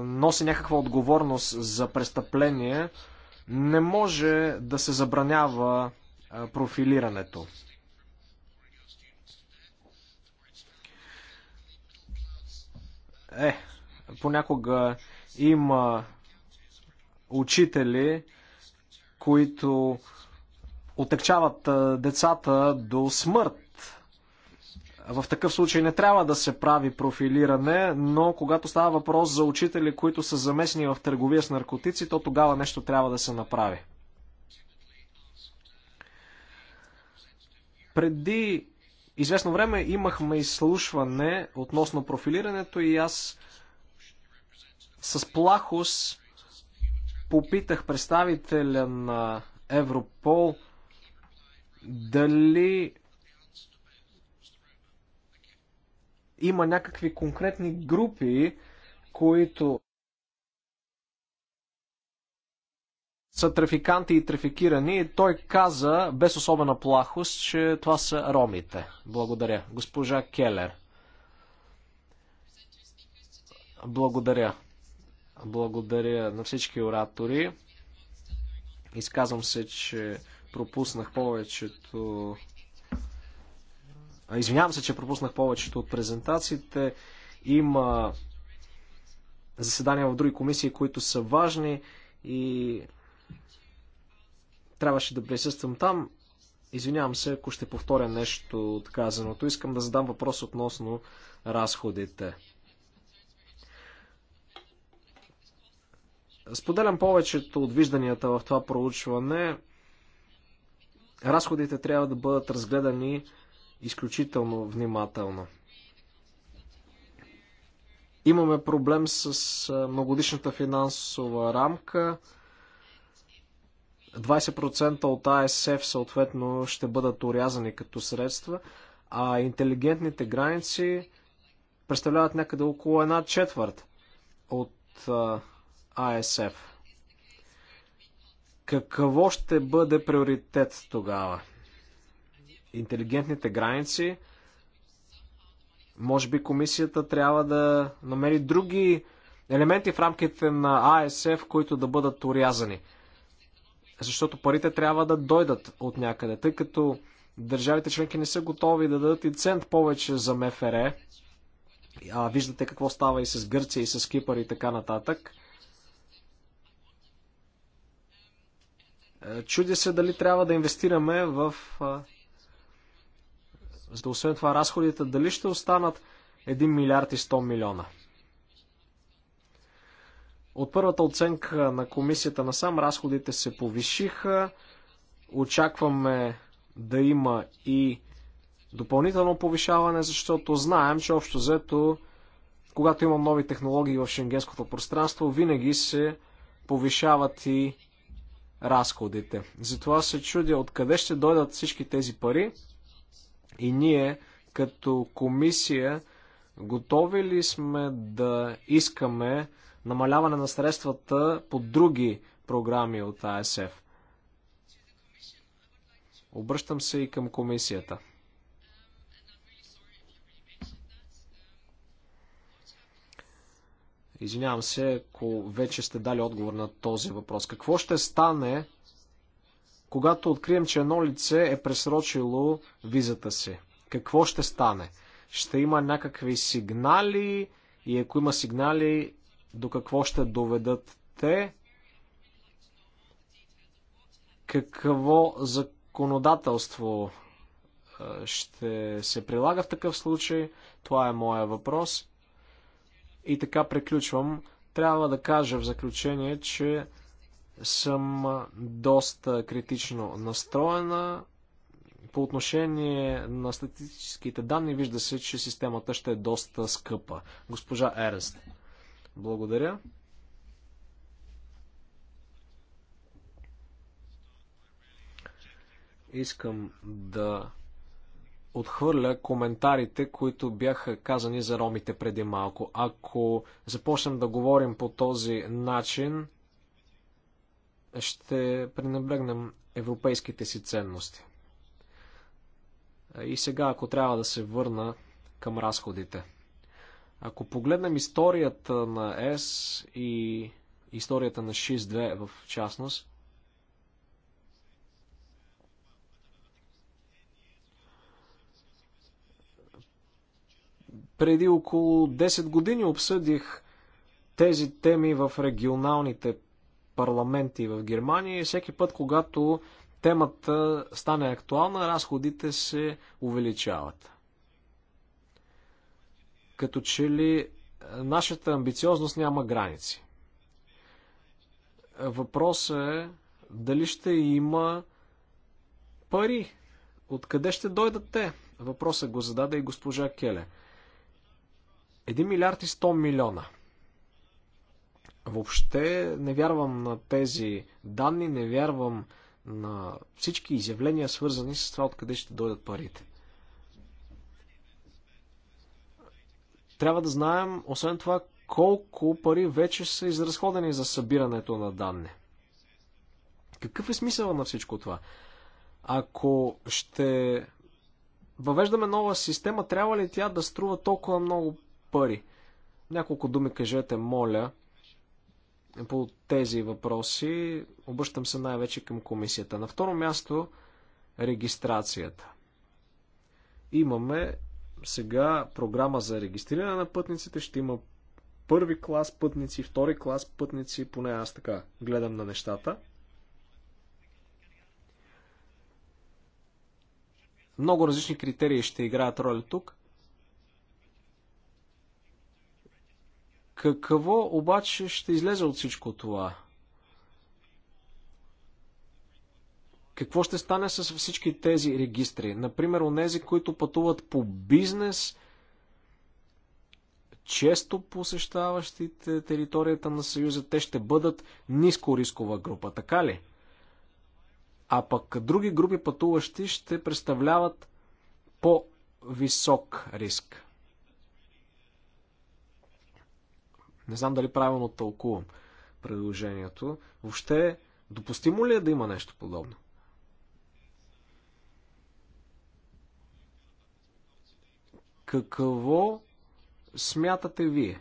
носи някаква отговорност за престъпление, не може да се забранява профилирането. Е, понякога има учители, които отекчават децата до смърт. В такъв случай не трябва да се прави профилиране, но когато става въпрос за учители, които са замесени в търговия с наркотици, то тогава нещо трябва да се направи. Преди известно време имахме изслушване относно профилирането и аз с плахост попитах представителя на Европол – дали има някакви конкретни групи, които са трафиканти и трафикирани. И той каза, без особена плахост, че това са ромите. Благодаря. Госпожа Келер. Благодаря. Благодаря на всички оратори. Изказвам се, че пропуснах повечето. Извинявам се, че пропуснах повечето от презентациите. Има заседания в други комисии, които са важни и трябваше да присъствам там. Извинявам се, ако ще повторя нещо от казаното. Искам да задам въпрос относно разходите. Споделям повечето от вижданията в това проучване разходите трябва да бъдат разгледани изключително внимателно. Имаме проблем с многодишната финансова рамка. 20% от АСФ съответно ще бъдат урязани като средства, а интелигентните граници представляват някъде около една четвърт от АСФ. Какво ще бъде приоритет тогава? Интелигентните граници. Може би комисията трябва да намери други елементи в рамките на АСФ, които да бъдат урязани. Защото парите трябва да дойдат от някъде, тъй като държавите членки не са готови да дадат и цент повече за МФР. А, виждате какво става и с Гърция, и с Кипър и така нататък. Е, Чудя се дали трябва да инвестираме в... За да освен това разходите, дали ще останат 1 милиард и 100 милиона. От първата оценка на комисията на сам разходите се повишиха. Очакваме да има и допълнително повишаване, защото знаем, че общо взето, когато има нови технологии в шенгенското пространство, винаги се повишават и разходите. Затова се чудя откъде ще дойдат всички тези пари и ние като комисия готови ли сме да искаме намаляване на средствата по други програми от АСФ? Обръщам се и към комисията. Извинявам се, ако вече сте дали отговор на този въпрос. Какво ще стане, когато открием, че едно лице е пресрочило визата си? Какво ще стане? Ще има някакви сигнали и ако има сигнали, до какво ще доведат те? Какво законодателство ще се прилага в такъв случай? Това е моя въпрос. И така приключвам. Трябва да кажа в заключение, че съм доста критично настроена. По отношение на статистическите данни, вижда се, че системата ще е доста скъпа. Госпожа Ерест. Благодаря. Искам да отхвърля коментарите, които бяха казани за ромите преди малко. Ако започнем да говорим по този начин, ще пренебрегнем европейските си ценности. И сега, ако трябва да се върна към разходите. Ако погледнем историята на С и историята на 62 в частност, Преди около 10 години обсъдих тези теми в регионалните парламенти в Германия и всеки път, когато темата стане актуална, разходите се увеличават. Като че ли е, нашата амбициозност няма граници. Въпросът е дали ще има пари. Откъде ще дойдат те? Въпросът го зададе и госпожа Келе. 1 милиард и 100 милиона. Въобще не вярвам на тези данни, не вярвам на всички изявления, свързани с това, откъде ще дойдат парите. Трябва да знаем, освен това, колко пари вече са изразходени за събирането на данни. Какъв е смисъл на всичко това? Ако ще въвеждаме нова система, трябва ли тя да струва толкова много пари. Няколко думи кажете, моля, по тези въпроси. Обръщам се най-вече към комисията. На второ място, регистрацията. Имаме сега програма за регистриране на пътниците. Ще има първи клас пътници, втори клас пътници, поне аз така гледам на нещата. Много различни критерии ще играят роля тук. Какво обаче ще излезе от всичко това? Какво ще стане с всички тези регистри? Например, онези, които пътуват по бизнес, често посещаващите територията на Съюза, те ще бъдат ниско рискова група, така ли? А пък други групи пътуващи ще представляват по-висок риск. Не знам дали правилно тълкувам предложението. Въобще, допустимо ли е да има нещо подобно? Какво смятате вие?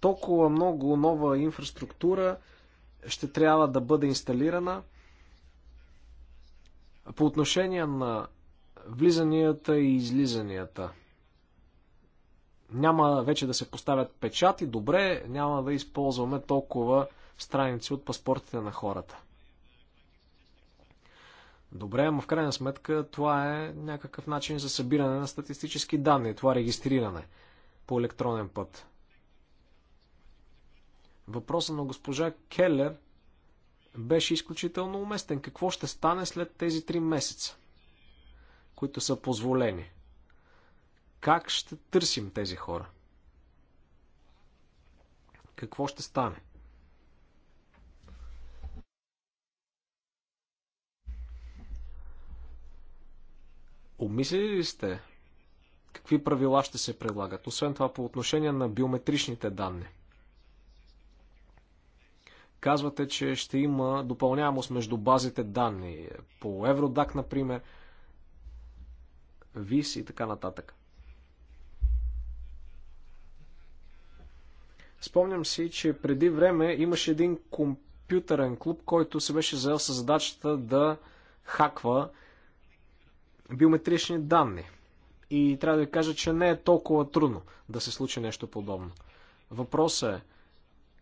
Толкова много нова инфраструктура ще трябва да бъде инсталирана. По отношение на влизанията и излизанията – няма вече да се поставят печати, добре, няма да използваме толкова страници от паспортите на хората. Добре, но в крайна сметка това е някакъв начин за събиране на статистически данни, това регистриране по електронен път. Въпросът на госпожа Келер беше изключително уместен. Какво ще стане след тези три месеца, които са позволени? Как ще търсим тези хора? Какво ще стане? Обмислили ли сте какви правила ще се предлагат, освен това по отношение на биометричните данни? Казвате, че ще има допълняемост между базите данни по Евродак, например, ВИС и така нататък. Спомням си, че преди време имаше един компютърен клуб, който се беше заел с задачата да хаква биометрични данни. И трябва да ви кажа, че не е толкова трудно да се случи нещо подобно. Въпросът е,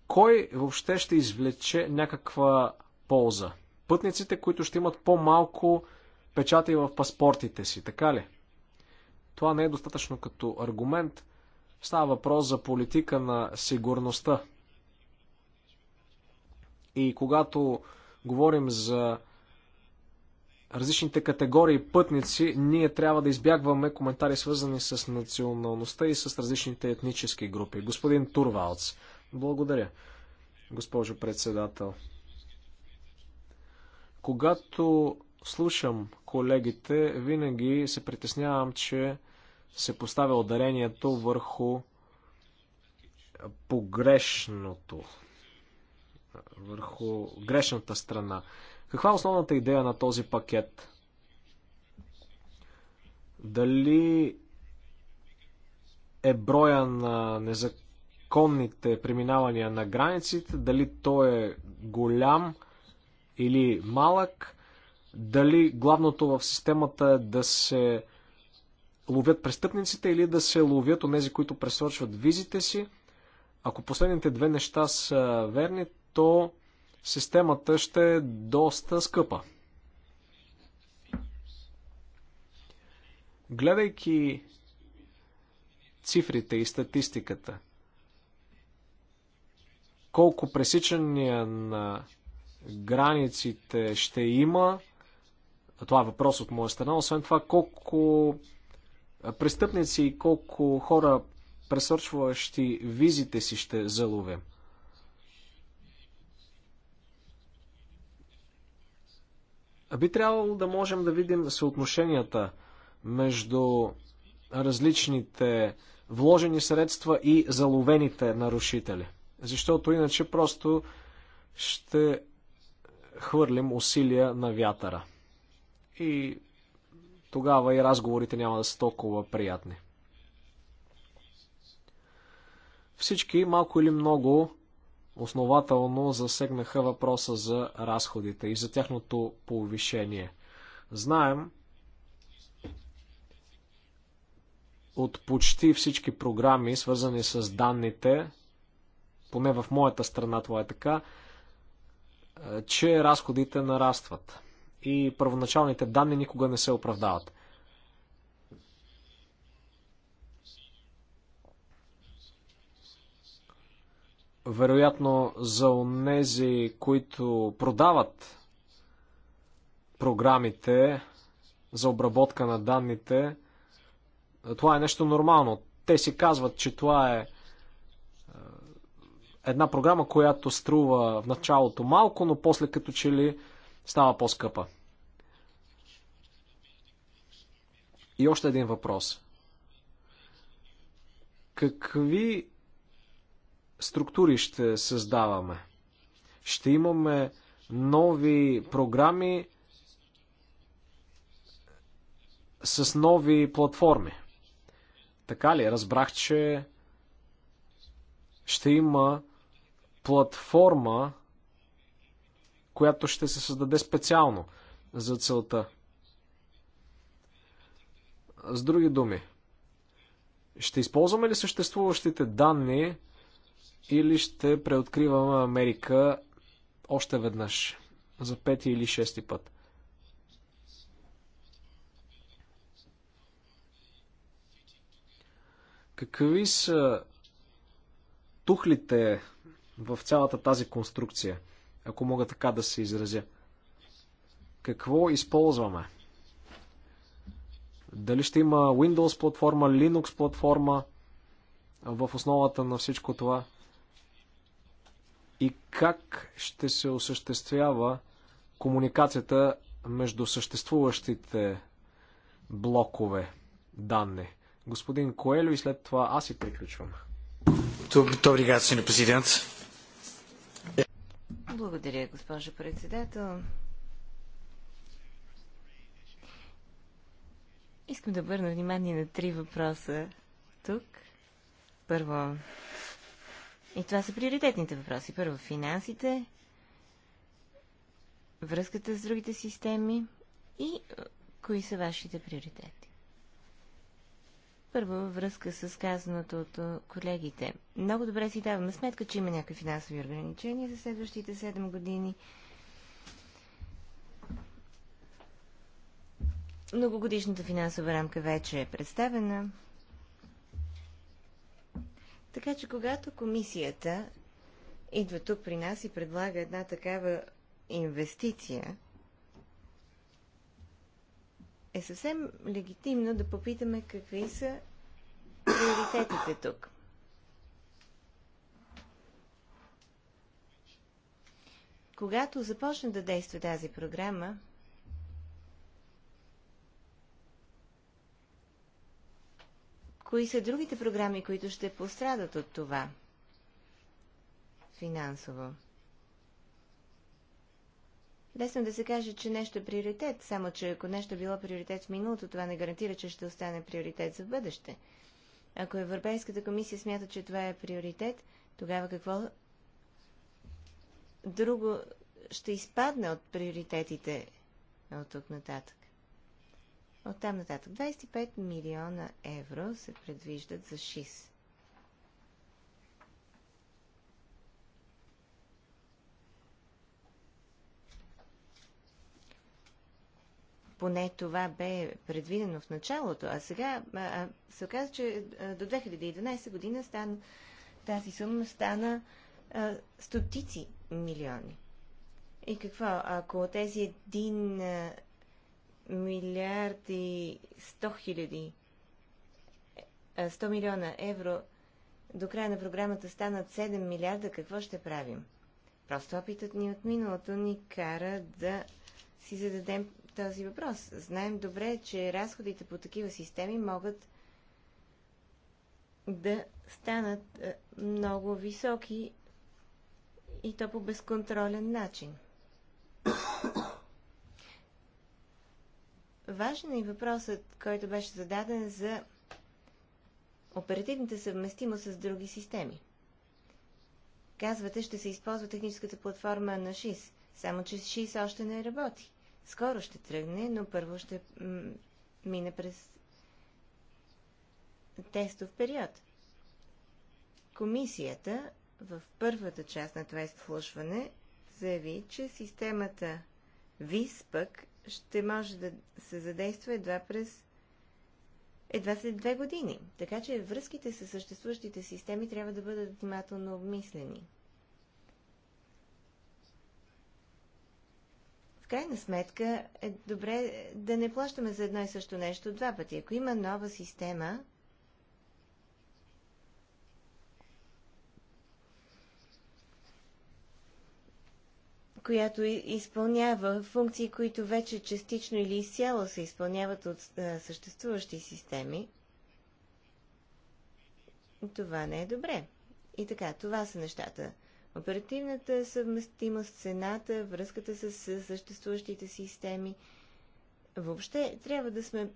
кой въобще ще извлече някаква полза? Пътниците, които ще имат по-малко печати в паспортите си, така ли? Това не е достатъчно като аргумент – Става въпрос за политика на сигурността. И когато говорим за различните категории пътници, ние трябва да избягваме коментари свързани с националността и с различните етнически групи. Господин Турвалц, благодаря, госпожо председател. Когато слушам колегите, винаги се притеснявам, че се поставя ударението върху погрешното, върху грешната страна. Каква е основната идея на този пакет? Дали е броя на незаконните преминавания на границите, дали то е голям или малък, дали главното в системата е да се ловят престъпниците или да се ловят от тези, които пресочват визите си. Ако последните две неща са верни, то системата ще е доста скъпа. Гледайки цифрите и статистиката, колко пресичания на границите ще има, това е въпрос от моя страна, освен това колко престъпници и колко хора, пресочващи визите си, ще заловим. Би трябвало да можем да видим съотношенията между различните вложени средства и заловените нарушители. Защото иначе просто ще хвърлим усилия на вятъра. И тогава и разговорите няма да са толкова приятни. Всички малко или много основателно засегнаха въпроса за разходите и за тяхното повишение. Знаем от почти всички програми, свързани с данните, поне в моята страна това е така, е, че разходите нарастват и първоначалните данни никога не се оправдават. Вероятно за онези, които продават програмите за обработка на данните, това е нещо нормално. Те си казват, че това е, е една програма, която струва в началото малко, но после като че ли става по-скъпа. И още един въпрос. Какви структури ще създаваме? Ще имаме нови програми с нови платформи. Така ли? Разбрах, че ще има платформа която ще се създаде специално за целта. С други думи, ще използваме ли съществуващите данни или ще преоткриваме Америка още веднъж за пети или шести път? Какви са тухлите в цялата тази конструкция? ако мога така да се изразя. Какво използваме? Дали ще има Windows платформа, Linux платформа в основата на всичко това? И как ще се осъществява комуникацията между съществуващите блокове данни? Господин Коелю и след това аз и приключвам. Добре, господин президент. Благодаря, госпожо председател. Искам да върна внимание на три въпроса тук. Първо, и това са приоритетните въпроси. Първо, финансите, връзката с другите системи и кои са вашите приоритети. Първо, във връзка с казаното от колегите. Много добре си даваме сметка, че има някакви финансови ограничения за следващите 7 години. Многогодишната финансова рамка вече е представена. Така че, когато комисията идва тук при нас и предлага една такава инвестиция – е съвсем легитимно да попитаме какви са приоритетите тук. Когато започне да действа тази програма, кои са другите програми, които ще пострадат от това финансово? Лесно да се каже, че нещо е приоритет, само че ако нещо е било приоритет в миналото, това не гарантира, че ще остане приоритет за бъдеще. Ако Европейската комисия смята, че това е приоритет, тогава какво друго ще изпадне от приоритетите от тук нататък? От там нататък 25 милиона евро се предвиждат за ШИС. Поне това бе предвидено в началото, а сега а, се оказа, че до 2011 година стан, тази сума стана а, стотици милиони. И какво, ако тези 1 милиард и 100 хиляди 100 милиона евро до края на програмата станат 7 милиарда, какво ще правим? Просто опитът ни от миналото ни кара да си зададем този въпрос. Знаем добре, че разходите по такива системи могат да станат е, много високи и то по безконтролен начин. Важен е и въпросът, който беше зададен за оперативната съвместимост с други системи. Казвате, ще се използва техническата платформа на ШИС, само че ШИС още не работи скоро ще тръгне, но първо ще мине през тестов период. Комисията в първата част на това изслушване заяви, че системата ВИС пък ще може да се задейства едва през едва след две години. Така че връзките с съществуващите системи трябва да бъдат внимателно обмислени. крайна сметка е добре да не плащаме за едно и също нещо два пъти. Ако има нова система, която изпълнява функции, които вече частично или изцяло се изпълняват от съществуващи системи, това не е добре. И така, това са нещата – оперативната съвместимост, цената, връзката с съществуващите системи. Въобще трябва да сме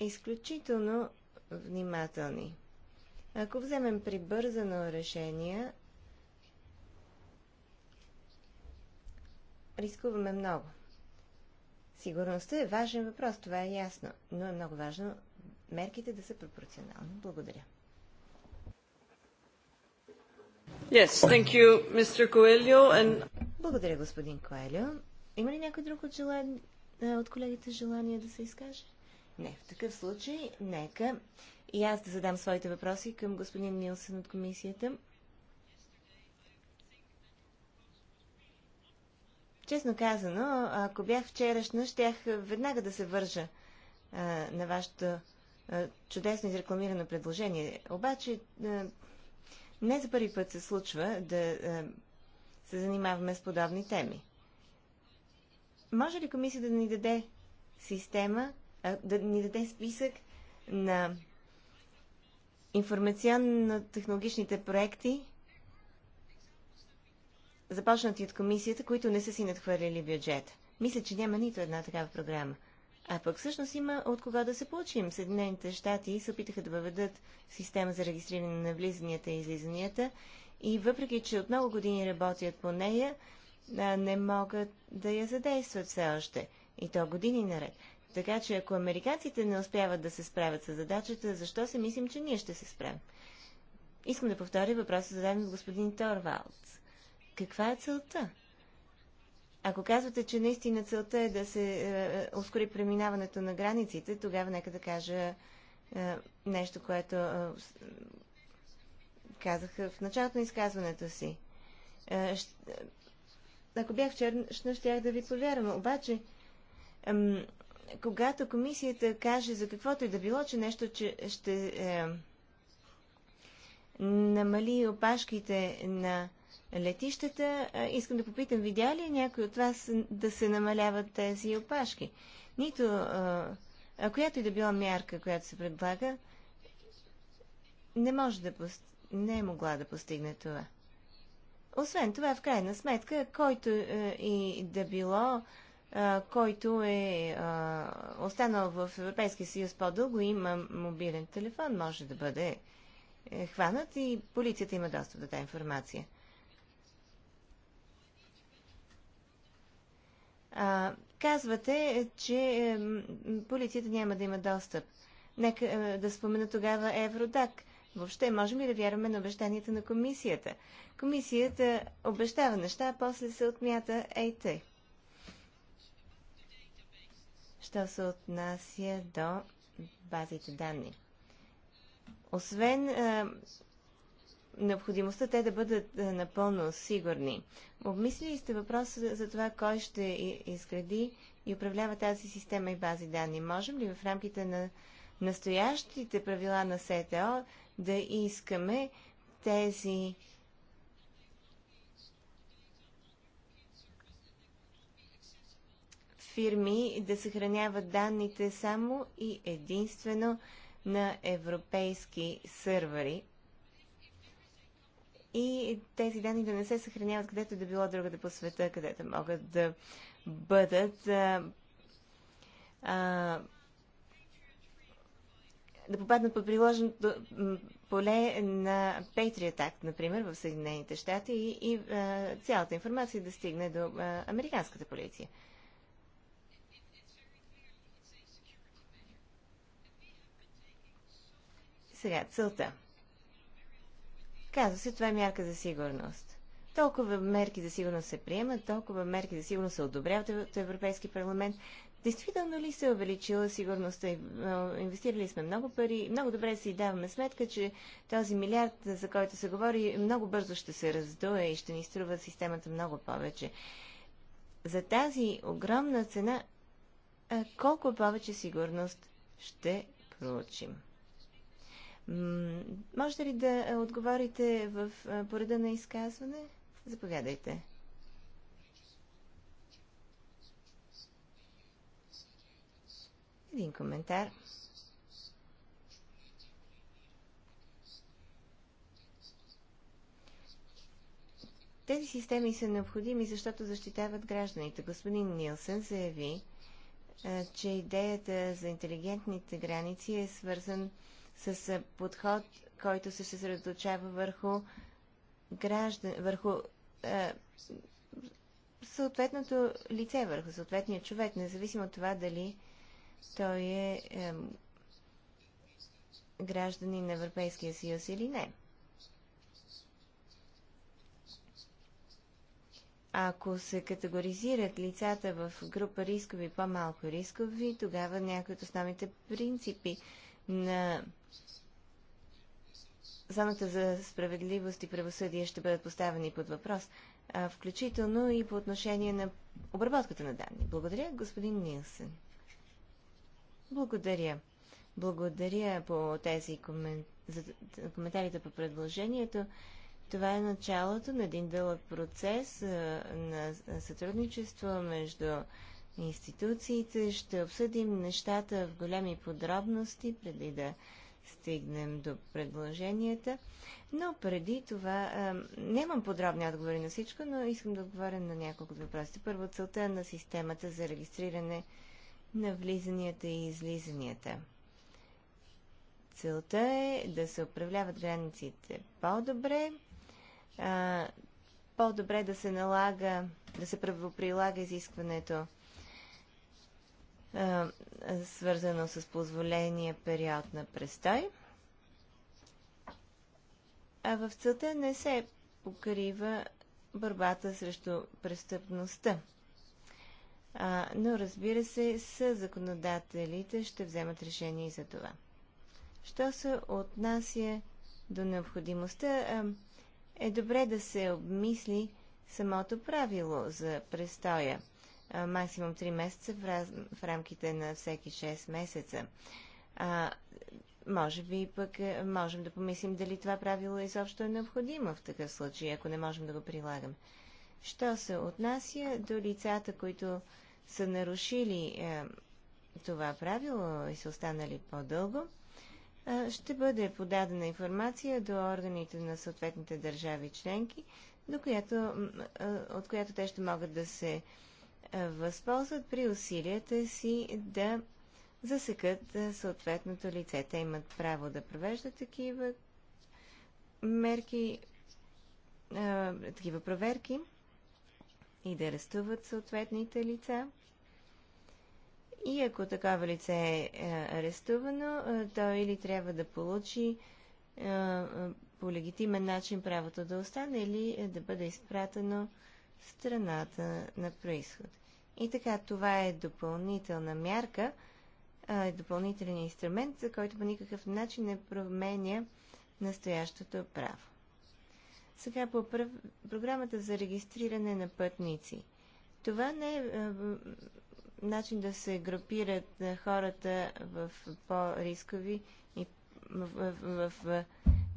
изключително внимателни. Ако вземем прибързано решение, рискуваме много. Сигурността е важен въпрос, това е ясно, но е много важно мерките да са пропорционални. Благодаря. Благодаря, господин Коелио. Има ли някой друг от, е, от колегите желание да се изкаже? Не, в такъв случай, нека и аз да задам своите въпроси към господин Нилсен от комисията. Честно казано, ако бях вчерашна, щях веднага да се вържа а, е, на вашето а, е, чудесно изрекламирано предложение. Обаче, а, не за първи път се случва да е, се занимаваме с подобни теми. Може ли комисията да ни даде система, да ни даде списък на информационно-технологичните проекти, започнати от комисията, които не са си надхвърлили бюджета? Мисля, че няма нито една такава програма. А пък всъщност има от кога да се получим. Съединените щати се опитаха да въведат система за регистриране на влизанията и излизанията и въпреки, че от много години работят по нея, не могат да я задействат все още. И то години наред. Така че ако американците не успяват да се справят с задачата, защо се мислим, че ние ще се справим? Искам да повторя въпроса зададен от господин Торвалдс. Каква е целта? Ако казвате, че наистина целта е да се е, е, ускори преминаването на границите, тогава нека да кажа е, нещо, което казах в началото на изказването си. Ако бях вчерашна, щях да ви повярвам. Обаче, когато комисията каже за каквото и да било, че нещо че ще намали опашките на летищата. Искам да попитам, видя ли някой от вас да се намаляват тези опашки? Нито, а, която и да била мярка, която се предлага, не може да пост... не е могла да постигне това. Освен това, в крайна сметка, който е, и да било, който е, останал в Европейския съюз по-дълго, има мобилен телефон, може да бъде е, хванат и полицията има достъп до тази информация. А, казвате, че полицията няма да има достъп. Нека е, да спомена тогава Евродак. Въобще, можем ли да вярваме на обещанията на комисията? Комисията обещава неща, а после се отмята ЕТ. Що се отнася до базите данни? Освен е, необходимостта те да бъдат е, напълно сигурни. Обмислили сте въпроса за това, кой ще изгради и управлява тази система и бази данни. Можем ли в рамките на настоящите правила на СТО да искаме тези фирми да съхраняват данните само и единствено на европейски сървъри, и тези данни да не се съхраняват където да било да по света, където могат да бъдат а, а, да попаднат под приложеното поле на Patriot Act, например, в Съединените щати и, и а, цялата информация да стигне до а, американската полиция. Сега, целта. Казва се, това е мярка за сигурност. Толкова мерки за сигурност се приемат, толкова мерки за сигурност се одобряват от Европейски парламент. Действително ли се е увеличила сигурността? Инвестирали сме много пари. Много добре си даваме сметка, че този милиард, за който се говори, много бързо ще се раздуе и ще ни струва системата много повече. За тази огромна цена, колко повече сигурност ще получим? Можете ли да отговорите в пореда на изказване? Заповядайте. Един коментар. Тези системи са необходими, защото защитават гражданите. Господин Нилсън заяви, че идеята за интелигентните граници е свързан с подход, който се съсредоточава върху граждан, върху е, съответното лице, върху съответния човек, независимо от това дали той е, е гражданин на Европейския съюз или не. Ако се категоризират лицата в група рискови и по-малко рискови, тогава някои от основните принципи на зоната за справедливост и правосъдие ще бъдат поставени под въпрос, включително и по отношение на обработката на данни. Благодаря, господин Нилсен. Благодаря. Благодаря по тези комен... коментарите по предложението. Това е началото на един дълъг процес на сътрудничество между институциите. Ще обсъдим нещата в големи подробности преди да стигнем до предложенията. Но преди това, а, нямам подробни отговори на всичко, но искам да отговоря на няколко от въпросите. Първо, целта на системата за регистриране на влизанията и излизанията. Целта е да се управляват границите по-добре, по-добре да се налага, да се правоприлага изискването свързано с позволения период на престой. А в целта не се покрива борбата срещу престъпността. А, но разбира се, с законодателите ще вземат решение и за това. Що се отнася до необходимостта, а, е добре да се обмисли самото правило за престоя – максимум 3 месеца в, раз, в рамките на всеки 6 месеца. А, може би пък е, можем да помислим дали това правило е изобщо е необходимо в такъв случай, ако не можем да го прилагаме. Що се отнася до лицата, които са нарушили е, това правило и са останали по-дълго, е, ще бъде подадена информация до органите на съответните държави членки, до която, е, от която те ще могат да се е, възползват при усилията си да засекат е, съответното лице. Те имат право да провеждат такива мерки, е, такива проверки и да арестуват съответните лица. И ако такова лице е арестувано, то или трябва да получи по легитимен начин правото да остане или да бъде изпратено страната на происход. И така, това е допълнителна мярка, е допълнителен инструмент, за който по никакъв начин не променя настоящото право. Сега по програмата за регистриране на пътници. Това не е, е начин да се групират хората в по-рискови и в, в, в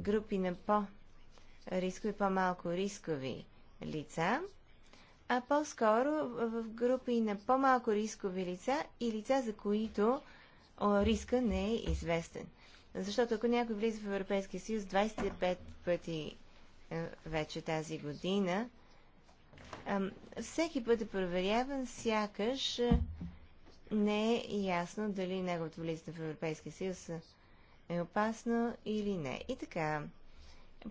групи на по-рискови, по-малко рискови лица а по-скоро в групи на по-малко рискови лица и лица, за които риска не е известен. Защото ако някой влиза в Европейския съюз 25 пъти вече тази година, всеки път е проверяван, сякаш не е ясно дали неговото влизане в Европейския съюз е опасно или не. И така,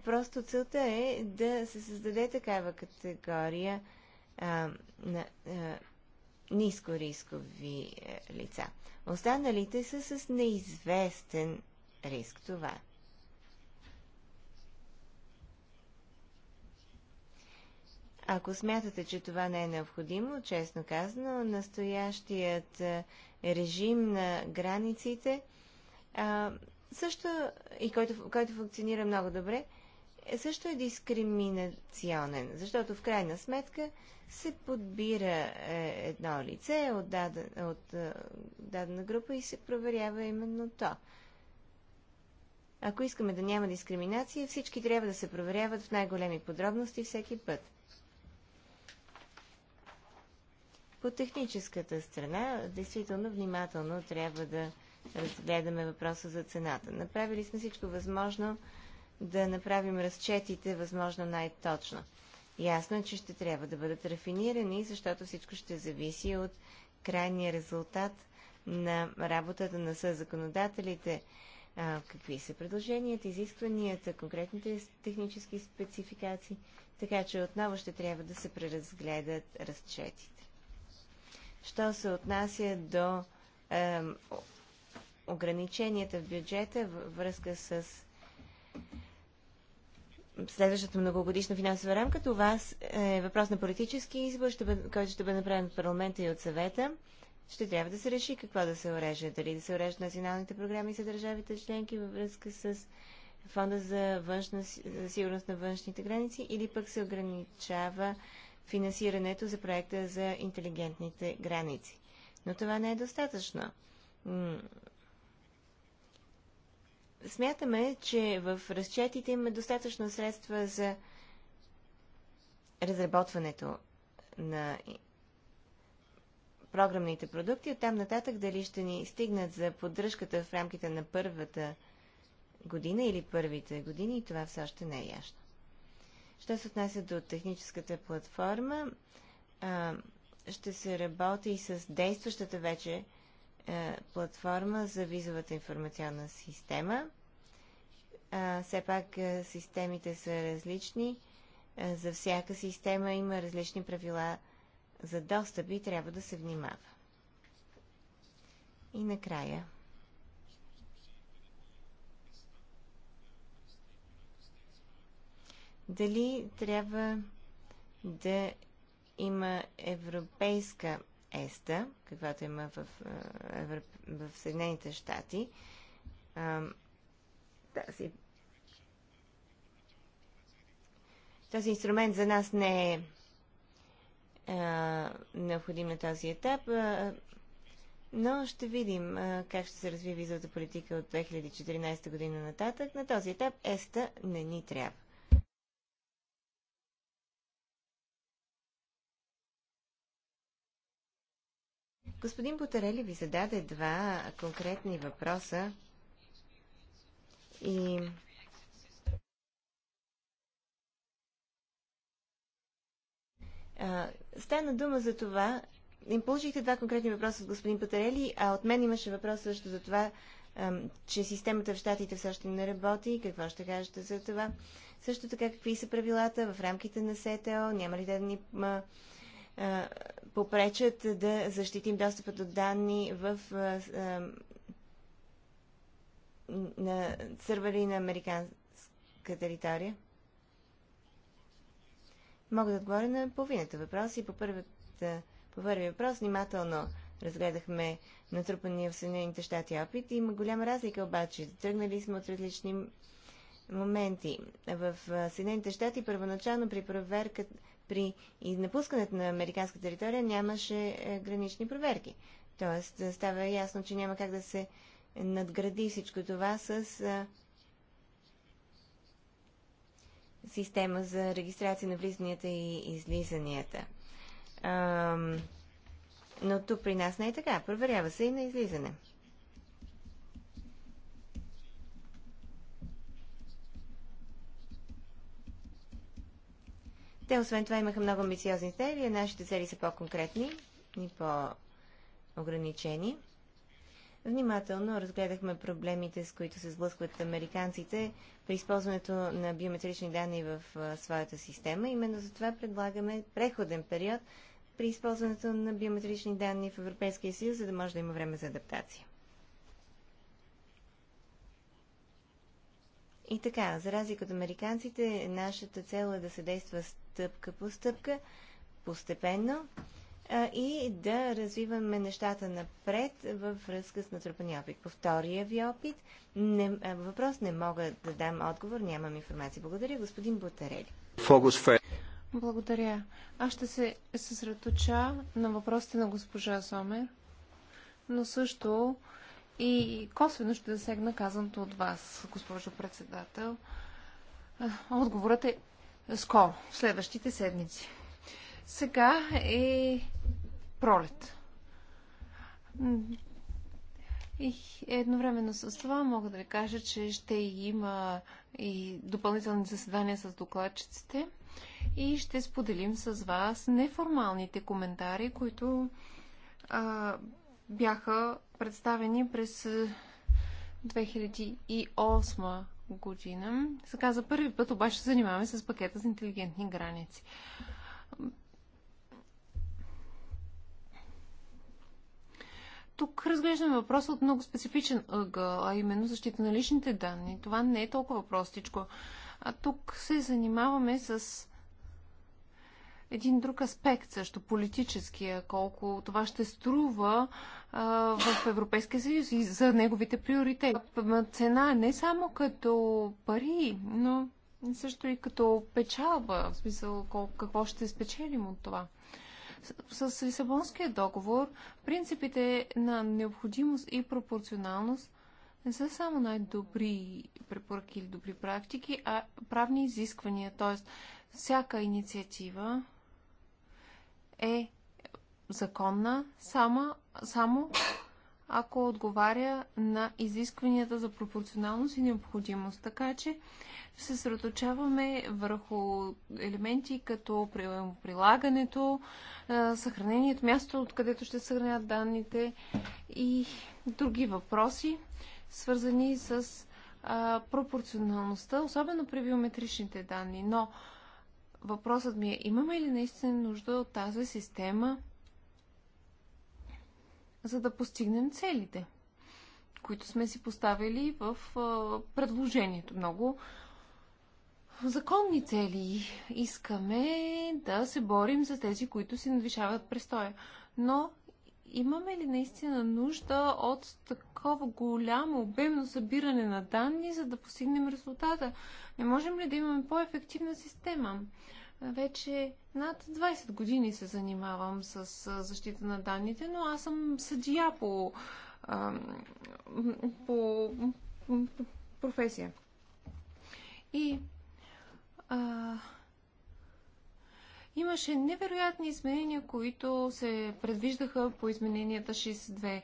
просто целта е да се създаде такава категория а, на а, нискорискови е, лица. Останалите са с неизвестен риск. Това Ако смятате, че това не е необходимо, честно казано, настоящият е, режим на границите също и който, който функционира много добре, е, също е дискриминационен, защото в крайна сметка се подбира е, едно лице от, даден, от е, дадена група и се проверява именно то. Ако искаме да няма дискриминация, всички трябва да се проверяват в най-големи подробности всеки път. По техническата страна, действително внимателно трябва да разгледаме въпроса за цената. Направили сме всичко възможно да направим разчетите възможно най-точно. Ясно е, че ще трябва да бъдат рафинирани, защото всичко ще зависи от крайния резултат на работата на съзаконодателите. какви са предложенията, изискванията, конкретните технически спецификации, така че отново ще трябва да се преразгледат разчетите. Що се отнася до е, ограниченията в бюджета във връзка с следващата многогодишна финансова рамка. Това е въпрос на политически избор, ще бъде, който ще бъде направен от парламента и от съвета. Ще трябва да се реши какво да се уреже. Дали да се урежат националните програми за държавите членки във връзка с фонда за, външна, за сигурност на външните граници или пък се ограничава финансирането за проекта за интелигентните граници. Но това не е достатъчно. Смятаме, че в разчетите има достатъчно средства за разработването на програмните продукти. Оттам нататък дали ще ни стигнат за поддръжката в рамките на първата година или първите години, това все още не е ясно. Що се отнася до техническата платформа, ще се работи и с действащата вече е, платформа за визовата информационна система. Все пак е, системите са различни. Е, за всяка система има различни правила за достъп и трябва да се внимава. И накрая. Дали трябва да има европейска ЕСТА, каквато има в, в, в Съединените щати, тази, този инструмент за нас не е необходим на този етап, но ще видим как ще се развие визовата политика от 2014 година нататък. На този етап ЕСТА не ни трябва. Господин Бутарели ви зададе два конкретни въпроса и стана дума за това. Им получихте два конкретни въпроса от господин Патарели, а от мен имаше въпрос също за това, че системата в Штатите все още не работи. Какво ще кажете за това? Също така, какви са правилата в рамките на СТО? Няма ли да ни попречат да защитим достъпа до данни в на сървъри на американска територия? Мога да отговоря на половината въпроси. По, първата, по първи въпрос внимателно разгледахме натрупания в Съединените щати опит. Има голяма разлика обаче. Тръгнали сме от различни моменти. В Съединените щати първоначално при проверка при напускането на американска територия нямаше е, гранични проверки. Тоест, е, става ясно, че няма как да се надгради всичко това с е, система за регистрация на влизанията и излизанията. но тук при нас не е така. Проверява се и на излизане. Те освен това имаха много амбициозни цели, а нашите цели са по-конкретни и по-ограничени. Внимателно разгледахме проблемите, с които се сблъскват американците при използването на биометрични данни в своята система. Именно за това предлагаме преходен период при използването на биометрични данни в Европейския съюз, за да може да има време за адаптация. И така, за разлика от американците, нашата цел е да се действа стъпка по стъпка, постепенно а, и да развиваме нещата напред във връзка с натрупания опит. По втория ви опит, не, а, въпрос не мога да дам отговор, нямам информация. Благодаря, господин Бутарели. Благодаря. Аз ще се съсредоча на въпросите на госпожа Сомер, но също и косвено ще засегна казаното от вас, госпожо председател. Отговорът е скоро, следващите седмици. Сега е пролет. И едновременно с това мога да ви кажа, че ще има и допълнителни заседания с докладчиците и ще споделим с вас неформалните коментари, които а, бяха представени през 2008 година. Сега за първи път обаче се занимаваме с пакета за интелигентни граници. Тук разглеждаме въпроса от много специфичен ъгъл, а именно защита на личните данни. Това не е толкова простичко. А тук се занимаваме с един друг аспект също, политическия, колко това ще струва в Европейския съюз и за неговите приоритети. Цена не само като пари, но също и като печалба, в смисъл колко, какво ще спечелим от това. С, с Лисабонския договор принципите на необходимост и пропорционалност не са само най-добри препоръки или добри практики, а правни изисквания, т.е. всяка инициатива е законна само, само ако отговаря на изискванията за пропорционалност и необходимост. Така че се съсредоточаваме върху елементи като прилагането, съхранението, място, откъдето ще съхранят данните и други въпроси, свързани с пропорционалността, особено при биометричните данни. Но Въпросът ми е, имаме ли наистина нужда от тази система, за да постигнем целите, които сме си поставили в предложението? Много законни цели. Искаме да се борим за тези, които си надвишават престоя. Но имаме ли наистина нужда от такова голямо обемно събиране на данни, за да постигнем резултата? Не можем ли да имаме по-ефективна система? Вече над 20 години се занимавам с защита на данните, но аз съм съдия по, по, по професия. И а, Имаше невероятни изменения, които се предвиждаха по измененията 62.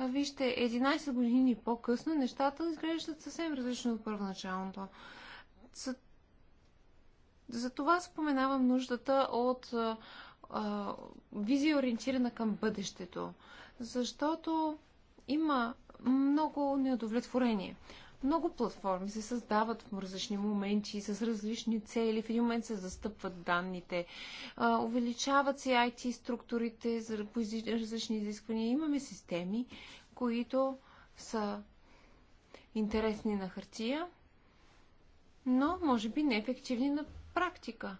Вижте, 11 години по-късно нещата изглеждат съвсем различно от първоначалното. За, за това споменавам нуждата от а, а, визия ориентирана към бъдещето, защото има много неудовлетворение. Много платформи се създават в различни моменти, с различни цели. В един момент се застъпват данните. увеличават се IT структурите за различни изисквания. Имаме системи, които са интересни на хартия, но може би неефективни на практика.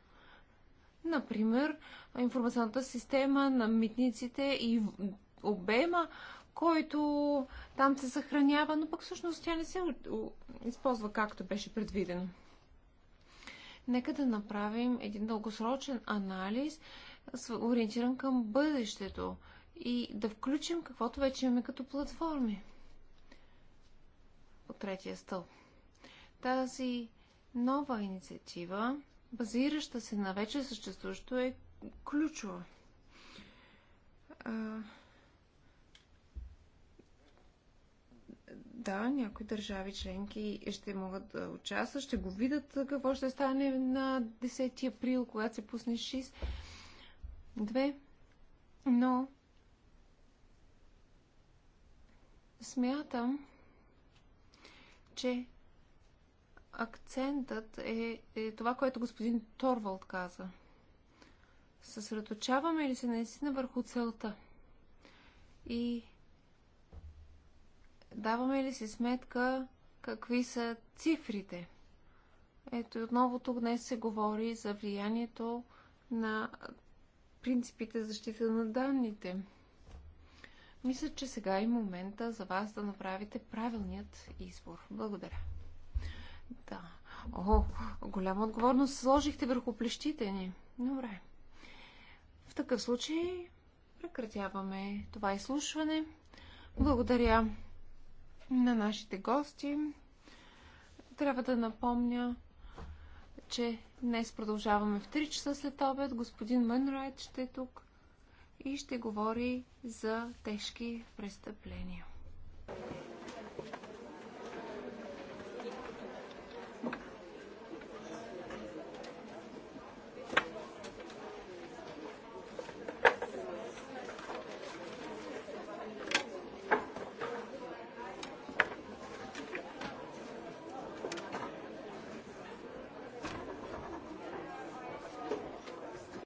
Например, информационната система на митниците и обема който там се съхранява, но пък всъщност тя не се използва както беше предвидено. Нека да направим един дългосрочен анализ, ориентиран към бъдещето и да включим каквото вече имаме като платформи по третия стълб. Тази нова инициатива, базираща се на вече съществуващо, е ключова Да, някои държави членки ще могат да участват, ще го видят какво ще стане на 10 април, когато се пусне 6. Две. Но смятам, че акцентът е, е това, което господин Торвалд каза. Съсредоточаваме ли се наистина върху целта? И Даваме ли си сметка какви са цифрите? Ето и отново тук днес се говори за влиянието на принципите за защита на данните. Мисля, че сега е момента за вас да направите правилният избор. Благодаря. Да. О, голяма отговорност сложихте върху плещите ни. Добре. В такъв случай прекратяваме това изслушване. Благодаря на нашите гости. Трябва да напомня, че днес продължаваме в 3 часа след обед. Господин Мънрайт ще е тук и ще говори за тежки престъпления.